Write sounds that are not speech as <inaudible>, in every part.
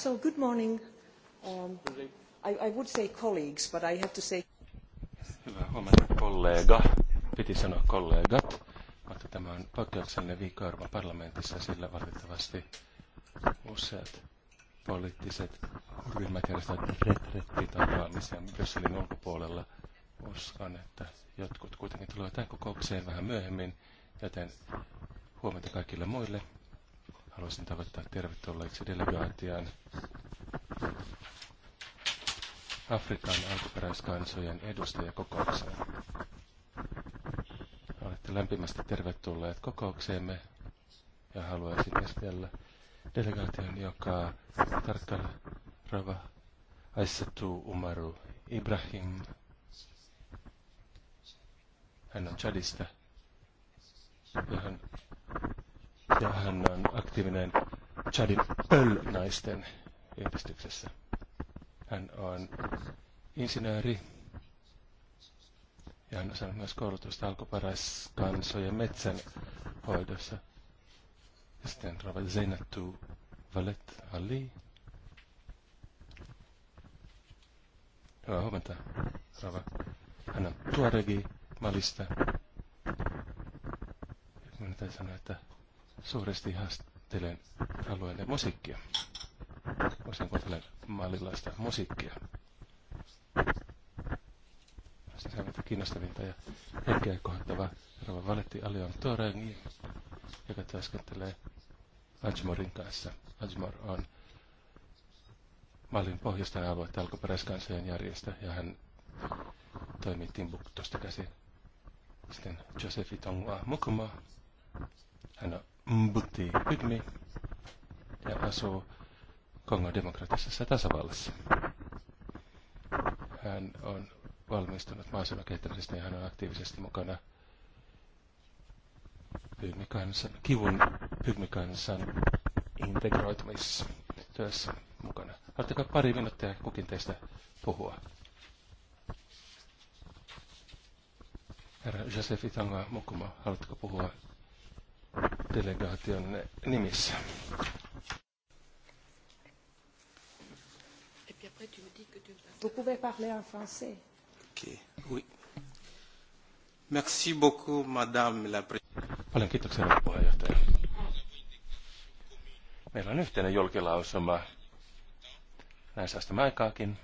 So good morning. Um, I, I would say colleagues, but I have to say... Hyvää huomenta kollega. Piti sanoa kollegat, mutta tämä on poikkeuksellinen viikko Euroopan parlamentissa, sillä valitettavasti useat poliittiset ryhmät järjestävät retrettitapaamisia Brysselin ulkopuolella. Uskon, että jotkut kuitenkin tulevat tämän kokoukseen vähän myöhemmin, joten huomenta kaikille muille. Haluaisin tavoittaa tervetulleeksi delegaation Afrikan alkuperäiskansojen edustajakokoukseen. Olette lämpimästi tervetulleet kokoukseemme ja haluaisin esitellä delegaation, joka tarkkailla Rava Aissatu Umaru Ibrahim. Hän on Chadista ja hän ja hän on aktiivinen Chadin pöllönaisten yhdistyksessä. Hän on insinööri ja hän on saanut myös koulutusta alkuperäiskansojen metsän hoidossa. Ja sitten Robert Zainatu Valet Ali. Hyvää huomenta, Rava. Hän on Tuaregi Malista. Minä sanoa, että suuresti ihastelen alueelle musiikkia. Usein kuuntelen maalilaista musiikkia. Se on kiinnostavinta ja hetkeä kohottava Rava Valetti Alion Torengi, joka työskentelee Ajmorin kanssa. Ajmor on Malin pohjoisten aluetta alkuperäiskansojen järjestö ja hän toimii Timbuktosta käsin. Sitten Josefi Tongua Mukuma, hän on Mbuti Pygmi ja asuu Kongon demokratisessa tasavallassa. Hän on valmistunut maaseudun kehittämisestä ja hän on aktiivisesti mukana pygmikansan, kivun pygmikansan integroitumisessa työssä mukana. Haluatteko pari minuuttia kukin teistä puhua? Herra Josefi Tanga Mukuma, haluatteko puhua delegaation nimissä. Vous pouvez parler en français. Okay. Oui. Merci beaucoup, Madame la présidente. Paljon kiitoksia, herra puheenjohtaja. Meillä on yhteinen julkilausuma. Näin säästämme aikaakin.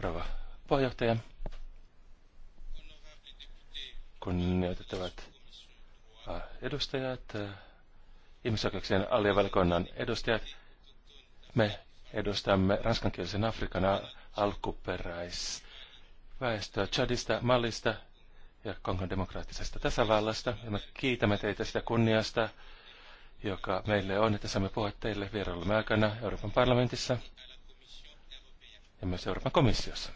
Rova puheenjohtaja. Kunnioitettavat edustajat, ihmisoikeuksien alivalikoinnan edustajat, me edustamme ranskankielisen Afrikan alkuperäisväestöä Chadista, Malista ja Kongon demokraattisesta tasavallasta. Ja me kiitämme teitä sitä kunniasta, joka meille on, että saamme puhua teille vierailumme aikana Euroopan parlamentissa ja myös Euroopan komissiossa.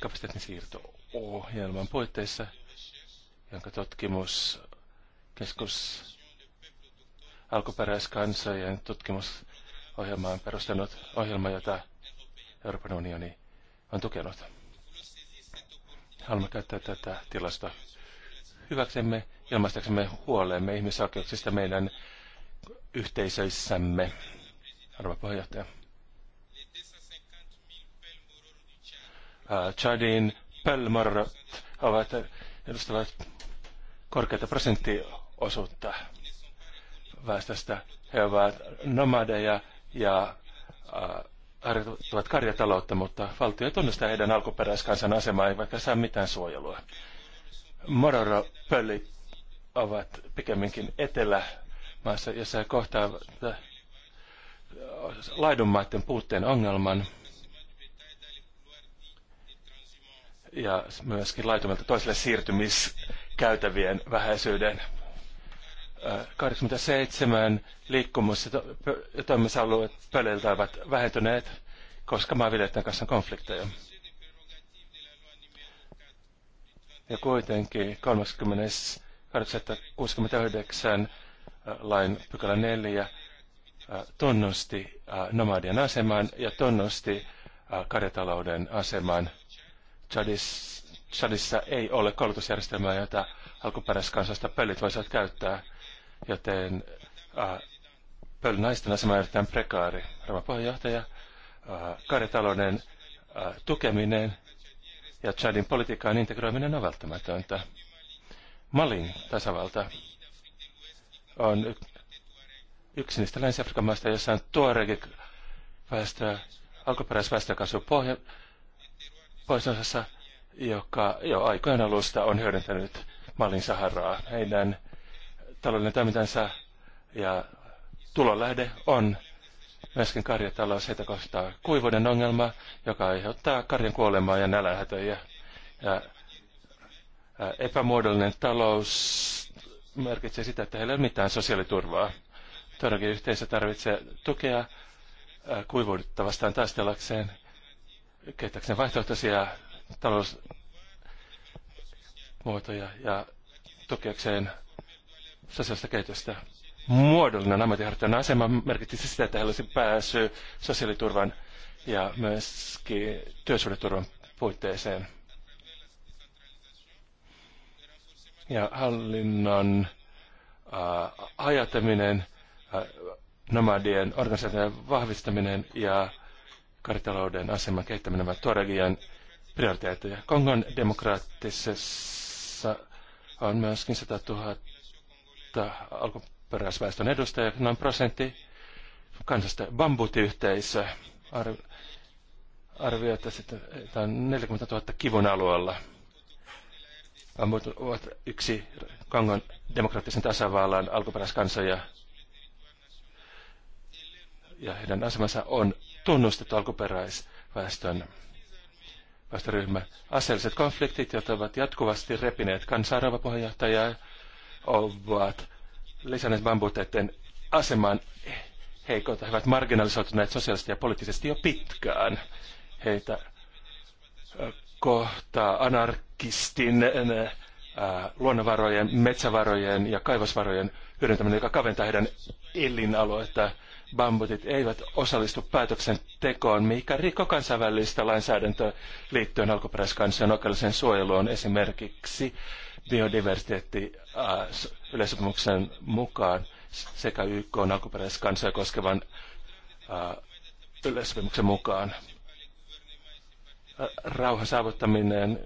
Kapasiteetin siirto ohjelman puitteissa, jonka tutkimuskeskus alkuperäiskansojen tutkimusohjelma on perustanut ohjelma, jota Euroopan unioni on tukenut. Haluamme käyttää tätä tilasta hyväksemme, ilmaistaksemme huolemme ihmisoikeuksista meidän yhteisöissämme. Arvo puheenjohtaja. Äh, Chadin pöllmörrö ovat, edustavat korkeita prosenttiosuutta väestöstä. He ovat nomadeja ja äh, harjoittavat karjataloutta, mutta valtio ei tunnista heidän alkuperäiskansan asemaa, vaikka saa mitään suojelua. mororo pöli ovat pikemminkin etelämaassa, jossa he kohtaavat laidunmaiden puutteen ongelman – ja myöskin laitumelta toiselle siirtymiskäytävien vähäisyyden. 87 äh, liikkumus- ja toimisalueet pöleiltä ovat vähentyneet, koska maanviljelijöiden kanssa on konflikteja. Ja kuitenkin 3869 äh, lain pykälä 4 äh, tunnusti nomadien aseman ja tunnusti karjatalouden aseman – Chadis, Chadissa ei ole koulutusjärjestelmää, jota alkuperäiskansasta pöllit voisivat käyttää, joten äh, naisten asema on erittäin prekaari. Rouva puheenjohtaja, äh, karitalouden äh, tukeminen ja Chadin politiikkaan integroiminen on välttämätöntä. Malin tasavalta on yksi niistä Länsi-Afrikan maista, jossa on tuorekin väestö, alkuperäisväestö pohja, pohjoisosassa, joka jo aikojen alusta on hyödyntänyt Malin Saharaa. Heidän taloudellinen toimintansa ja tulonlähde on myöskin karjatalous. Heitä kohtaa kuivuuden ongelma, joka aiheuttaa karjan kuolemaa ja nälähätöjä. Ja epämuodollinen talous merkitsee sitä, että heillä ei ole mitään sosiaaliturvaa. Todellakin yhteisö tarvitsee tukea kuivuutta vastaan taistellakseen – käyttääkseni vaihtoehtoisia talousmuotoja ja tukeakseen sosiaalista kehitystä. Muodollinen ammattiharjoittajan asema merkitsi sitä, että heillä olisi pääsy sosiaaliturvan ja myöskin työsuhdeturvan puitteeseen. Ja hallinnon äh, ajataminen, äh, nomadien organisaation vahvistaminen ja karitalouden aseman kehittäminen ovat Tuoregian prioriteetteja. Kongon demokraattisessa on myöskin 100 000 alkuperäisväestön edustajia, noin prosentti kansasta bambutiyhteisö arvi, arvioi, että tämä on 40 000 kivun alueella. Bambut ovat yksi Kongon demokraattisen tasavallan alkuperäiskansoja ja heidän asemansa on tunnustettu alkuperäisväestön väestöryhmä. Aseelliset konfliktit, jotka ovat jatkuvasti repineet kansainvälistä puheenjohtajaa, ovat lisänneet bambuteiden asemaan heikot. He ovat marginalisoituneet sosiaalisesti ja poliittisesti jo pitkään. Heitä kohtaa anarkistin luonnonvarojen, metsävarojen ja kaivosvarojen hyödyntäminen, joka kaventaa heidän elinaloitaan bambutit eivät osallistu päätöksentekoon, mikä rikko kansainvälistä lainsäädäntöä liittyen alkuperäiskansojen oikeudelliseen suojeluun esimerkiksi biodiversiteetti yleissopimuksen mukaan sekä YK on alkuperäiskansoja koskevan yleissopimuksen mukaan. Rauhan saavuttaminen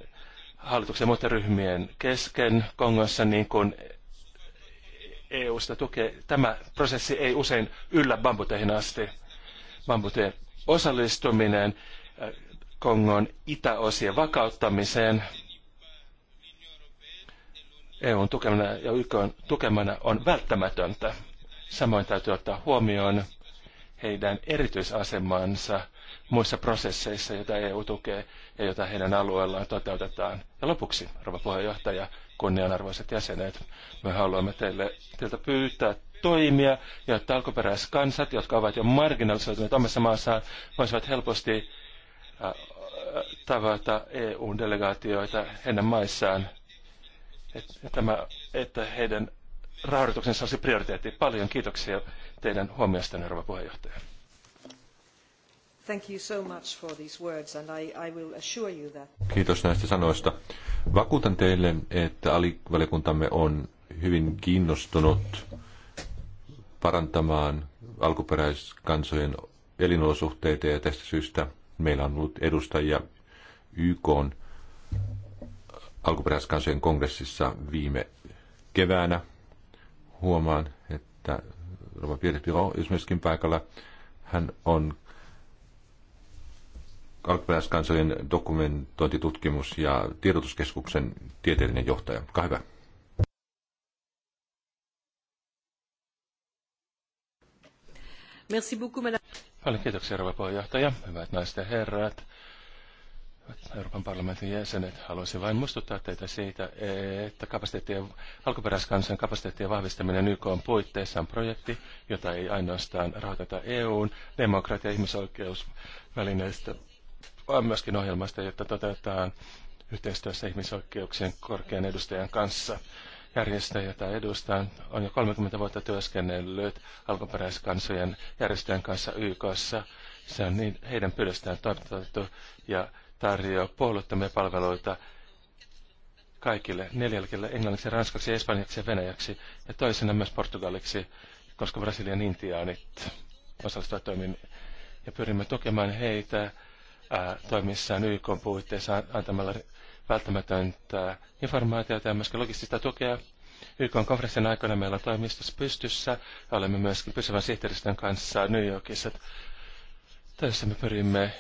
hallituksen ja muiden ryhmien kesken Kongossa niin kuin EU-sta tukee. Tämä prosessi ei usein yllä bambuteihin asti. Bambuteen osallistuminen äh, Kongon itäosien vakauttamiseen EUn tukemana ja YKn tukemana on välttämätöntä. Samoin täytyy ottaa huomioon heidän erityisasemansa muissa prosesseissa, joita EU tukee ja joita heidän alueellaan toteutetaan. Ja lopuksi, rouva puheenjohtaja, kunnianarvoiset jäsenet, me haluamme teille, teiltä pyytää toimia, jotta kansat, jotka ovat jo marginalisoituneet omassa maassaan, voisivat helposti äh, tavata EU-delegaatioita heidän maissaan. Että, tämä, että heidän rahoituksensa olisi prioriteetti. Paljon kiitoksia teidän huomiostanne, rouva puheenjohtaja. Thank you so much for these words and I, I will assure you that. Kiitos näistä sanoista. Vakuutan teille, että alivaliokuntamme on hyvin kiinnostunut parantamaan alkuperäiskansojen elinolosuhteita ja tästä syystä meillä on ollut edustajia YK alkuperäiskansojen kongressissa viime keväänä. Huomaan, että Rova Pierre Piro on myöskin paikalla. Hän on alkuperäiskansojen dokumentointitutkimus- ja tiedotuskeskuksen tieteellinen johtaja. Ka hyvä. Merci beaucoup, madame. Paljon kiitoksia, rouva puheenjohtaja. Hyvät naiset ja herrat. Euroopan parlamentin jäsenet, haluaisin vain muistuttaa teitä siitä, että kapasiteettien, alkuperäiskansan kapasiteettien vahvistaminen YK on puitteissa on projekti, jota ei ainoastaan rahoiteta EUn demokratia- ja ihmisoikeusvälineistä vaan myöskin ohjelmasta, jota toteutetaan yhteistyössä ihmisoikeuksien korkean edustajan kanssa. Järjestö, jota edustan, on jo 30 vuotta työskennellyt alkuperäiskansojen järjestöjen kanssa YKssa. Se on niin heidän pyydöstään toteutettu ja tarjoaa puolueettomia palveluita kaikille neljälle englanniksi, ranskaksi, espanjaksi ja venäjäksi ja toisena myös portugaliksi, koska Brasilian intiaanit osallistuvat toimin ja pyrimme tukemaan heitä toimissaan YK puitteissa antamalla välttämätöntä informaatiota ja myöskin logistista tukea. YK konferenssin aikana meillä on toimistossa pystyssä. Olemme myöskin pysyvän sihteeristön kanssa New Yorkissa. Tässä me pyrimme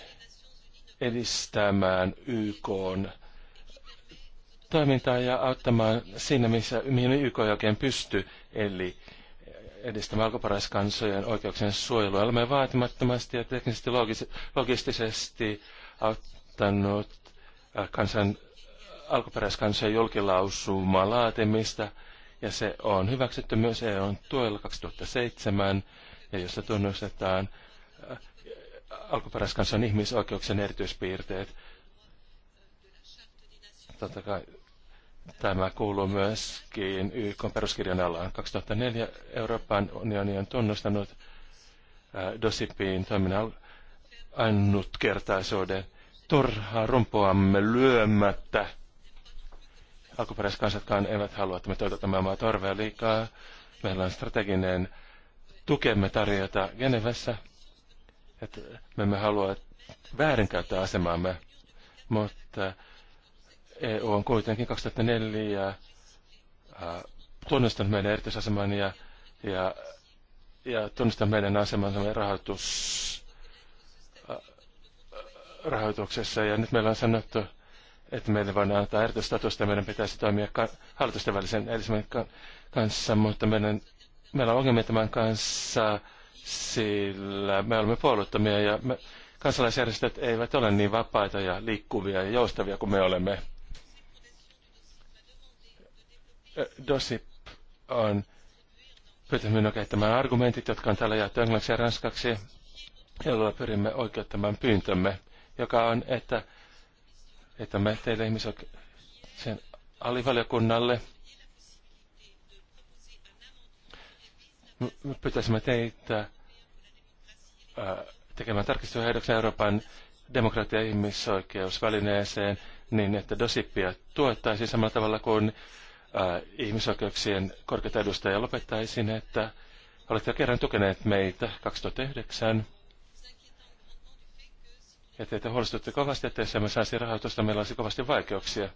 edistämään YK toimintaa ja auttamaan siinä, missä, mihin YK ei oikein pysty, eli edistämään alkuperäiskansojen oikeuksien suojelua. Olemme vaatimattomasti ja teknisesti logistisesti auttanut äh, kansan, alkuperäiskansojen julkilausumaa laatimista, ja se on hyväksytty myös EUn tuella 2007, ja jossa tunnustetaan äh, alkuperäiskansan ihmisoikeuksien erityispiirteet. Totta kai Tämä kuuluu myöskin YK peruskirjan alaan. 2004 Euroopan unioni on tunnustanut äh, DOSIPin toiminnan ainutkertaisuuden turhaa rumpuamme lyömättä. Alkuperäiskansatkaan eivät halua, että me toitotamme omaa torvea liikaa. Meillä on strateginen tukemme tarjota Genevessä. Että me emme halua väärinkäyttää asemaamme, mutta EU on kuitenkin 2004 äh, tunnistanut meidän erityisaseman ja, ja, ja tunnistanut meidän asemansa rahoitus, rahoituksessa. Ja nyt meillä on sanottu, että meille voidaan antaa erityistatusta ja meidän pitäisi toimia ka- hallitusten välisen elimen ka- kanssa, mutta meidän, meillä on ongelmia tämän kanssa, sillä me olemme puolueettomia ja me, kansalaisjärjestöt eivät ole niin vapaita ja liikkuvia ja joustavia kuin me olemme. DOSIP on pyytänyt minua käyttämään argumentit, jotka on täällä jaettu englanniksi ja ranskaksi, jolla pyrimme oikeuttamaan pyyntömme, joka on, että, että me teille ihmisoikeuksien alivaliokunnalle pyytäisimme teitä tekemään tarkistusehdotuksen Euroopan demokratia- ja ihmisoikeusvälineeseen niin, että dosippia tuettaisiin samalla tavalla kuin Äh, ihmisoikeuksien korkeita edustajia lopettaisin, että olette jo kerran tukeneet meitä 2009. Ja teitä huolestutte kovasti, että jos emme saisi rahoitusta, meillä olisi kovasti vaikeuksia.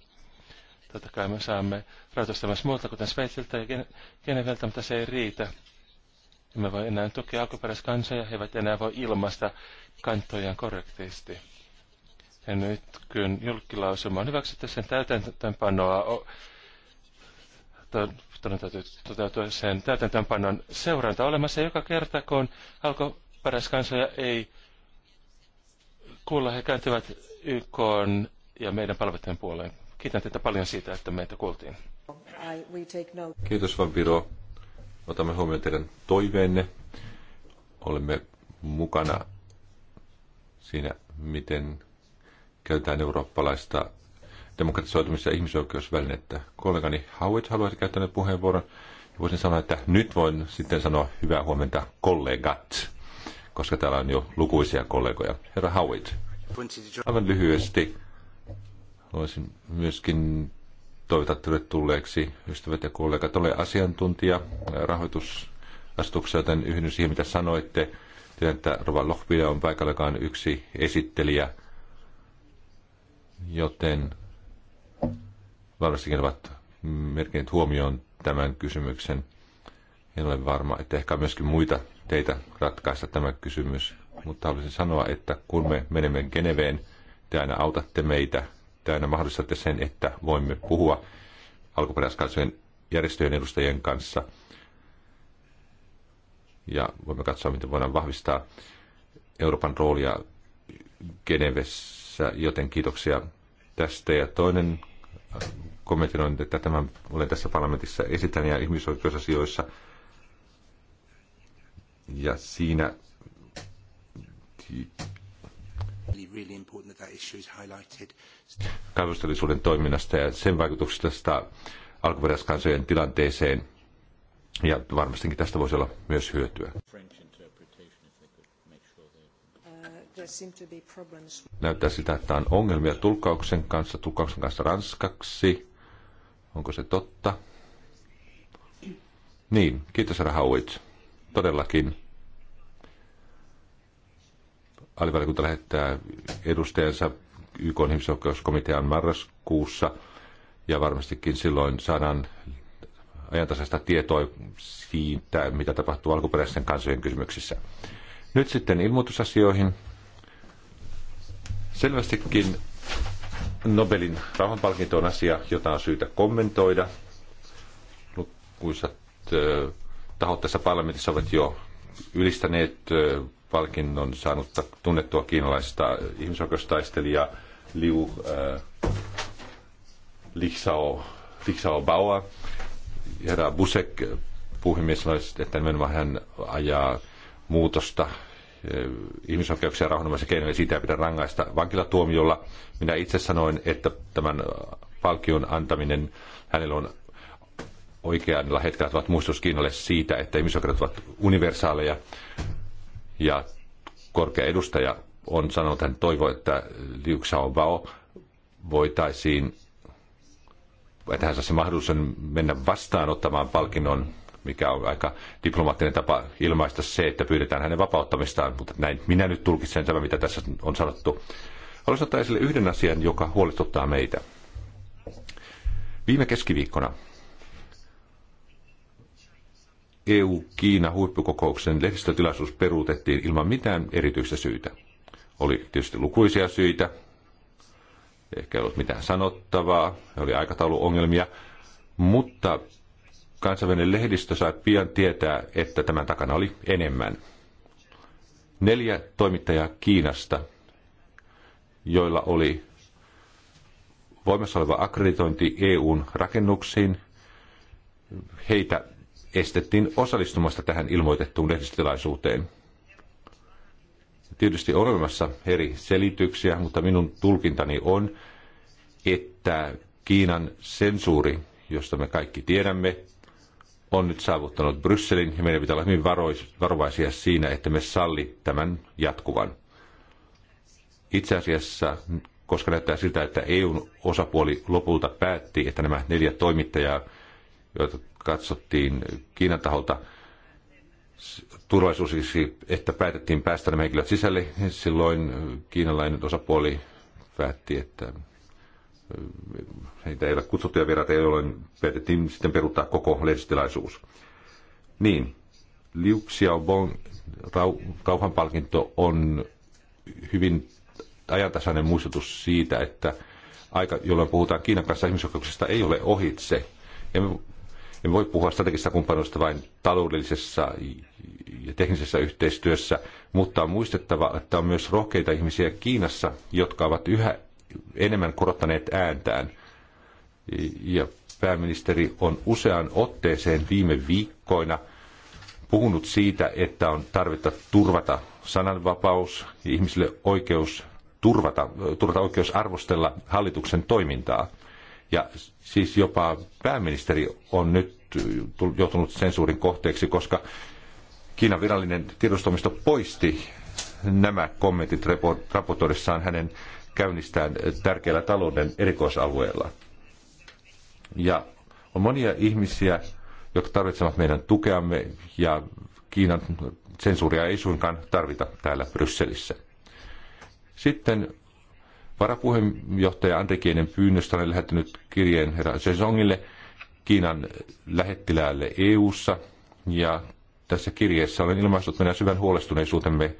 Totta kai me saamme rahoitusta myös muilta, kuten Sveitsiltä ja Geneveltä, mutta se ei riitä. Emme voi enää tukea alkuperäiskansoja, he eivät enää voi ilmaista kantojaan korrektisti. Ja nyt kun julkilausuma on hyväksytty, sen täytäntöönpanoa toteutua sen täytäntöönpannon seuranta olemassa joka kerta, kun alkuperäiskansoja ei kuulla, he kääntyvät YK ja meidän palveluiden puoleen. Kiitän teitä paljon siitä, että meitä kuultiin. Kiitos Viro. Otamme huomioon teidän toiveenne. Olemme mukana siinä, miten käytetään eurooppalaista demokratisoitumista ja ihmisoikeusvälinettä. Kollegani Howard haluaisi käyttää ne puheenvuoron. Ja voisin sanoa, että nyt voin sitten sanoa hyvää huomenta kollegat, koska täällä on jo lukuisia kollegoja. Herra Howard, aivan lyhyesti voisin myöskin toivottaa tervetulleeksi ystävät ja kollegat. Olen asiantuntija rahoitusastuksessa, joten yhdyn siihen, mitä sanoitte. Tiedän, että Rova Lohpila on paikallakaan yksi esittelijä, joten varmastikin ovat merkinneet huomioon tämän kysymyksen. En ole varma, että ehkä on myöskin muita teitä ratkaista tämä kysymys, mutta haluaisin sanoa, että kun me menemme Geneveen, te aina autatte meitä, te aina mahdollistatte sen, että voimme puhua alkuperäiskansojen järjestöjen edustajien kanssa ja voimme katsoa, miten voidaan vahvistaa Euroopan roolia Genevessä, joten kiitoksia tästä. Ja toinen kommentoinut, että tämän olen tässä parlamentissa esitän ja ihmisoikeusasioissa. Ja siinä Kaivostollisuuden toiminnasta ja sen vaikutuksesta alkuperäiskansojen tilanteeseen. Ja varmastikin tästä voisi olla myös hyötyä. Näyttää siltä, että on ongelmia tulkauksen kanssa, tulkauksen kanssa ranskaksi. Onko se totta? Niin, kiitos Rahauit. Todellakin. Alivaliokunta lähettää edustajansa YK ihmisoikeuskomitean marraskuussa ja varmastikin silloin saadaan ajantasaista tietoa siitä, mitä tapahtuu alkuperäisten kansojen kysymyksissä. Nyt sitten ilmoitusasioihin. Selvästikin Nobelin rauhanpalkinto on asia, jota on syytä kommentoida. Lukuisat tahot tässä parlamentissa ovat jo ylistäneet palkinnon saanutta tunnettua kiinalaista ihmisoikeustaistelijaa Liu äh, Lixao, Baoa. Herra Busek, puhemies, sanoi, että nimenomaan hän ajaa muutosta Eh, ihmisoikeuksia rauhanomaisen keinoja, siitä pitää rangaista vankilatuomiolla. Minä itse sanoin, että tämän palkion antaminen hänellä on oikealla hetkellä ovat muistutus Kiinalle siitä, että ihmisoikeudet ovat universaaleja ja korkea edustaja on sanonut, että hän toivoo, että Liu Xiaobao voitaisiin, että hän saisi mahdollisuuden mennä vastaanottamaan palkinnon mikä on aika diplomaattinen tapa ilmaista se, että pyydetään hänen vapauttamistaan, mutta näin minä nyt tulkitsen tämä, mitä tässä on sanottu. Haluaisin ottaa esille yhden asian, joka huolestuttaa meitä. Viime keskiviikkona EU-Kiina-huippukokouksen lehdistötilaisuus peruutettiin ilman mitään erityistä syytä. Oli tietysti lukuisia syitä, ehkä ei ollut mitään sanottavaa, oli aikatauluongelmia, mutta kansainvälinen lehdistö sai pian tietää, että tämän takana oli enemmän. Neljä toimittajaa Kiinasta, joilla oli voimassa oleva akkreditointi EUn rakennuksiin, heitä estettiin osallistumasta tähän ilmoitettuun lehdistötilaisuuteen. Tietysti on olemassa eri selityksiä, mutta minun tulkintani on, että Kiinan sensuuri, josta me kaikki tiedämme, on nyt saavuttanut Brysselin ja meidän pitää olla hyvin varovaisia siinä, että me salli tämän jatkuvan. Itse asiassa, koska näyttää siltä, että EU osapuoli lopulta päätti, että nämä neljä toimittajaa, joita katsottiin Kiinan taholta turvallisuusiksi, että päätettiin päästä nämä henkilöt sisälle, niin silloin kiinalainen osapuoli päätti, että heitä ei ole kutsuttuja vieraita, jolloin päätettiin sitten peruuttaa koko lehdistilaisuus. Niin, Liu Xiaobon rauhanpalkinto on hyvin ajantasainen muistutus siitä, että aika, jolloin puhutaan Kiinan kanssa ihmisoikeuksista, ei ole ohitse. Emme, emme voi puhua strategisesta kumppanuudesta vain taloudellisessa ja teknisessä yhteistyössä, mutta on muistettava, että on myös rohkeita ihmisiä Kiinassa, jotka ovat yhä enemmän korottaneet ääntään. Ja pääministeri on useaan otteeseen viime viikkoina puhunut siitä, että on tarvetta turvata sananvapaus ja ihmisille oikeus turvata, turvata oikeus arvostella hallituksen toimintaa. Ja siis jopa pääministeri on nyt joutunut sensuurin kohteeksi, koska Kiinan virallinen tiedostomisto poisti nämä kommentit raportoidessaan hänen käynnistään tärkeällä talouden erikoisalueella. Ja on monia ihmisiä, jotka tarvitsevat meidän tukeamme ja Kiinan sensuuria ei suinkaan tarvita täällä Brysselissä. Sitten varapuheenjohtaja Andri Kienen pyynnöstä on lähettänyt kirjeen herra Zhezongille, Kiinan lähettiläälle EU:ssa ja tässä kirjeessä olen ilmaissut meidän syvän huolestuneisuutemme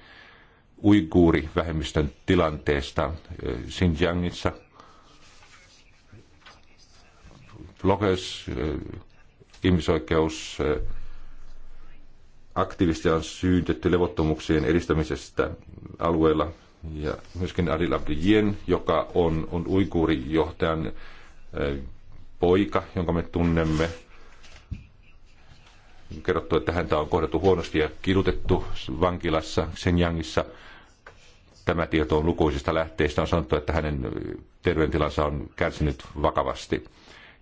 uiguurivähemmistön tilanteesta eh, Xinjiangissa. Lokes eh, ihmisoikeus eh, aktiivisesti on syytetty levottomuuksien edistämisestä alueella ja myöskin Adil Abdijien, joka on, on uiguurijohtajan poika, jonka me tunnemme. kerrottu, että häntä on kohdattu huonosti ja kidutettu vankilassa Xinjiangissa – Tämä tieto on lukuisista lähteistä. On sanottu, että hänen terveydentilansa on kärsinyt vakavasti.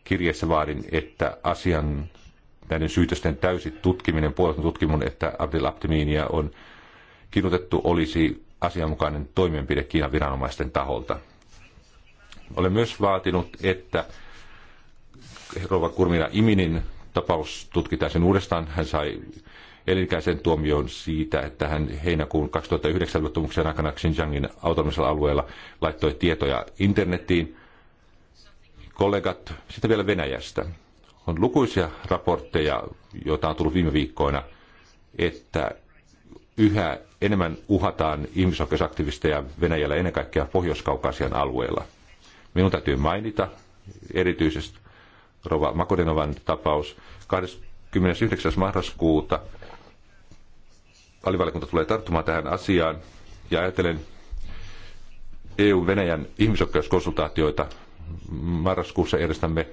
Kirjeessä vaadin, että asian näiden syytösten täysi tutkiminen, puoleton tutkimun, että Abdel Abtiminia on kirjoitettu, olisi asianmukainen toimenpide Kiinan viranomaisten taholta. Olen myös vaatinut, että Rova Kurmina Iminin tapaus tutkitaan sen uudestaan. Hän sai elinikäisen tuomion siitä, että hän heinäkuun 2009 luottamuksen aikana Xinjiangin autonomisella alueella laittoi tietoja internettiin. Kollegat, sitten vielä Venäjästä. On lukuisia raportteja, joita on tullut viime viikkoina, että yhä enemmän uhataan ihmisoikeusaktivisteja Venäjällä ennen kaikkea Pohjois-Kaukasian alueella. Minun täytyy mainita erityisesti Rova Makodinovan tapaus 29. marraskuuta alivaliokunta tulee tarttumaan tähän asiaan ja ajattelen EU-Venäjän ihmisoikeuskonsultaatioita. Marraskuussa järjestämme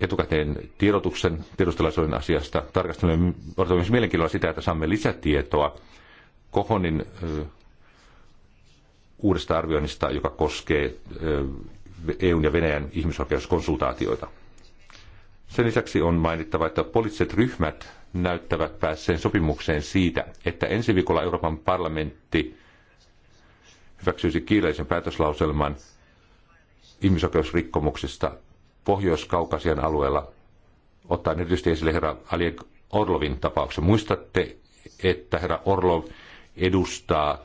etukäteen tiedotuksen tiedustelaisuuden asiasta. Tarkastelemme, odotamme myös mielenkiinnolla sitä, että saamme lisätietoa Kohonin ö, uudesta arvioinnista, joka koskee ö, EUn ja Venäjän ihmisoikeuskonsultaatioita. Sen lisäksi on mainittava, että poliittiset ryhmät näyttävät päässeen sopimukseen siitä, että ensi viikolla Euroopan parlamentti hyväksyisi kiireellisen päätöslauselman ihmisoikeusrikkomuksista Pohjois-Kaukasian alueella, ottaen erityisesti esille herra Ali Orlovin tapauksen. Muistatte, että herra Orlov edustaa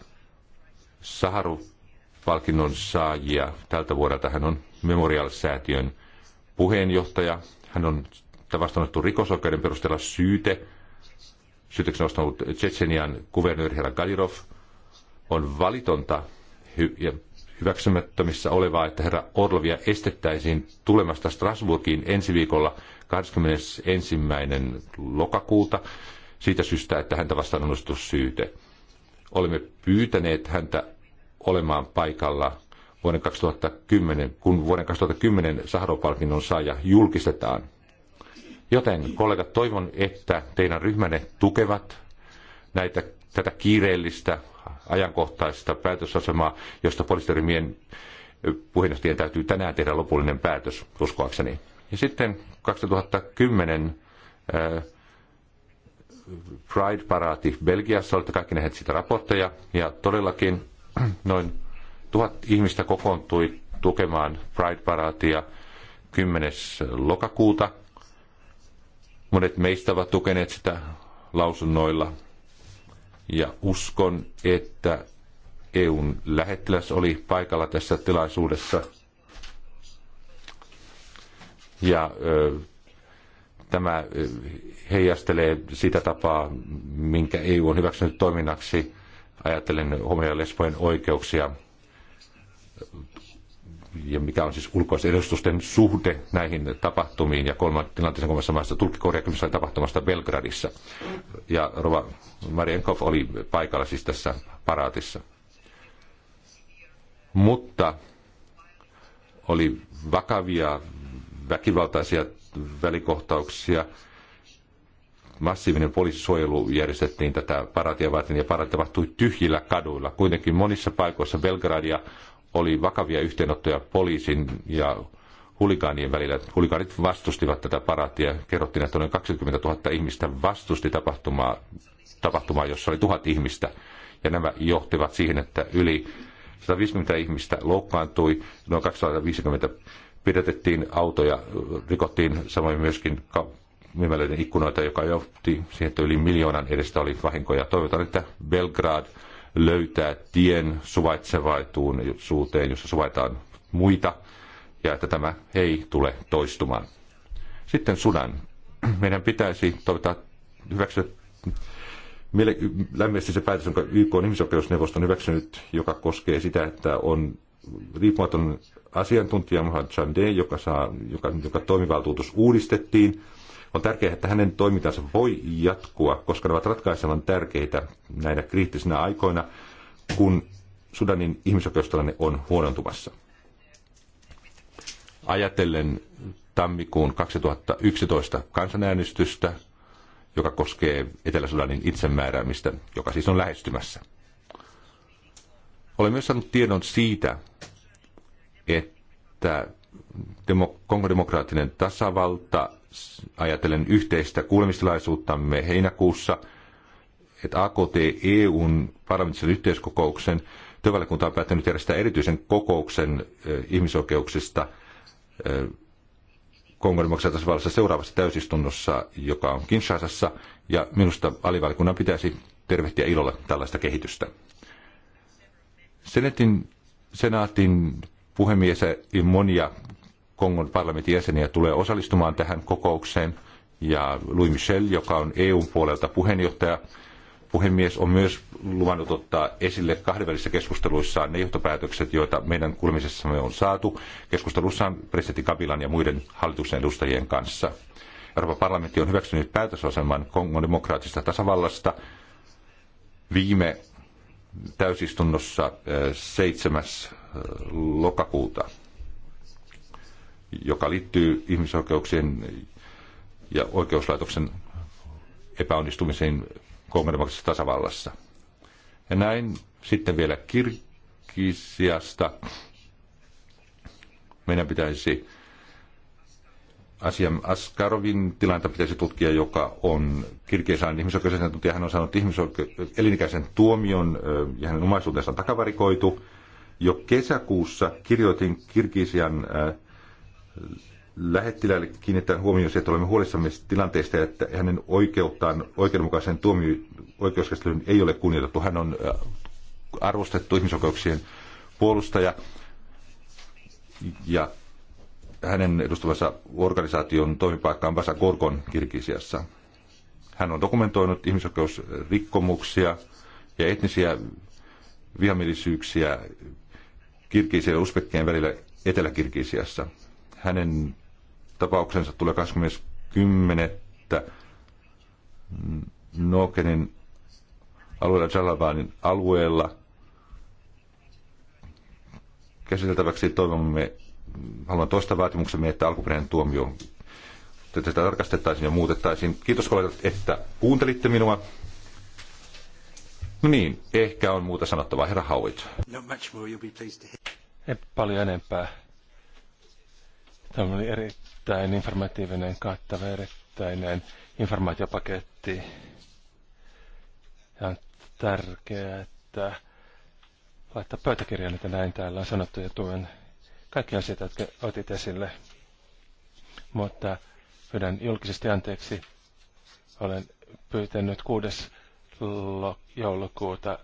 Saharu-palkinnon saajia. Tältä vuodelta hän on Memorial-säätiön puheenjohtaja. Hän on vastaanottu rikosoikeuden perusteella syyte. Syytöksen nostanut Tsetsenian kuvernööri herra Kadirov on valitonta hy- ja hyväksymättömissä olevaa, että herra Orlovia estettäisiin tulemasta Strasburgiin ensi viikolla 21. lokakuuta siitä syystä, että häntä vastaan on syyte. Olemme pyytäneet häntä olemaan paikalla vuoden 2010, kun vuoden 2010 Saharopalkinnon saaja julkistetaan. Joten kollegat, toivon, että teidän ryhmänne tukevat näitä, tätä kiireellistä ajankohtaista päätösasemaa, josta poliisiryhmien puheenjohtajien täytyy tänään tehdä lopullinen päätös, uskoakseni. Ja sitten 2010 Pride-paraati Belgiassa, olette kaikki nähneet sitä raportteja, ja todellakin <clears throat> noin tuhat ihmistä kokoontui tukemaan Pride-paraatia 10. lokakuuta – Monet meistä ovat tukeneet sitä lausunnoilla. Ja uskon, että EUn lähettiläs oli paikalla tässä tilaisuudessa. Ja ö, tämä heijastelee sitä tapaa, minkä EU on hyväksynyt toiminnaksi. Ajattelen homo- ja lesbojen oikeuksia ja mikä on siis ulkoisten edustusten suhde näihin tapahtumiin ja kolman tilanteeseen kolmessa maassa tulkkikorjaamisessa tapahtumasta Belgradissa. Ja Rova Marienkov oli paikalla siis tässä paraatissa. Mutta oli vakavia väkivaltaisia välikohtauksia. Massiivinen poliisisuojelu järjestettiin tätä paraatia varten ja parati tapahtui tyhjillä kaduilla. Kuitenkin monissa paikoissa Belgradia oli vakavia yhteenottoja poliisin ja hulikaanien välillä. Hulikaanit vastustivat tätä paraatia. Kerrottiin, että noin 20 000 ihmistä vastusti tapahtumaa, tapahtumaa jossa oli tuhat ihmistä. Ja nämä johtivat siihen, että yli 150 ihmistä loukkaantui, noin 250 pidätettiin autoja, rikottiin samoin myöskin myymälöiden ikkunoita, joka johti siihen, että yli miljoonan edestä oli vahinkoja. Toivotaan, että Belgrad löytää tien suvaitsevaisuuteen, jossa suvaitaan muita, ja että tämä ei tule toistumaan. Sitten Sudan. Meidän pitäisi toivottaa hyväksyä lämpimästi se päätös, jonka YK on ihmisoikeusneuvosto on hyväksynyt, joka koskee sitä, että on riippumaton asiantuntija Mohan Chande, joka, saa, joka, joka toimivaltuutus uudistettiin, on tärkeää, että hänen toimintansa voi jatkua, koska ne ovat ratkaisevan tärkeitä näinä kriittisinä aikoina, kun Sudanin ihmisoikeustilanne on huonontumassa. Ajatellen tammikuun 2011 kansanäänestystä, joka koskee Etelä-Sudanin itsemääräämistä, joka siis on lähestymässä. Olen myös saanut tiedon siitä, että Kongon demokraattinen tasavalta ajatellen yhteistä kuulemistilaisuuttamme heinäkuussa, että AKT EUn parlamentin yhteiskokouksen työvaliokunta on päättänyt järjestää erityisen kokouksen ihmisoikeuksista Kongon tasavallassa seuraavassa täysistunnossa, joka on Kinshasassa, ja minusta alivalikunnan pitäisi tervehtiä ilolla tällaista kehitystä. Senetin, senaatin puhemies ja monia Kongon parlamentin jäseniä tulee osallistumaan tähän kokoukseen. Ja Louis Michel, joka on EUn puolelta puheenjohtaja, puhemies on myös luvannut ottaa esille kahdenvälisissä keskusteluissaan ne johtopäätökset, joita meidän kuulemisessamme on saatu keskustelussaan presidentti Kabilan ja muiden hallituksen edustajien kanssa. Euroopan parlamentti on hyväksynyt päätösaseman Kongon demokraattisesta tasavallasta viime täysistunnossa 7. Eh, eh, lokakuuta joka liittyy ihmisoikeuksien ja oikeuslaitoksen epäonnistumisiin kongremaksessa tasavallassa. Ja näin sitten vielä Kirkisiasta. Meidän pitäisi asian Askarovin tilanta pitäisi tutkia, joka on Kirkisaan ihmisoikeusasiantuntija. Hän on saanut ihmisoike- elinikäisen tuomion ja hänen omaisuutensa on takavarikoitu. Jo kesäkuussa kirjoitin Kirkisian äh, lähettiläälle kiinnittää huomioon se, että olemme huolissamme tilanteesta, että hänen oikeuttaan oikeudenmukaisen tuomio, oikeuskäsittelyyn ei ole kunnioitettu. Hän on äh, arvostettu ihmisoikeuksien puolustaja ja hänen edustamansa organisaation toimipaikka on Vasa Gorgon Kirgisiassa. Hän on dokumentoinut ihmisoikeusrikkomuksia ja etnisiä vihamielisyyksiä kirkiisien ja uspekkien välillä Etelä-Kirgisiassa hänen tapauksensa tulee 20.10. Nokenin alueella Jalabanin alueella käsiteltäväksi toivomme, haluan toista vaatimuksemme, että alkuperäinen tuomio että sitä tarkastettaisiin ja muutettaisiin. Kiitos kollegat, että kuuntelitte minua. No niin, ehkä on muuta sanottavaa, herra Howitt. paljon enempää. Tämä oli erittäin informatiivinen, kattava, erittäinen informaatiopaketti. Ja on tärkeää, että laittaa pöytäkirjan, että näin täällä on sanottu ja tuen kaikki asiat, jotka otit esille. Mutta pyydän julkisesti anteeksi. Olen pyytänyt 6. joulukuuta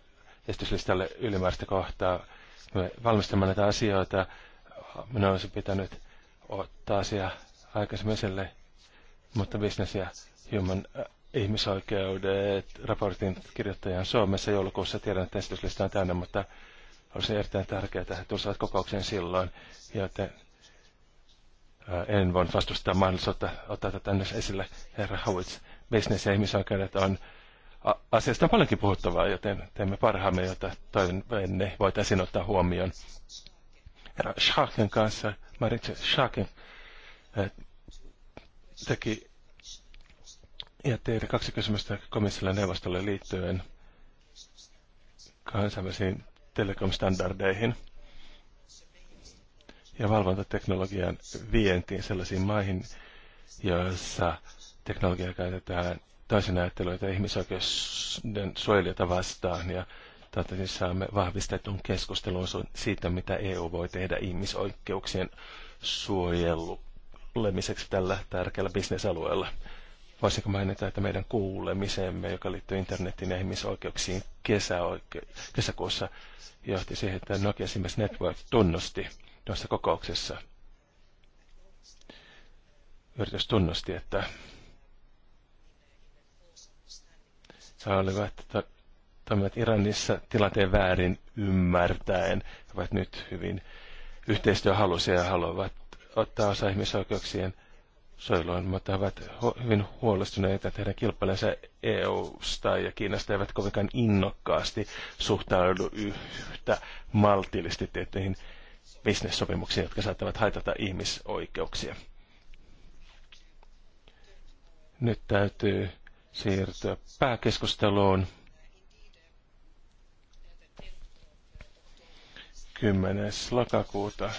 esityslistalle ylimääräistä kohtaa. Me valmistamme näitä asioita. Minä olisin pitänyt ottaa asia aikaisemmin mutta business ja human äh, ihmisoikeudet raportin kirjoittajan Suomessa joulukuussa. Tiedän, että esityslista on täynnä, mutta olisi erittäin tärkeää, että he tulisivat kokoukseen silloin, joten äh, en voi vastustaa mahdollisuutta ottaa tätä tänne esille. Herra Howitz, business ja ihmisoikeudet on asiasta on paljonkin puhuttavaa, joten teemme parhaamme, jotta toivon voitaisiin ottaa huomioon herra Schaken kanssa. Maritse Schaken teki ja teille kaksi kysymystä komissiolle neuvostolle liittyen kansainvälisiin telekomstandardeihin ja valvontateknologian vientiin sellaisiin maihin, joissa teknologiaa käytetään toisen ajattelua ja ihmisoikeuden suojelijoita vastaan ja Tätä siis saamme vahvistetun keskustelun siitä, mitä EU voi tehdä ihmisoikeuksien suojelulemiseksi tällä tärkeällä bisnesalueella. Voisinko mainita, että meidän kuulemisemme, joka liittyy internetin ja ihmisoikeuksiin kesäoike- kesäkuussa, johti siihen, että Nokia Siemens Network tunnusti tuossa kokouksessa. Yritys tunnusti, että he olivat toimivat Iranissa tilanteen väärin ymmärtäen. He ovat nyt hyvin yhteistyöhaluisia ja haluavat ottaa osa ihmisoikeuksien suojeluun, mutta he ovat hyvin huolestuneita, että heidän kilpailensa EU-sta ja Kiinasta eivät kovinkaan innokkaasti suhtaudu yhtä maltillisesti tiettyihin bisnessopimuksiin, jotka saattavat haitata ihmisoikeuksia. Nyt täytyy siirtyä pääkeskusteluun. 10. lokakuuta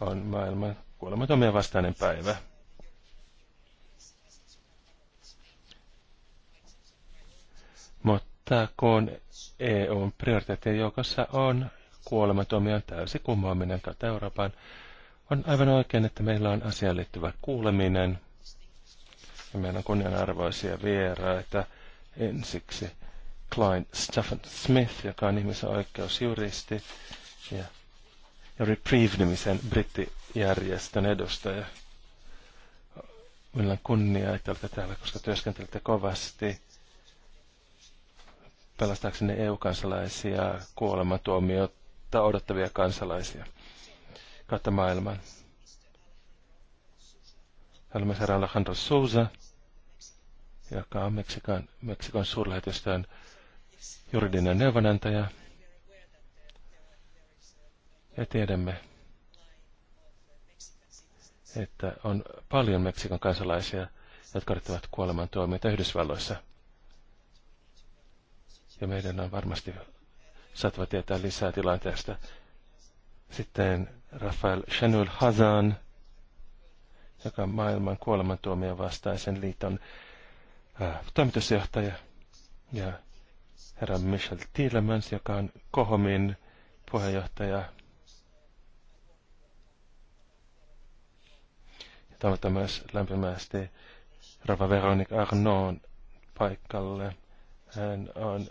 on maailman kuolematomia vastainen päivä. Mutta kun e EUn prioriteettien joukossa on kuolematomia täysi kumoaminen kautta Euroopan, on aivan oikein, että meillä on asiaan liittyvä kuuleminen. Ja meillä on kunnianarvoisia vieraita ensiksi Klein Stafford Smith, joka on ihmisoikeusjuristi ja, ja Reprieve-nimisen brittijärjestön edustaja. Minulla on kunnia, että olette täällä, koska työskentelette kovasti pelastaakseni EU-kansalaisia, kuolematuomiota odottavia kansalaisia kautta maailman. Haluamme saada Alejandro Souza, joka on Meksikon, Meksikon suurlähetystön juridinen neuvonantaja. Ja tiedämme, että on paljon Meksikon kansalaisia, jotka odottavat kuoleman tuomioita Yhdysvalloissa. Ja meidän on varmasti saatava tietää lisää tilanteesta. Sitten Rafael Shenul Hazan, joka on maailman kuolemantuomion vastaisen liiton äh, toimitusjohtaja ja herra Michel Tielemans, joka on Kohomin puheenjohtaja. Ja toivotan myös lämpimästi Rava Veronique Arnon paikalle. Hän on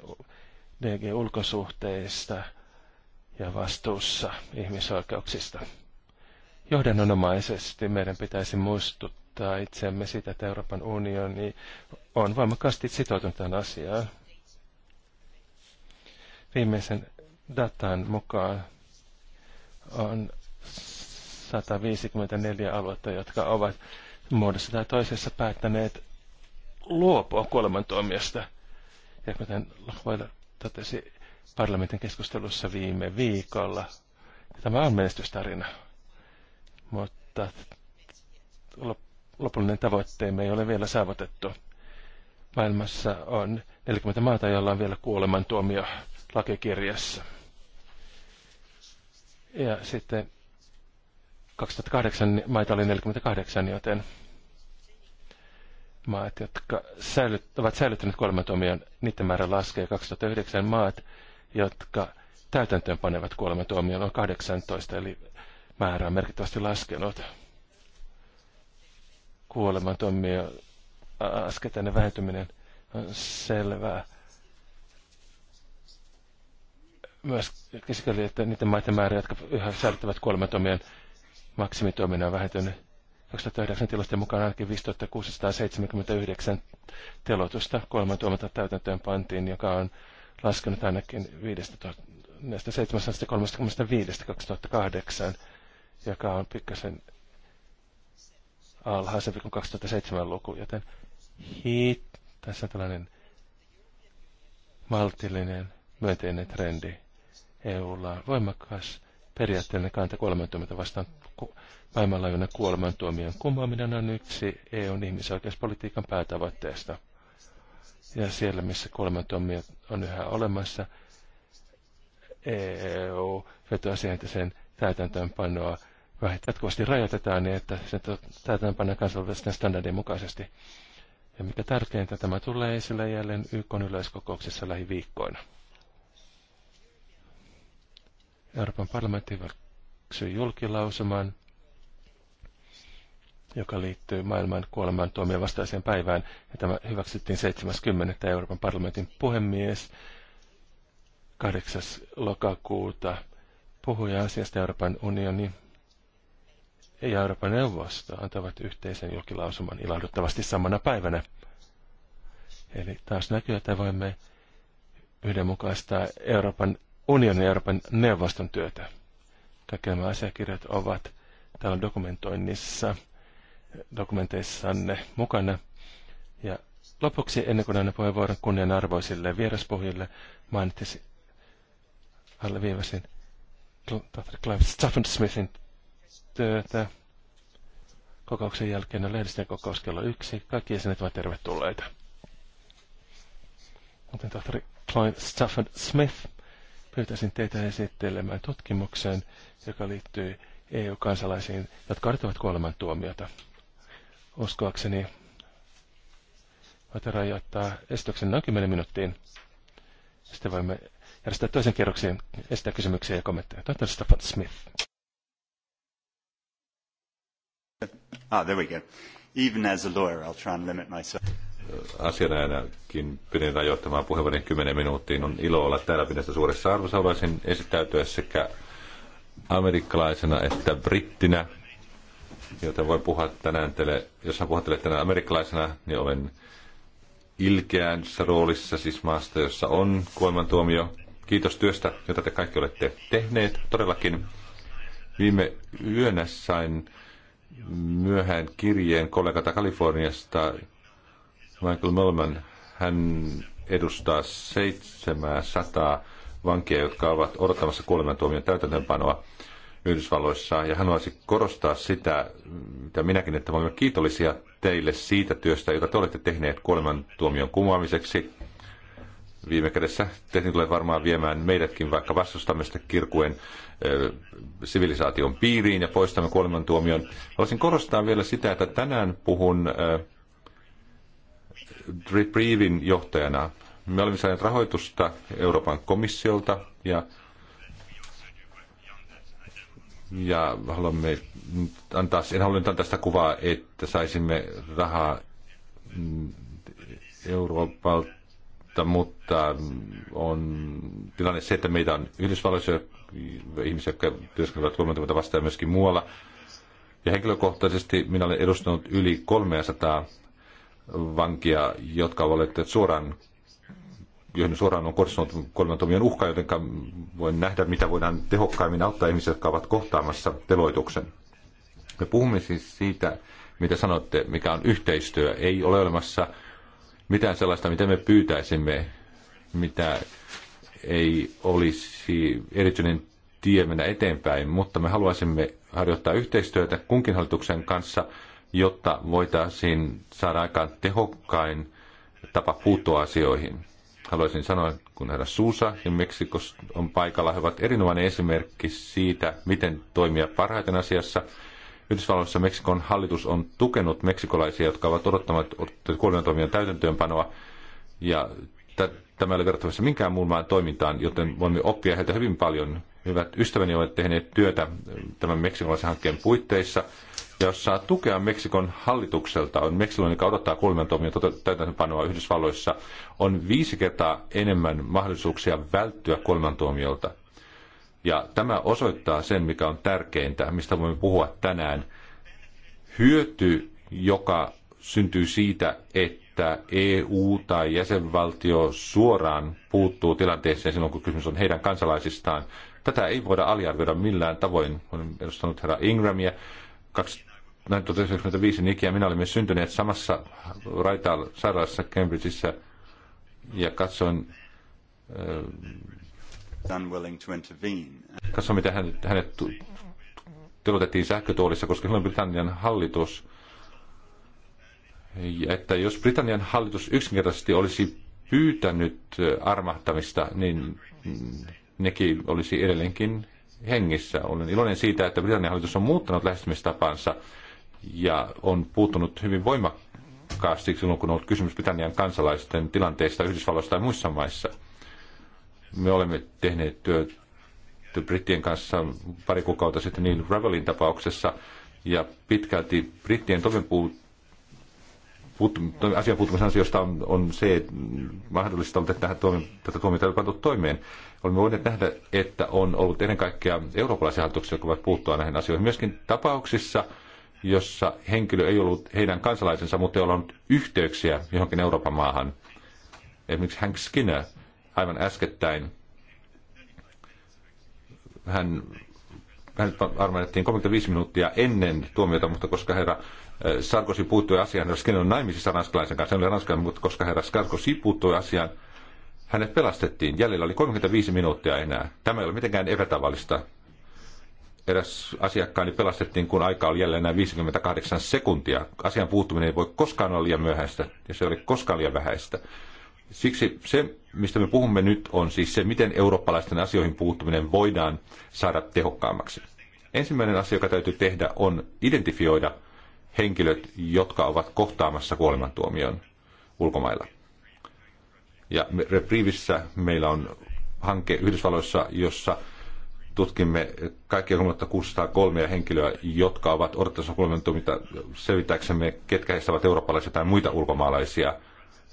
DG ulkosuhteista ja vastuussa ihmisoikeuksista. Johdannonomaisesti meidän pitäisi muistuttaa itseämme sitä, että Euroopan unioni on voimakkaasti sitoutunut tähän asiaan viimeisen datan mukaan on 154 aluetta, jotka ovat muodossa tai toisessa päättäneet luopua kuolemantuomiosta. Ja kuten Lohvoila totesi parlamentin keskustelussa viime viikolla, tämä on menestystarina. Mutta lopullinen tavoitteemme ei ole vielä saavutettu. Maailmassa on 40 maata, joilla on vielä kuolemantuomio. tuomio lakikirjassa. Ja sitten 2008 maita oli 48, joten maat, jotka säilyt, ovat säilyttäneet kuolemantuomion, niiden määrä laskee 2009 maat, jotka täytäntöön panevat kuolemantuomion on 18, eli määrä on merkittävästi laskenut. Kuolemantuomio askettainen vähentyminen on selvää myös sikäli, että niiden maiden määrä, jotka yhä säilyttävät kuolematomien maksimitoiminnan on vähentynyt. 2009 tilasten mukaan ainakin 5679 telotusta kuolemantuomata täytäntöön pantiin, joka on laskenut ainakin 5735 2008, joka on pikkasen alhaisempi kuin 2007 luku, joten hiit, tässä on tällainen maltillinen myönteinen trendi. EUlla on voimakas periaatteellinen kanta kuolemantuomiota vastaan. Maailmanlaajuinen kuolemantuomion kumoaminen on yksi EUn ihmisoikeuspolitiikan päätavoitteesta. Ja siellä, missä kuolemantuomio on yhä olemassa, EU vetoaa siihen, että sen täytäntöönpanoa jatkuvasti rajoitetaan niin, että sen täytäntöönpanoa kansainvälisten standardien mukaisesti. Ja mikä tärkeintä, tämä tulee esille jälleen YK yleiskokouksessa lähiviikkoina. Euroopan parlamentti hyväksyi julkilausuman, joka liittyy maailman kuoleman tuomion vastaiseen päivään. Ja tämä hyväksyttiin 70. Euroopan parlamentin puhemies 8. lokakuuta puhuja asiasta Euroopan unioni ja Euroopan neuvosto antavat yhteisen julkilausuman ilahduttavasti samana päivänä. Eli taas näkyy, että voimme yhdenmukaistaa Euroopan unionin Euroopan neuvoston työtä. Kaikki nämä asiakirjat ovat täällä dokumentoinnissa, dokumenteissanne mukana. Ja lopuksi, ennen kuin annan puheenvuoron kunnianarvoisille vieraspuhjille, mainitsin alleviivasin Dr. Clive Stephen Smithin työtä. Kokouksen jälkeen on lehdistön kokous kello yksi. Kaikki jäsenet ovat tervetulleita. Mutta tohtori Clive Stafford Smith pyytäisin teitä esittelemään tutkimuksen, joka liittyy EU-kansalaisiin, jotka odottavat kuolemantuomiota. Uskoakseni voitte rajoittaa esityksen noin 10 minuuttiin. Sitten voimme järjestää toisen kierroksen esittää kysymyksiä ja kommentteja. Toivottavasti Stefan Smith. Ah, there we go. Even as a lawyer, I'll try and limit myself asianajanakin pidin rajoittamaan puheenvuoron 10 minuuttiin. On ilo olla täällä pidestä suuressa arvossa. Haluaisin esittäytyä sekä amerikkalaisena että brittinä, jota voi puhua tänään teille, jos puhuttele tänään amerikkalaisena, niin olen ilkeänsä roolissa, siis maasta, jossa on kuolemantuomio. Kiitos työstä, jota te kaikki olette tehneet. Todellakin viime yönä sain myöhään kirjeen kollegata Kaliforniasta, Michael Melman, hän edustaa 700 vankia, jotka ovat odottamassa kuolemantuomion täytäntöönpanoa Yhdysvalloissa. Ja hän haluaisi korostaa sitä, mitä minäkin, että me olemme kiitollisia teille siitä työstä, jota te olette tehneet kuolemantuomion kumoamiseksi. Viime kädessä te tulee varmaan viemään meidätkin vaikka vastustamme sitä kirkuen sivilisaation piiriin ja poistamme kuolemantuomion. Haluaisin korostaa vielä sitä, että tänään puhun ö, Reprievin johtajana. Me olemme saaneet rahoitusta Euroopan komissiolta ja, ja haluamme antaa, en halua antaa tästä kuvaa, että saisimme rahaa Euroopalta, mutta on tilanne se, että meitä on Yhdysvalloissa ihmisiä, jotka työskentelevät 30 vastaan myöskin muualla. Ja henkilökohtaisesti minä olen edustanut yli 300 vankia, jotka ovat suoraan joihin suoraan on kohdistunut kuolemantuomion uhka, joten voi nähdä, mitä voidaan tehokkaimmin auttaa ihmisiä, jotka ovat kohtaamassa teloituksen. Me puhumme siis siitä, mitä sanotte, mikä on yhteistyö. Ei ole olemassa mitään sellaista, mitä me pyytäisimme, mitä ei olisi erityinen tie mennä eteenpäin, mutta me haluaisimme harjoittaa yhteistyötä kunkin hallituksen kanssa – jotta voitaisiin saada aikaan tehokkain tapa puuttua asioihin. Haluaisin sanoa, kun herra Suusa ja Meksikos on paikalla, he ovat erinomainen esimerkki siitä, miten toimia parhaiten asiassa. Yhdysvalloissa Meksikon hallitus on tukenut meksikolaisia, jotka ovat odottamat kuolinatoimien täytäntöönpanoa, ja tämä ei ole verrattavissa minkään muun maan toimintaan, joten voimme oppia heiltä hyvin paljon. Hyvät ystäväni ovat tehneet työtä tämän meksikolaisen hankkeen puitteissa – jos saa tukea Meksikon hallitukselta, on Meksikon, joka odottaa kuolemantuomio tota- täytäntöönpanoa Yhdysvalloissa, on viisi kertaa enemmän mahdollisuuksia välttyä kuolemantuomiolta. Ja tämä osoittaa sen, mikä on tärkeintä, mistä voimme puhua tänään. Hyöty, joka syntyy siitä, että EU tai jäsenvaltio suoraan puuttuu tilanteeseen silloin, kun kysymys on heidän kansalaisistaan. Tätä ei voida aliarvioida millään tavoin. on edustanut herra Ingramia näin 1995 Niki ja minä olimme syntyneet samassa raitaalla sairaalassa Cambridgeissa ja katsoin äh, Katso, mitä hänet, hänet telotettiin sähkötuolissa, koska silloin Britannian hallitus, että jos Britannian hallitus yksinkertaisesti olisi pyytänyt äh, armahtamista, niin mm, nekin olisi edelleenkin hengissä. Olen iloinen siitä, että Britannian hallitus on muuttanut lähestymistapansa ja on puuttunut hyvin voimakkaasti silloin, kun on ollut kysymys Britannian kansalaisten tilanteesta Yhdysvalloissa tai muissa maissa. Me olemme tehneet työtä brittien kanssa pari kuukautta sitten niin Ravelin tapauksessa, ja pitkälti brittien toimenpuu asian puuttumisen ansiosta on, on se mahdollista ollut, että tähän toimi, tätä tuomiota ei pantu toimeen. Olemme voineet nähdä, että on ollut ennen kaikkea eurooppalaisia hallituksia, jotka ovat puuttua näihin asioihin. Myöskin tapauksissa, jossa henkilö ei ollut heidän kansalaisensa, mutta ei ollut yhteyksiä johonkin Euroopan maahan. Esimerkiksi Hank Skinner aivan äskettäin, hän, hän armennettiin 35 minuuttia ennen tuomiota, mutta koska herra eh, Sarkosi puuttui asiaan, herra Skinner on naimisissa ranskalaisen kanssa, hän oli ranskalainen, mutta koska herra Sarkosi puuttui asiaan, hänet pelastettiin. Jäljellä oli 35 minuuttia enää. Tämä ei ole mitenkään epätavallista eräs asiakkaani pelastettiin, kun aika oli jälleen enää 58 sekuntia. Asian puuttuminen ei voi koskaan olla liian myöhäistä, ja se oli koskaan liian vähäistä. Siksi se, mistä me puhumme nyt, on siis se, miten eurooppalaisten asioihin puuttuminen voidaan saada tehokkaammaksi. Ensimmäinen asia, joka täytyy tehdä, on identifioida henkilöt, jotka ovat kohtaamassa kuolemantuomion ulkomailla. Ja Reprievissä meillä on hanke Yhdysvalloissa, jossa tutkimme kaikkia kolmea henkilöä, jotka ovat odottaessa kuulementumita selvittääksemme, ketkä heistä ovat eurooppalaisia tai muita ulkomaalaisia.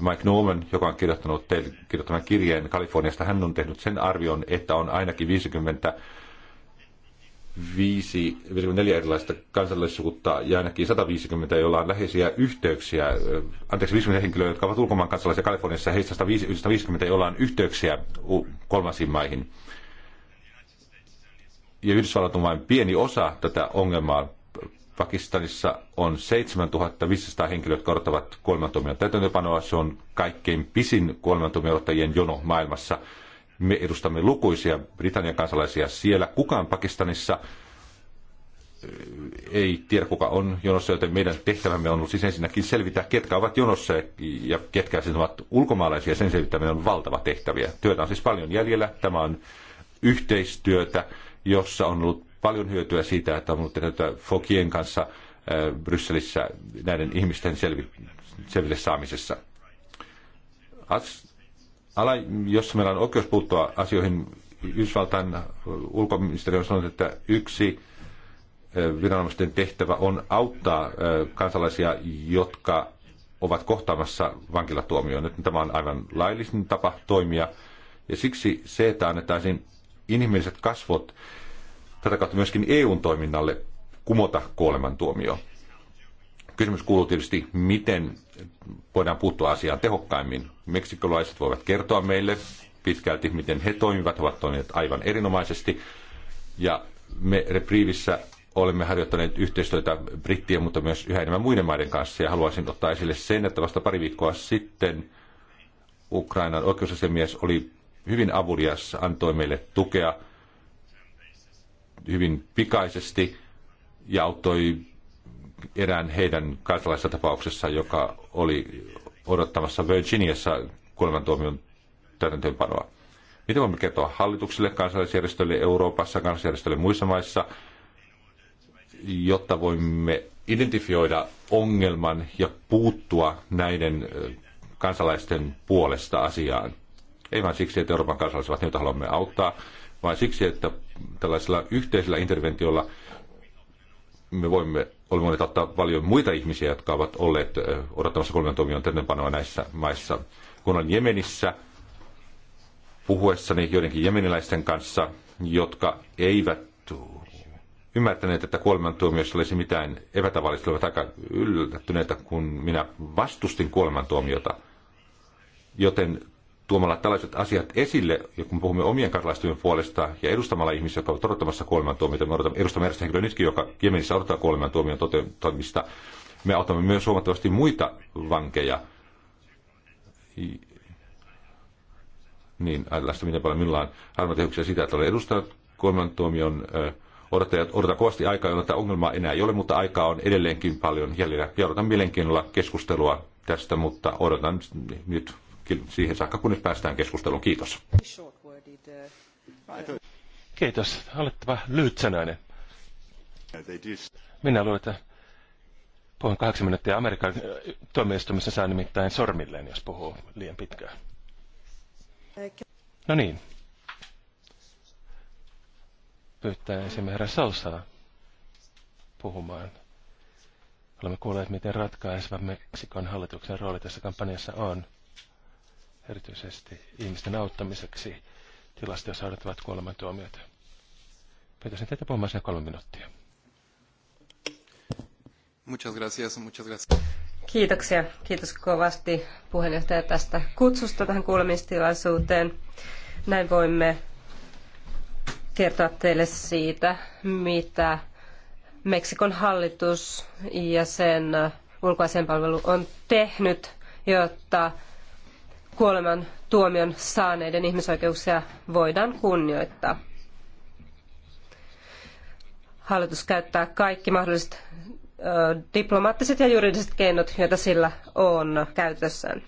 Mike Norman, joka on kirjoittanut teille, kirjoittaman kirjeen Kaliforniasta, hän on tehnyt sen arvion, että on ainakin 50 5, 54 erilaista kansallisuutta ja ainakin 150, joilla on läheisiä yhteyksiä, äh, anteeksi 50 henkilöä, jotka ovat ulkomaan kansalaisia Kaliforniassa, heistä 150, joilla on yhteyksiä kolmansiin maihin ja Yhdysvallat on vain pieni osa tätä ongelmaa. Pakistanissa on 7500 henkilöä, jotka odottavat kuolemantuomion täytäntöpanoa. Se on kaikkein pisin kuolemantuomio-odottajien jono maailmassa. Me edustamme lukuisia Britannian kansalaisia siellä. Kukaan Pakistanissa eh, ei tiedä, kuka on jonossa, joten meidän tehtävämme on ollut siis ensinnäkin selvittää ketkä ovat jonossa ja ketkä siis ovat ulkomaalaisia. Sen selvittäminen on valtava tehtäviä. Työtä on siis paljon jäljellä. Tämä on yhteistyötä jossa on ollut paljon hyötyä siitä, että on ollut näitä Fokien kanssa äh, Brysselissä näiden ihmisten selvi, selville saamisessa. As, ala, jossa meillä on oikeus puuttua asioihin, Yhdysvaltain ulkoministeri on sanonut, että yksi äh, viranomaisten tehtävä on auttaa äh, kansalaisia, jotka ovat kohtaamassa vankilatuomioon. tämä on aivan laillisin tapa toimia. Ja siksi se, että annetaan inhimilliset kasvot tätä kautta myöskin EUn toiminnalle kumota kuolemantuomio. Kysymys kuuluu tietysti, miten voidaan puuttua asiaan tehokkaimmin. Meksikolaiset voivat kertoa meille pitkälti, miten he toimivat, ovat toimineet aivan erinomaisesti. Ja me Repriivissä olemme harjoittaneet yhteistyötä brittien, mutta myös yhä enemmän muiden maiden kanssa. Ja haluaisin ottaa esille sen, että vasta pari viikkoa sitten Ukrainan oikeusasiamies oli hyvin avulias, antoi meille tukea hyvin pikaisesti ja auttoi erään heidän kansalaisessa tapauksessa, joka oli odottamassa Virginiassa kuolemantuomion täytäntöönpanoa. Mitä voimme kertoa hallituksille, kansalaisjärjestöille Euroopassa, kansalaisjärjestöille muissa maissa, jotta voimme identifioida ongelman ja puuttua näiden kansalaisten puolesta asiaan? Ei vain siksi, että Euroopan kansalaiset, joita haluamme auttaa, vaan siksi, että tällaisella yhteisellä interventiolla me voimme, olemme voineet ottaa paljon muita ihmisiä, jotka ovat olleet odottamassa kolmen tuomion täytäntöönpanoa näissä maissa. Kun olen Jemenissä puhuessani joidenkin jemeniläisten kanssa, jotka eivät ymmärtäneet, että kuolemantuomioissa olisi mitään epätavallista, olivat aika yllättyneitä, kun minä vastustin kuolemantuomiota. Joten tuomalla tällaiset asiat esille, ja kun puhumme omien kansalaistujien puolesta ja edustamalla ihmisiä, jotka ovat odottamassa kuolemantuomiota, me odotamme, edustamme erästä henkilöä nytkin, joka Jemenissä odottaa kuolemantuomion toteuttamista, me autamme myös huomattavasti muita vankeja. Niin, ajatellaan miten paljon minulla on harmateuksia sitä, että olen edustanut kuolemantuomion odottajat odotan kovasti aikaa, jolloin tätä ongelmaa enää ei ole, mutta aikaa on edelleenkin paljon jäljellä. Ja odotan mielenkiinnolla keskustelua tästä, mutta odotan nyt siihen saakka, kunnes päästään keskusteluun. Kiitos. Kiitos. Olette vähän lyhytsanainen. Minä luulen, että puhun kahdeksan minuuttia. Amerikan äh, tuomioistuimessa saa nimittäin sormilleen, jos puhuu liian pitkään. No niin. Pyyttäisimme herra Salsaa puhumaan. Olemme kuulleet, miten ratkaiseva Meksikon hallituksen rooli tässä kampanjassa on erityisesti ihmisten auttamiseksi tilasta, jossa odottavat kuolemantuomioita. Pyytäisin teitä puhumaan sen kolme minuuttia. Muchas gracias, muchas gracias. Kiitoksia. Kiitos kovasti puheenjohtaja tästä kutsusta tähän kuulemistilaisuuteen. Näin voimme kertoa teille siitä, mitä Meksikon hallitus ja sen ulkoasianpalvelu on tehnyt, jotta kuoleman tuomion saaneiden ihmisoikeuksia voidaan kunnioittaa. Hallitus käyttää kaikki mahdolliset diplomaattiset ja juridiset keinot, joita sillä on käytössään.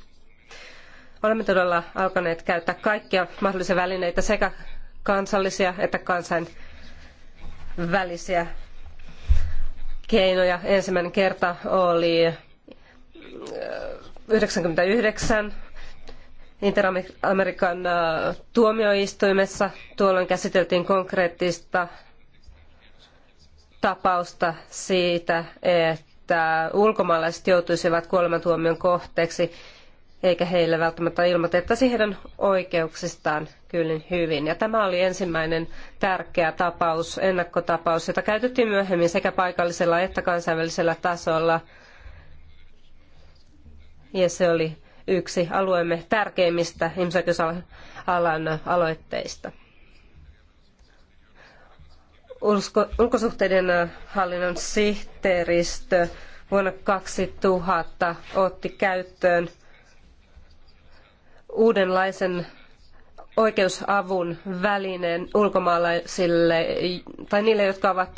Olemme todella alkaneet käyttää kaikkia mahdollisia välineitä sekä kansallisia että kansainvälisiä keinoja. Ensimmäinen kerta oli 1999. Inter-Amerikan äh, tuomioistuimessa. Tuolloin käsiteltiin konkreettista tapausta siitä, että ulkomaalaiset joutuisivat kuolemantuomion kohteeksi, eikä heille välttämättä ilmoitettaisi heidän oikeuksistaan kyllin hyvin. Ja tämä oli ensimmäinen tärkeä tapaus, ennakkotapaus, jota käytettiin myöhemmin sekä paikallisella että kansainvälisellä tasolla. Ja se oli yksi alueemme tärkeimmistä ihmisoikeusalan aloitteista. ulkosuhteiden hallinnon sihteeristö vuonna 2000 otti käyttöön uudenlaisen oikeusavun välineen ulkomaalaisille tai niille, jotka ovat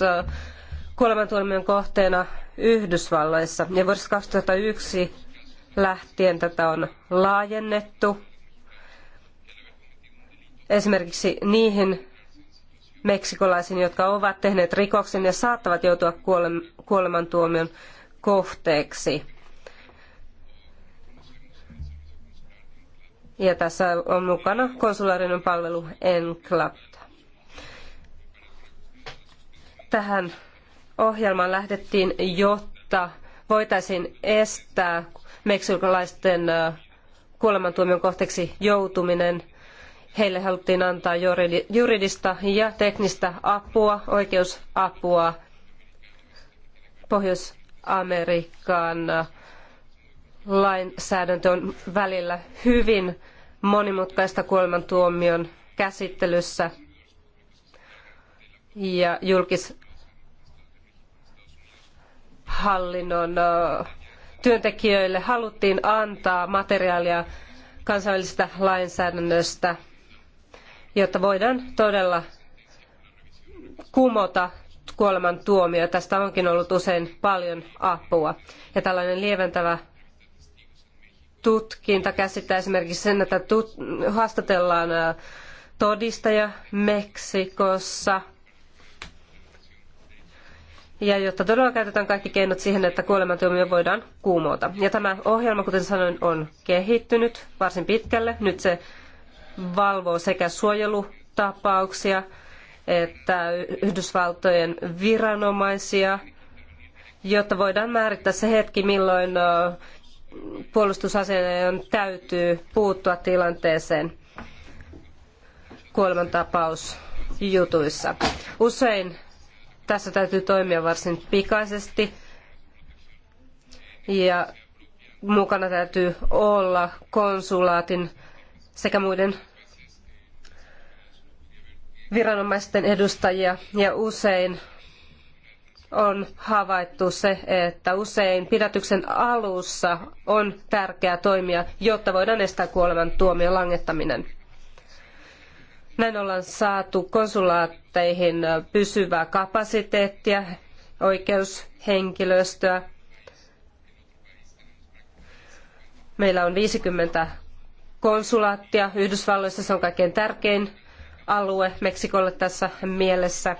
kuolemantuomion kohteena Yhdysvalloissa. Ja vuodesta 2001 lähtien tätä on laajennettu esimerkiksi niihin meksikolaisiin, jotka ovat tehneet rikoksen ja saattavat joutua kuolemantuomion kohteeksi. Ja tässä on mukana konsulaarinen palvelu Enclap. Tähän ohjelmaan lähdettiin, jotta voitaisiin estää meksikolaisten kuolemantuomion kohteeksi joutuminen. Heille haluttiin antaa juridista ja teknistä apua, oikeusapua Pohjois-Amerikan lainsäädäntö on välillä hyvin monimutkaista kuolemantuomion käsittelyssä ja julkis hallinnon työntekijöille haluttiin antaa materiaalia kansainvälisestä lainsäädännöstä, jotta voidaan todella kumota kuolemantuomio. Tästä onkin ollut usein paljon apua. Ja tällainen lieventävä tutkinta käsittää esimerkiksi sen, että tut- haastatellaan todistaja Meksikossa ja jotta todella käytetään kaikki keinot siihen, että kuolemantuomio voidaan kuumota. Ja tämä ohjelma, kuten sanoin, on kehittynyt varsin pitkälle. Nyt se valvoo sekä suojelutapauksia että Yhdysvaltojen viranomaisia, jotta voidaan määrittää se hetki, milloin puolustusaseen täytyy puuttua tilanteeseen kuolemantapausjutuissa. Usein tässä täytyy toimia varsin pikaisesti ja mukana täytyy olla konsulaatin sekä muiden viranomaisten edustajia ja usein on havaittu se, että usein pidätyksen alussa on tärkeää toimia, jotta voidaan estää kuoleman tuomion langettaminen. Näin ollaan saatu konsulaatteihin pysyvää kapasiteettia, oikeushenkilöstöä. Meillä on 50 konsulaattia. Yhdysvalloissa se on kaikkein tärkein alue Meksikolle tässä mielessä.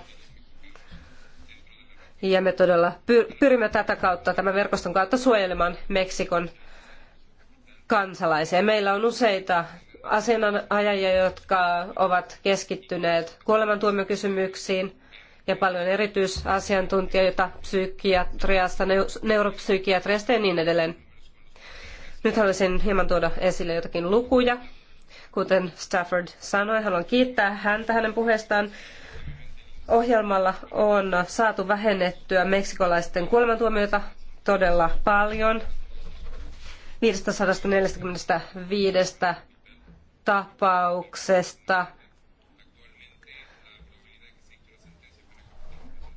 Ja me todella pyrimme tätä kautta, tämän verkoston kautta suojelemaan Meksikon kansalaisia. Meillä on useita asianajajia, jotka ovat keskittyneet kuolemantuomiokysymyksiin ja paljon erityisasiantuntijoita psykiatriasta, neuropsykiatriasta ja niin edelleen. Nyt haluaisin hieman tuoda esille jotakin lukuja. Kuten Stafford sanoi, haluan kiittää häntä hänen puheestaan. Ohjelmalla on saatu vähennettyä meksikolaisten kuolemantuomioita todella paljon. 545 tapauksesta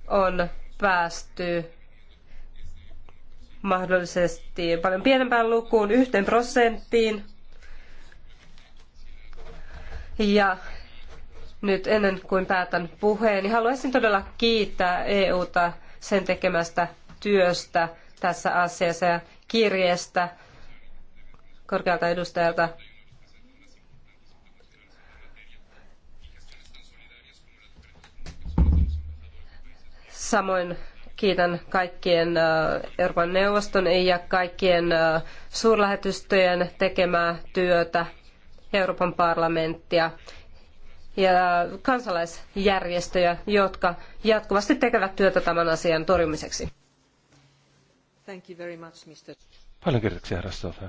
on päästy mahdollisesti paljon pienempään lukuun, yhteen prosenttiin. Ja nyt ennen kuin päätän puheen, niin haluaisin todella kiittää EUta sen tekemästä työstä tässä asiassa ja kirjeestä korkealta edustajalta Samoin kiitän kaikkien äh, Euroopan neuvoston ja kaikkien äh, suurlähetystöjen tekemää työtä, Euroopan parlamenttia ja äh, kansalaisjärjestöjä, jotka jatkuvasti tekevät työtä tämän asian torjumiseksi. Thank you very much, Mr. Paljon kiitoksia, herra Sofa.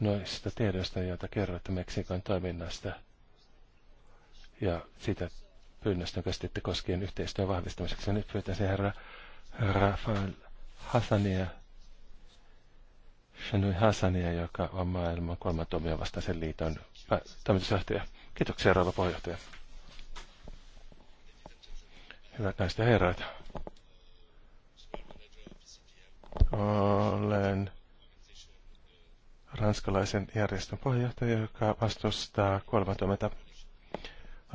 Noista tiedoista, joita kerroitte Meksikon toiminnasta ja sitä pyynnöstä, jonka sitten koskien yhteistyön vahvistamiseksi. Ja nyt pyytäisin herra Rafael Hassania, Shanui Hassania, joka on maailman kolman tuomion vastaisen liiton toimitusjohtaja. Kiitoksia, rouva puheenjohtaja. Hyvät naiset ja herrat. Olen ranskalaisen järjestön puheenjohtaja, joka vastustaa kuolemantuomioita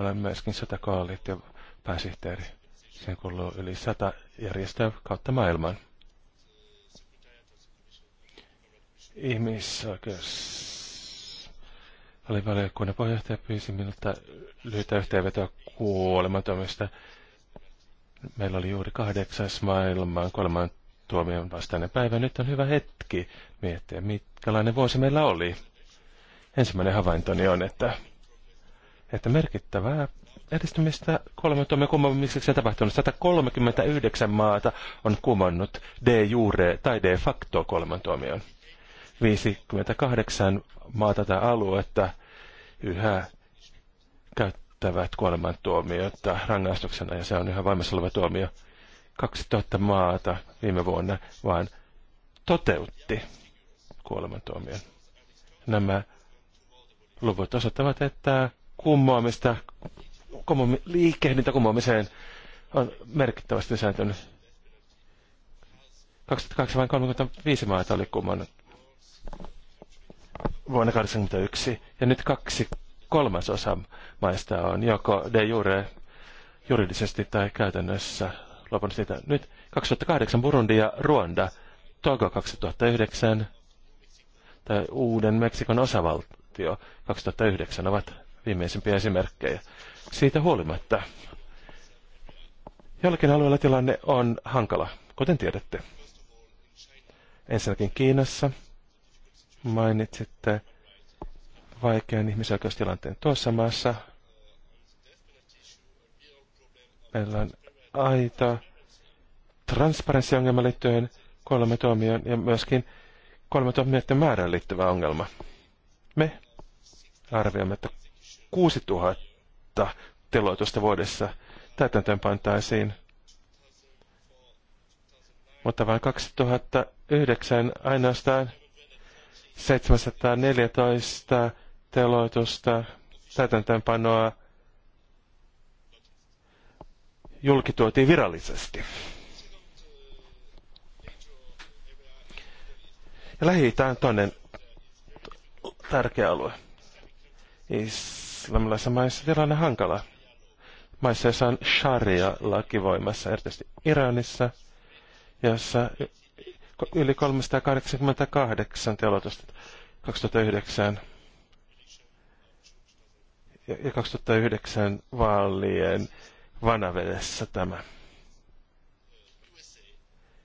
olen myöskin sotakoalition pääsihteeri. Sen kuuluu yli sata järjestöä kautta maailman. Ihmisoikeus oli valiokunnan puheenjohtaja pyysi minulta lyhyttä yhteenvetoa kuolematomista. Meillä oli juuri kahdeksas maailman kolman tuomion vastainen päivä. Nyt on hyvä hetki miettiä, mitkälainen vuosi meillä oli. Ensimmäinen havaintoni on, että että merkittävää edistymistä kuolemantuomion kumoamiseksi on tapahtunut. 139 maata on kumonnut de jure tai de facto tuomion. 58 maata tai aluetta yhä käyttävät tuomiota rangaistuksena ja se on yhä voimassa oleva tuomio. 2000 maata viime vuonna vaan toteutti kuolemantuomion. Nämä luvut osoittavat, että Kummaamista, kumoami, liikehdintä kummaamiseen on merkittävästi lisääntynyt. 22 vai 35 maata oli kumonnut vuonna 1981, ja nyt kaksi kolmasosa maista on joko de jure juridisesti tai käytännössä lopun siitä. Nyt 2008 Burundi ja Ruanda, Togo 2009 tai Uuden Meksikon osavaltio 2009 ovat viimeisimpiä esimerkkejä. Siitä huolimatta, jollakin alueella tilanne on hankala, kuten tiedätte. Ensinnäkin Kiinassa mainitsitte vaikean ihmisoikeustilanteen tuossa maassa. Meillä on aita transparenssiongelma liittyen kolme tuomioon ja myöskin kolme tuomioiden määrään liittyvä ongelma. Me arvioimme, että 6000 teloitusta vuodessa täytäntöön pantaisiin. Mutta vain 2009 ainoastaan 714 teloitusta täytäntöönpanoa julkituotiin virallisesti. Lähi-itä on toinen tärkeä alue. Is islamilaisissa maissa tilanne hankala. Maissa, joissa on sharia-laki voimassa, erityisesti Iranissa, jossa yli 388 teolotusta 2009 ja 2009 vaalien vanavedessä tämä.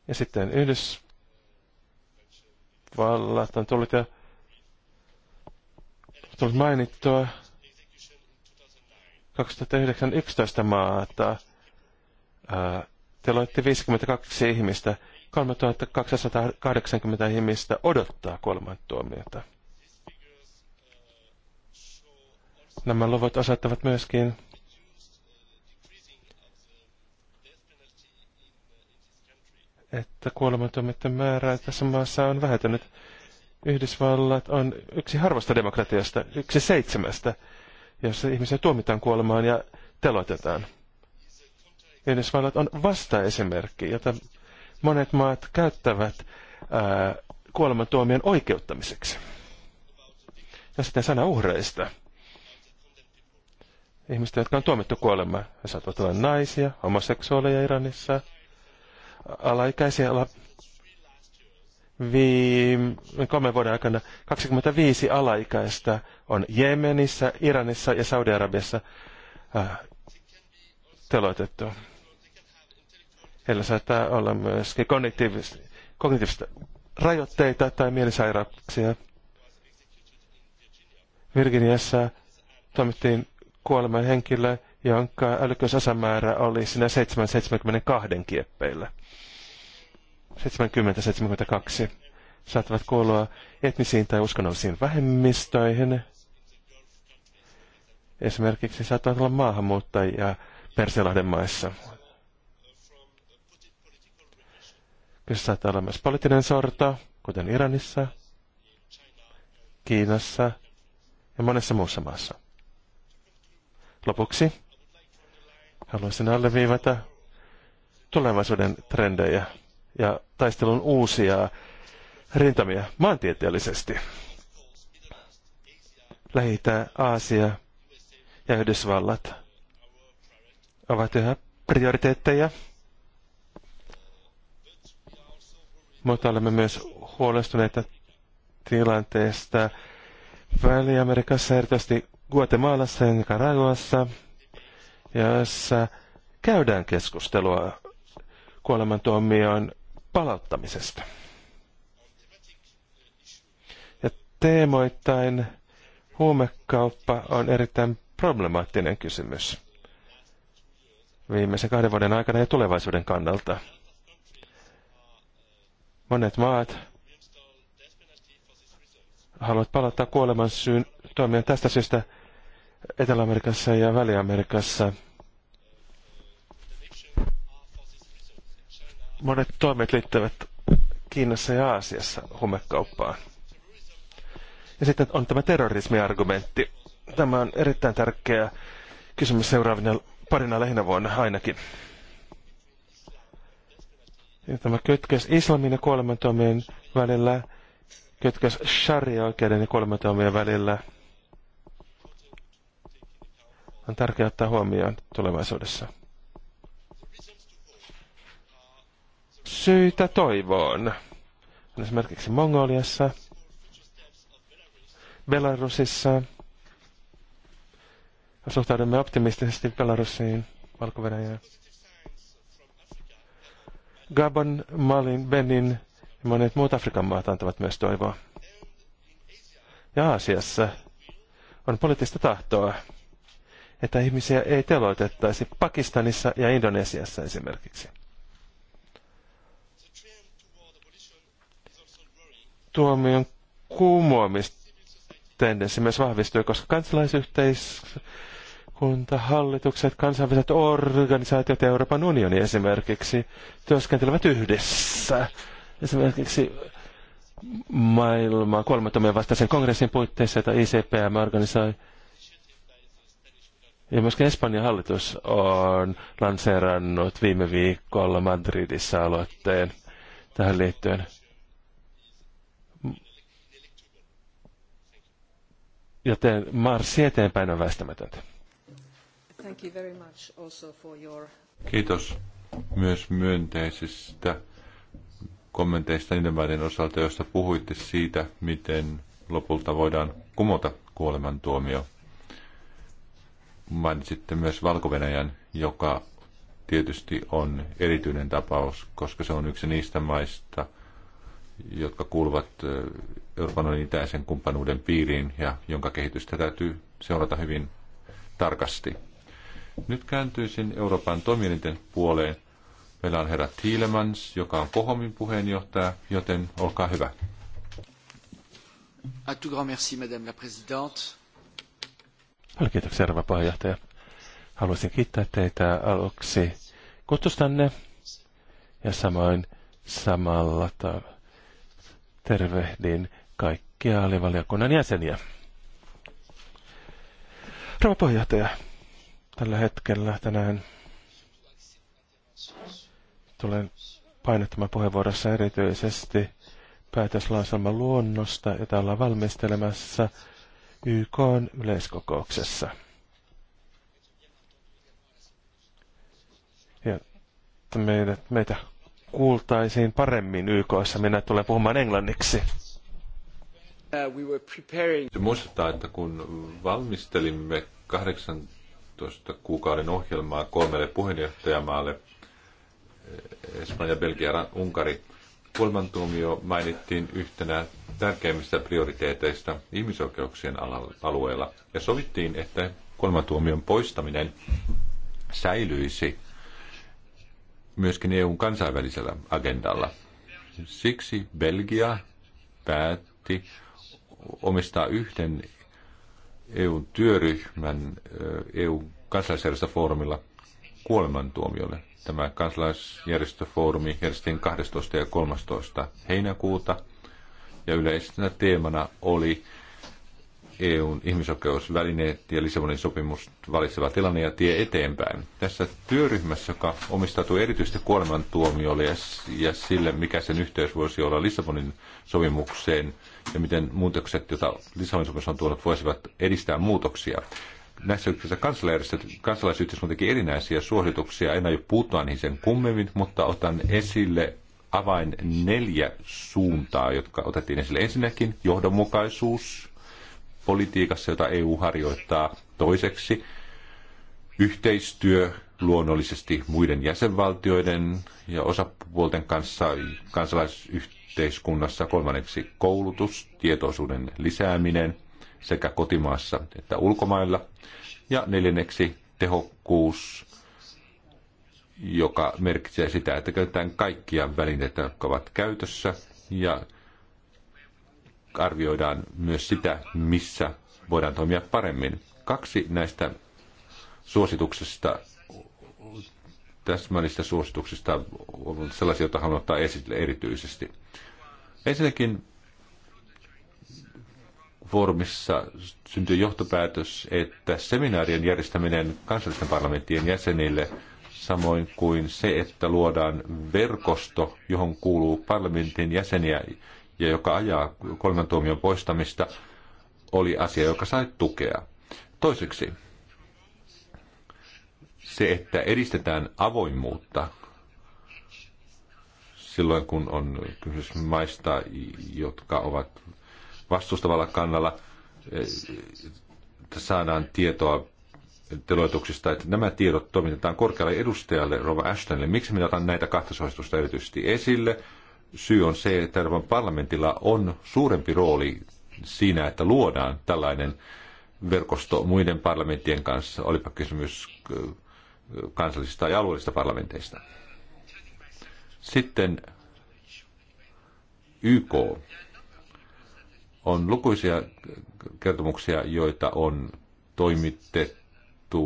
Ja sitten Yhdysvallat on tullut ja tullut mainittua 2009 11 maata. Te loitte 52 ihmistä. 3280 ihmistä odottaa kuolemantuomiota. Nämä luvut osoittavat myöskin että kuolemantuomioiden määrä tässä maassa on vähentynyt. Yhdysvallat on yksi harvasta demokratiasta, yksi seitsemästä, jossa ihmisiä tuomitaan kuolemaan ja teloitetaan. Yhdysvallat on vastaesimerkki, jota monet maat käyttävät ää, kuolemantuomion oikeuttamiseksi. Ja sitten sana uhreista. Ihmistä, jotka on tuomittu kuolemaan. He saattavat olla naisia, homoseksuaaleja Iranissa, alaikäisiä viime kolmen vuoden aikana 25 alaikäistä on Jemenissä, Iranissa ja Saudi-Arabiassa äh, teloitettu. Heillä saattaa olla myöskin kognitiivisia rajoitteita tai mielisairauksia. Virginiassa toimittiin kuoleman henkilö, jonka älykkösasamäärä oli siinä 772 kieppeillä. 70-72 saattavat kuulua etnisiin tai uskonnollisiin vähemmistöihin. Esimerkiksi saattavat olla maahanmuuttajia Persialahden maissa. Kyse saattaa olla myös poliittinen sorto, kuten Iranissa, Kiinassa ja monessa muussa maassa. Lopuksi haluaisin alleviivata tulevaisuuden trendejä ja taistelun uusia rintamia maantieteellisesti. lähi Aasia ja Yhdysvallat ovat yhä prioriteetteja, mutta olemme myös huolestuneita tilanteesta Väli-Amerikassa, erityisesti Guatemalassa ja Nicaraguassa, jossa käydään keskustelua kuolemantuomioon palauttamisesta. Ja teemoittain huumekauppa on erittäin problemaattinen kysymys viimeisen kahden vuoden aikana ja tulevaisuuden kannalta. Monet maat haluavat palauttaa kuoleman syyn toimia tästä syystä Etelä-Amerikassa ja Väli-Amerikassa – monet toimet liittyvät Kiinassa ja Aasiassa huumekauppaan. Ja sitten on tämä terrorismiargumentti. Tämä on erittäin tärkeä kysymys seuraavina parina lähinnä vuonna ainakin. Ja tämä kytkös islamin ja kuolemantoimien välillä, kytkös sharia-oikeuden ja kuolemantoimien välillä on tärkeää ottaa huomioon tulevaisuudessa. syitä toivoon. Esimerkiksi Mongoliassa, Belarusissa. Suhtaudumme optimistisesti Belarusiin, valko -Venäjään. Gabon, Malin, Benin ja monet muut Afrikan maat antavat myös toivoa. Ja Aasiassa on poliittista tahtoa, että ihmisiä ei teloitettaisi Pakistanissa ja Indonesiassa esimerkiksi. tuomion kumoamistendenssi myös vahvistui, koska kansalaisyhteiskunta, hallitukset, kansainväliset organisaatiot ja Euroopan unioni esimerkiksi työskentelevät yhdessä. Esimerkiksi maailmaa kolmatomien vastaisen kongressin puitteissa, jota ICPM organisoi. Ja myöskin Espanjan hallitus on lanseerannut viime viikolla Madridissa aloitteen tähän liittyen. Joten marssi eteenpäin on väistämätöntä. Thank you very much also for your... Kiitos myös myönteisistä kommenteista niiden maiden osalta, joista puhuitte siitä, miten lopulta voidaan kumota kuolemantuomio. Mainitsitte myös valko joka tietysti on erityinen tapaus, koska se on yksi niistä maista – jotka kuuluvat Euroopan unionin itäisen kumppanuuden piiriin ja jonka kehitystä täytyy seurata hyvin tarkasti. Nyt kääntyisin Euroopan toimielinten puoleen. Meillä on herra Tiilemans, joka on Kohomin puheenjohtaja, joten olkaa hyvä. A tout grand merci, madame la présidente. Kiitoksia, herra puheenjohtaja. Haluaisin kiittää teitä aluksi kutsustanne ja samoin samalla tavalla tervehdin kaikkia alivaliokunnan jäseniä. Rouva puheenjohtaja, tällä hetkellä tänään tulen painottamaan puheenvuorossa erityisesti päätöslauselman luonnosta, jota ollaan valmistelemassa YK yleiskokouksessa. Ja meitä, meitä kuultaisiin paremmin YKssa. Minä tulen puhumaan englanniksi. Uh, Muistetaan, että kun valmistelimme 18 kuukauden ohjelmaa kolmelle puheenjohtajamaalle, eh, Espanja, Belgia ja Unkari, kuolemantuomio mainittiin yhtenä tärkeimmistä prioriteeteista ihmisoikeuksien alueella ja sovittiin, että kuolemantuomion poistaminen säilyisi myöskin EUn kansainvälisellä agendalla. Siksi Belgia päätti omistaa yhden EUn työryhmän eh, EUn kansalaisjärjestöfoorumilla kuolemantuomiolle. Tämä kansalaisjärjestöfoorumi järjestettiin 12. ja 13. heinäkuuta ja yleisenä teemana oli EUn ihmisoikeusvälineet ja Lissabonin sopimus valitseva tilanne ja tie eteenpäin. Tässä työryhmässä, joka omistautuu erityisesti kuolemantuomiolle ja, ja sille, mikä sen yhteys voisi olla Lissabonin sopimukseen ja miten muutokset, joita Lissabonin sopimus on tuonut, voisivat edistää muutoksia. Näissä yksissä kansalaisyhteiskunta teki erinäisiä suosituksia, en aio puuttua niihin sen kummemmin, mutta otan esille avain neljä suuntaa, jotka otettiin esille. Ensinnäkin johdonmukaisuus, politiikassa, jota EU harjoittaa. Toiseksi yhteistyö luonnollisesti muiden jäsenvaltioiden ja osapuolten kanssa kansalaisyhteiskunnassa. Kolmanneksi koulutus, tietoisuuden lisääminen sekä kotimaassa että ulkomailla. Ja neljänneksi tehokkuus, joka merkitsee sitä, että käytetään kaikkia välineitä, jotka ovat käytössä ja arvioidaan myös sitä, missä voidaan toimia paremmin. Kaksi näistä suosituksista, täsmällistä suosituksista, on sellaisia, joita haluan ottaa esille erityisesti. Ensinnäkin foorumissa syntyi johtopäätös, että seminaarien järjestäminen kansallisten parlamenttien jäsenille, samoin kuin se, että luodaan verkosto, johon kuuluu parlamentin jäseniä, ja joka ajaa kuolemantuomion poistamista, oli asia, joka sai tukea. Toiseksi, se, että edistetään avoimuutta silloin, kun on kysymys maista, jotka ovat vastustavalla kannalla, että saadaan tietoa teloituksista, että nämä tiedot toimitetaan korkealle edustajalle, Rova Ashtonille. Miksi minä otan näitä kahta suositusta erityisesti esille? syy on se, että Euroopan parlamentilla on suurempi rooli siinä, että luodaan tällainen verkosto muiden parlamenttien kanssa, olipa kysymys äh, kansallisista ja alueellisista parlamenteista. Sitten YK. On lukuisia kertomuksia, joita on toimitettu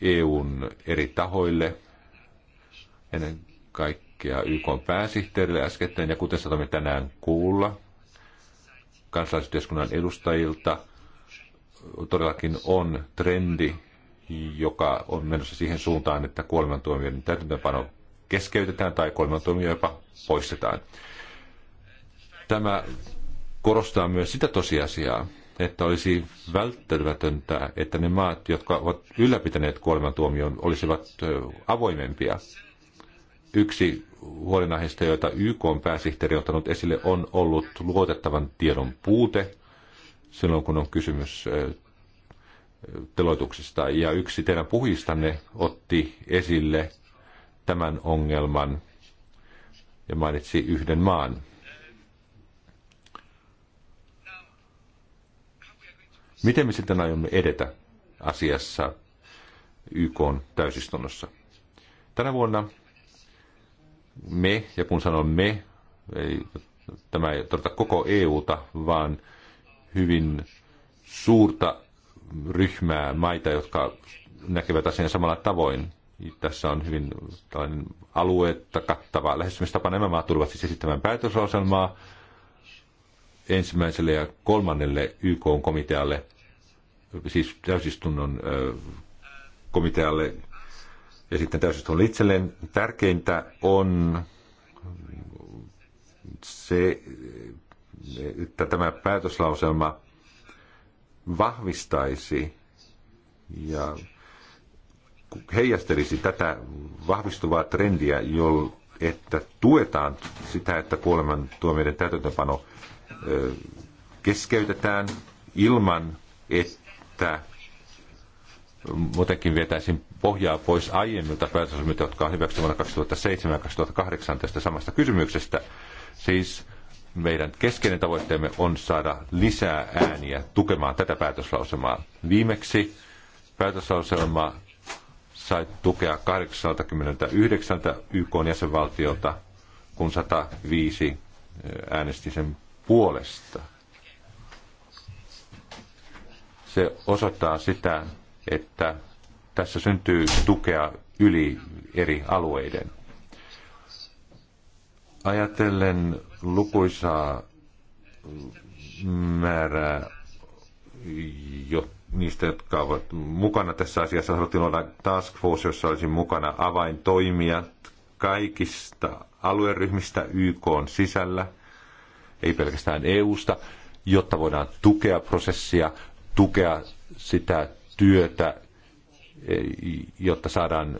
EUn eri tahoille, ennen kaikkea kaikkea YK pääsihteerille äskettäin, ja kuten saatamme tänään kuulla kansalaisyhteiskunnan edustajilta, todellakin on trendi, joka on menossa siihen suuntaan, että kuolemantuomioiden täytäntöönpano keskeytetään tai kuolemantuomio jopa poistetaan. Tämä korostaa myös sitä tosiasiaa, että olisi välttämätöntä, että ne maat, jotka ovat ylläpitäneet kuolemantuomion, olisivat avoimempia. Yksi huolenaiheista, joita YK on pääsihteeri ottanut esille, on ollut luotettavan tiedon puute silloin, kun on kysymys teloituksista. Ja yksi teidän puhujistanne otti esille tämän ongelman ja mainitsi yhden maan. Miten me sitten aiomme edetä asiassa YK täysistunnossa? Tänä vuonna me, ja kun sanon me, ei, tämä ei tarkoita koko EUta, vaan hyvin suurta ryhmää maita, jotka näkevät asian samalla tavoin. Tässä on hyvin tällainen aluetta kattava lähestymistapa. Nämä maat tulevat siis esittämään päätöslauselmaa ensimmäiselle ja kolmannelle YK-komitealle, siis täysistunnon komitealle ja sitten täysistun itselleen. Tärkeintä on se, että tämä päätöslauselma vahvistaisi ja heijastelisi tätä vahvistuvaa trendiä, jolla että tuetaan sitä, että tuomioiden täytäntöpano keskeytetään ilman, että muutenkin vietäisiin pohjaa pois aiemmilta päätösmiltä, jotka on hyväksytty vuonna 2007 ja 2008 tästä samasta kysymyksestä. Siis meidän keskeinen tavoitteemme on saada lisää ääniä tukemaan tätä päätöslausemaa. Viimeksi päätöslauselma sai tukea 89 YK jäsenvaltiolta, kun 105 eh, äänesti sen puolesta. Se osoittaa sitä, että tässä syntyy tukea yli eri alueiden. Ajatellen lukuisaa määrää jo niistä, jotka ovat mukana tässä asiassa. Haluttiin olla task force, jossa olisi mukana avaintoimijat kaikista alueryhmistä YK on sisällä, ei pelkästään EUsta, jotta voidaan tukea prosessia, tukea sitä työtä, jotta saadaan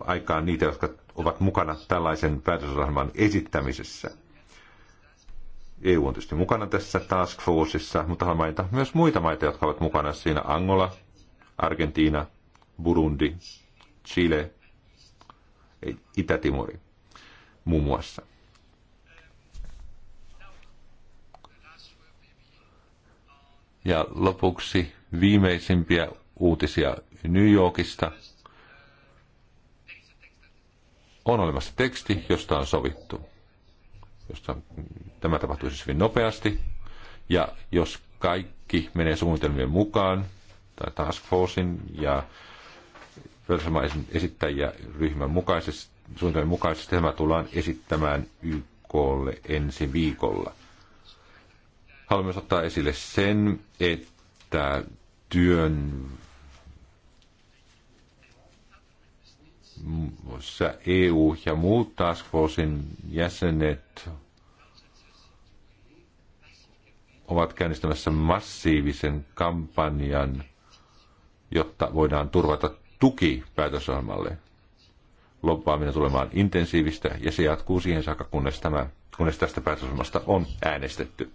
aikaan niitä, jotka ovat mukana tällaisen päätösohjelman esittämisessä. EU on tietysti mukana tässä task forceissa, mutta haluan mainita myös muita maita, jotka ovat mukana siinä. Angola, Argentiina, Burundi, Chile, Itä-Timori muun muassa. Ja lopuksi viimeisimpiä uutisia New Yorkista. On olemassa teksti, josta on sovittu. Josta tämä tapahtuu siis hyvin nopeasti. Ja jos kaikki menee suunnitelmien mukaan, tai Task Forcein ja perussuomalaisen esittäjäryhmän mukaisesti, suunnitelmien mukaisesti tämä tullaan esittämään YKlle ensi viikolla. Haluan myös ottaa esille sen, että työn EU ja muut Task Forcein jäsenet ovat käynnistämässä massiivisen kampanjan, jotta voidaan turvata tuki päätösohjelmalle. Loppaaminen tulemaan intensiivistä ja se jatkuu siihen saakka, kunnes, tämä, kunnes tästä päätösohjelmasta on äänestetty.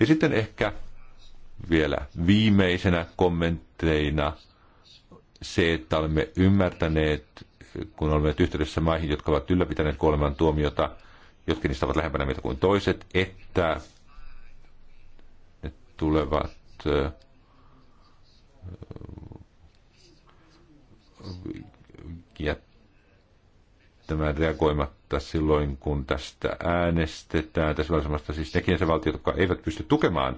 Ja sitten ehkä vielä viimeisenä kommentteina se, että olemme ymmärtäneet kun olemme yhteydessä maihin, jotka ovat ylläpitäneet kuoleman tuomiota, jotkin niistä ovat lähempänä meitä kuin toiset, että ne tulevat äh, jättämään reagoimatta silloin, kun tästä äänestetään. Tässä välttämättä siis nekin se valtiot, jotka eivät pysty tukemaan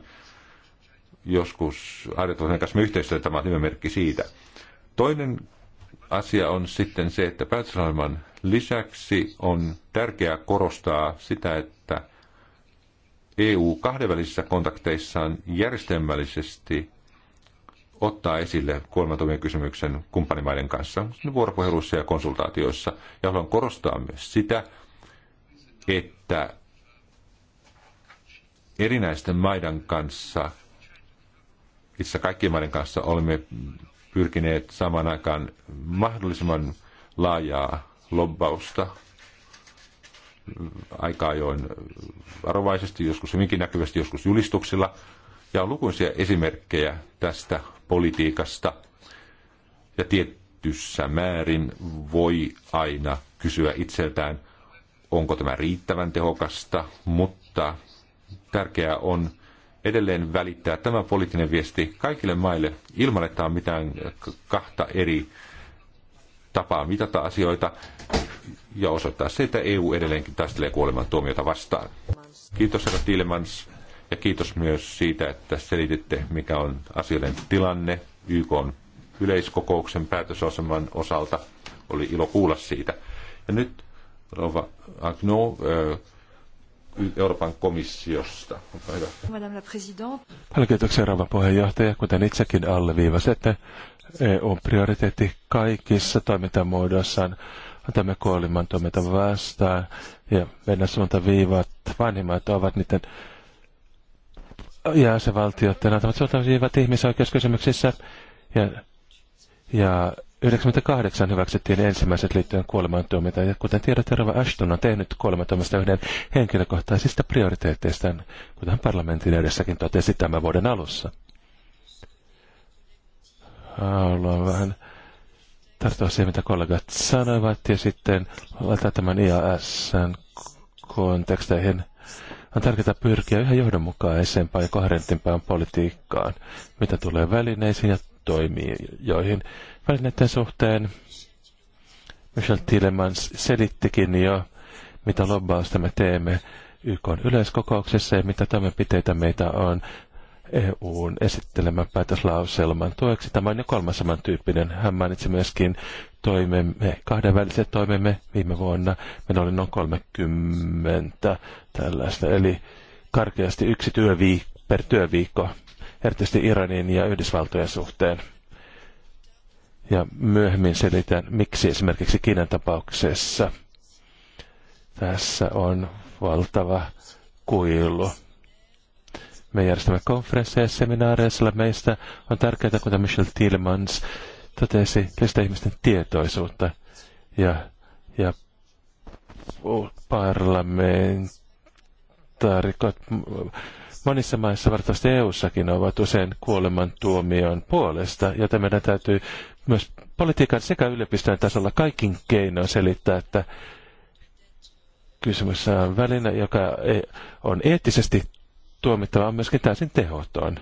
joskus harjoittavat kanssa yhteistyötä, tämä on hyvä merkki siitä. Toinen asia on sitten se, että päätösohjelman lisäksi on tärkeää korostaa sitä, että EU kahdenvälisissä kontakteissaan järjestelmällisesti ottaa esille kuolemantomien kysymyksen kumppanimaiden kanssa vuoropuheluissa ja konsultaatioissa. Ja haluan korostaa myös sitä, että erinäisten maiden kanssa, itse kaikkien maiden kanssa olemme pyrkineet saman aikaan mahdollisimman laajaa lobbausta aika ajoin varovaisesti, joskus hyvinkin näkyvästi, joskus julistuksilla. Ja on lukuisia esimerkkejä tästä politiikasta. Ja tietyssä määrin voi aina kysyä itseltään, onko tämä riittävän tehokasta, mutta tärkeää on, edelleen välittää tämä poliittinen viesti kaikille maille ilman, että on mitään kahta eri tapaa mitata asioita ja osoittaa se, että EU edelleenkin taistelee kuoleman tuomiota vastaan. Kiitos herra Tilmans ja kiitos myös siitä, että selititte, mikä on asioiden tilanne YK on yleiskokouksen päätösaseman osalta. Oli ilo kuulla siitä. Ja nyt Rova Agno, Euroopan komissiosta. hyvä. kiitoksia, rouva puheenjohtaja. Kuten itsekin alleviivasitte, e on prioriteetti kaikissa toimintamuodoissaan otamme kuoliman toiminta vastaan ja mennä suunta viivat vanhimmat ovat niiden jäsenvaltioiden antamat suunta viivat ihmisoikeuskysymyksissä ja, ja 98 hyväksyttiin ensimmäiset liittyen kuolemantuomita, ja kuten tiedätte, Rava Ashton on tehnyt kuolemantuomista yhden henkilökohtaisista prioriteetteistaan, kuten parlamentin edessäkin totesi tämän vuoden alussa. Haluan vähän tarttua siihen, mitä kollegat sanoivat, ja sitten laittaa tämän IASn konteksteihin. On tärkeää pyrkiä yhä johdonmukaisempaan ja koherentimpaan politiikkaan, mitä tulee välineisiin ja toimijoihin, välineiden suhteen. Michel Tillemans selittikin jo, mitä lobbausta me teemme YK yleiskokouksessa ja mitä toimenpiteitä meitä on EUn esittelemän päätöslauselman tueksi. Tämä on jo kolmas samantyyppinen. Hän mainitsi myöskin toimemme, kahdenväliset toimemme viime vuonna. Meillä oli noin 30 tällaista, eli karkeasti yksi työviik- per työviikko, erityisesti Iranin ja Yhdysvaltojen suhteen. Ja myöhemmin selitän, miksi esimerkiksi Kiinan tapauksessa tässä on valtava kuilu. Me järjestämme konferensseja ja seminaareja, sillä meistä on tärkeää, kuten Michelle Tilmans totesi, lisätä ihmisten tietoisuutta ja, ja parlamentaarikot monissa maissa, varmasti EU-sakin, ovat usein kuolemantuomion puolesta, joten meidän täytyy myös politiikan sekä yliopistojen tasolla kaikin keinoin selittää, että kysymys on väline, joka e- on eettisesti tuomittava, on myöskin täysin tehoton.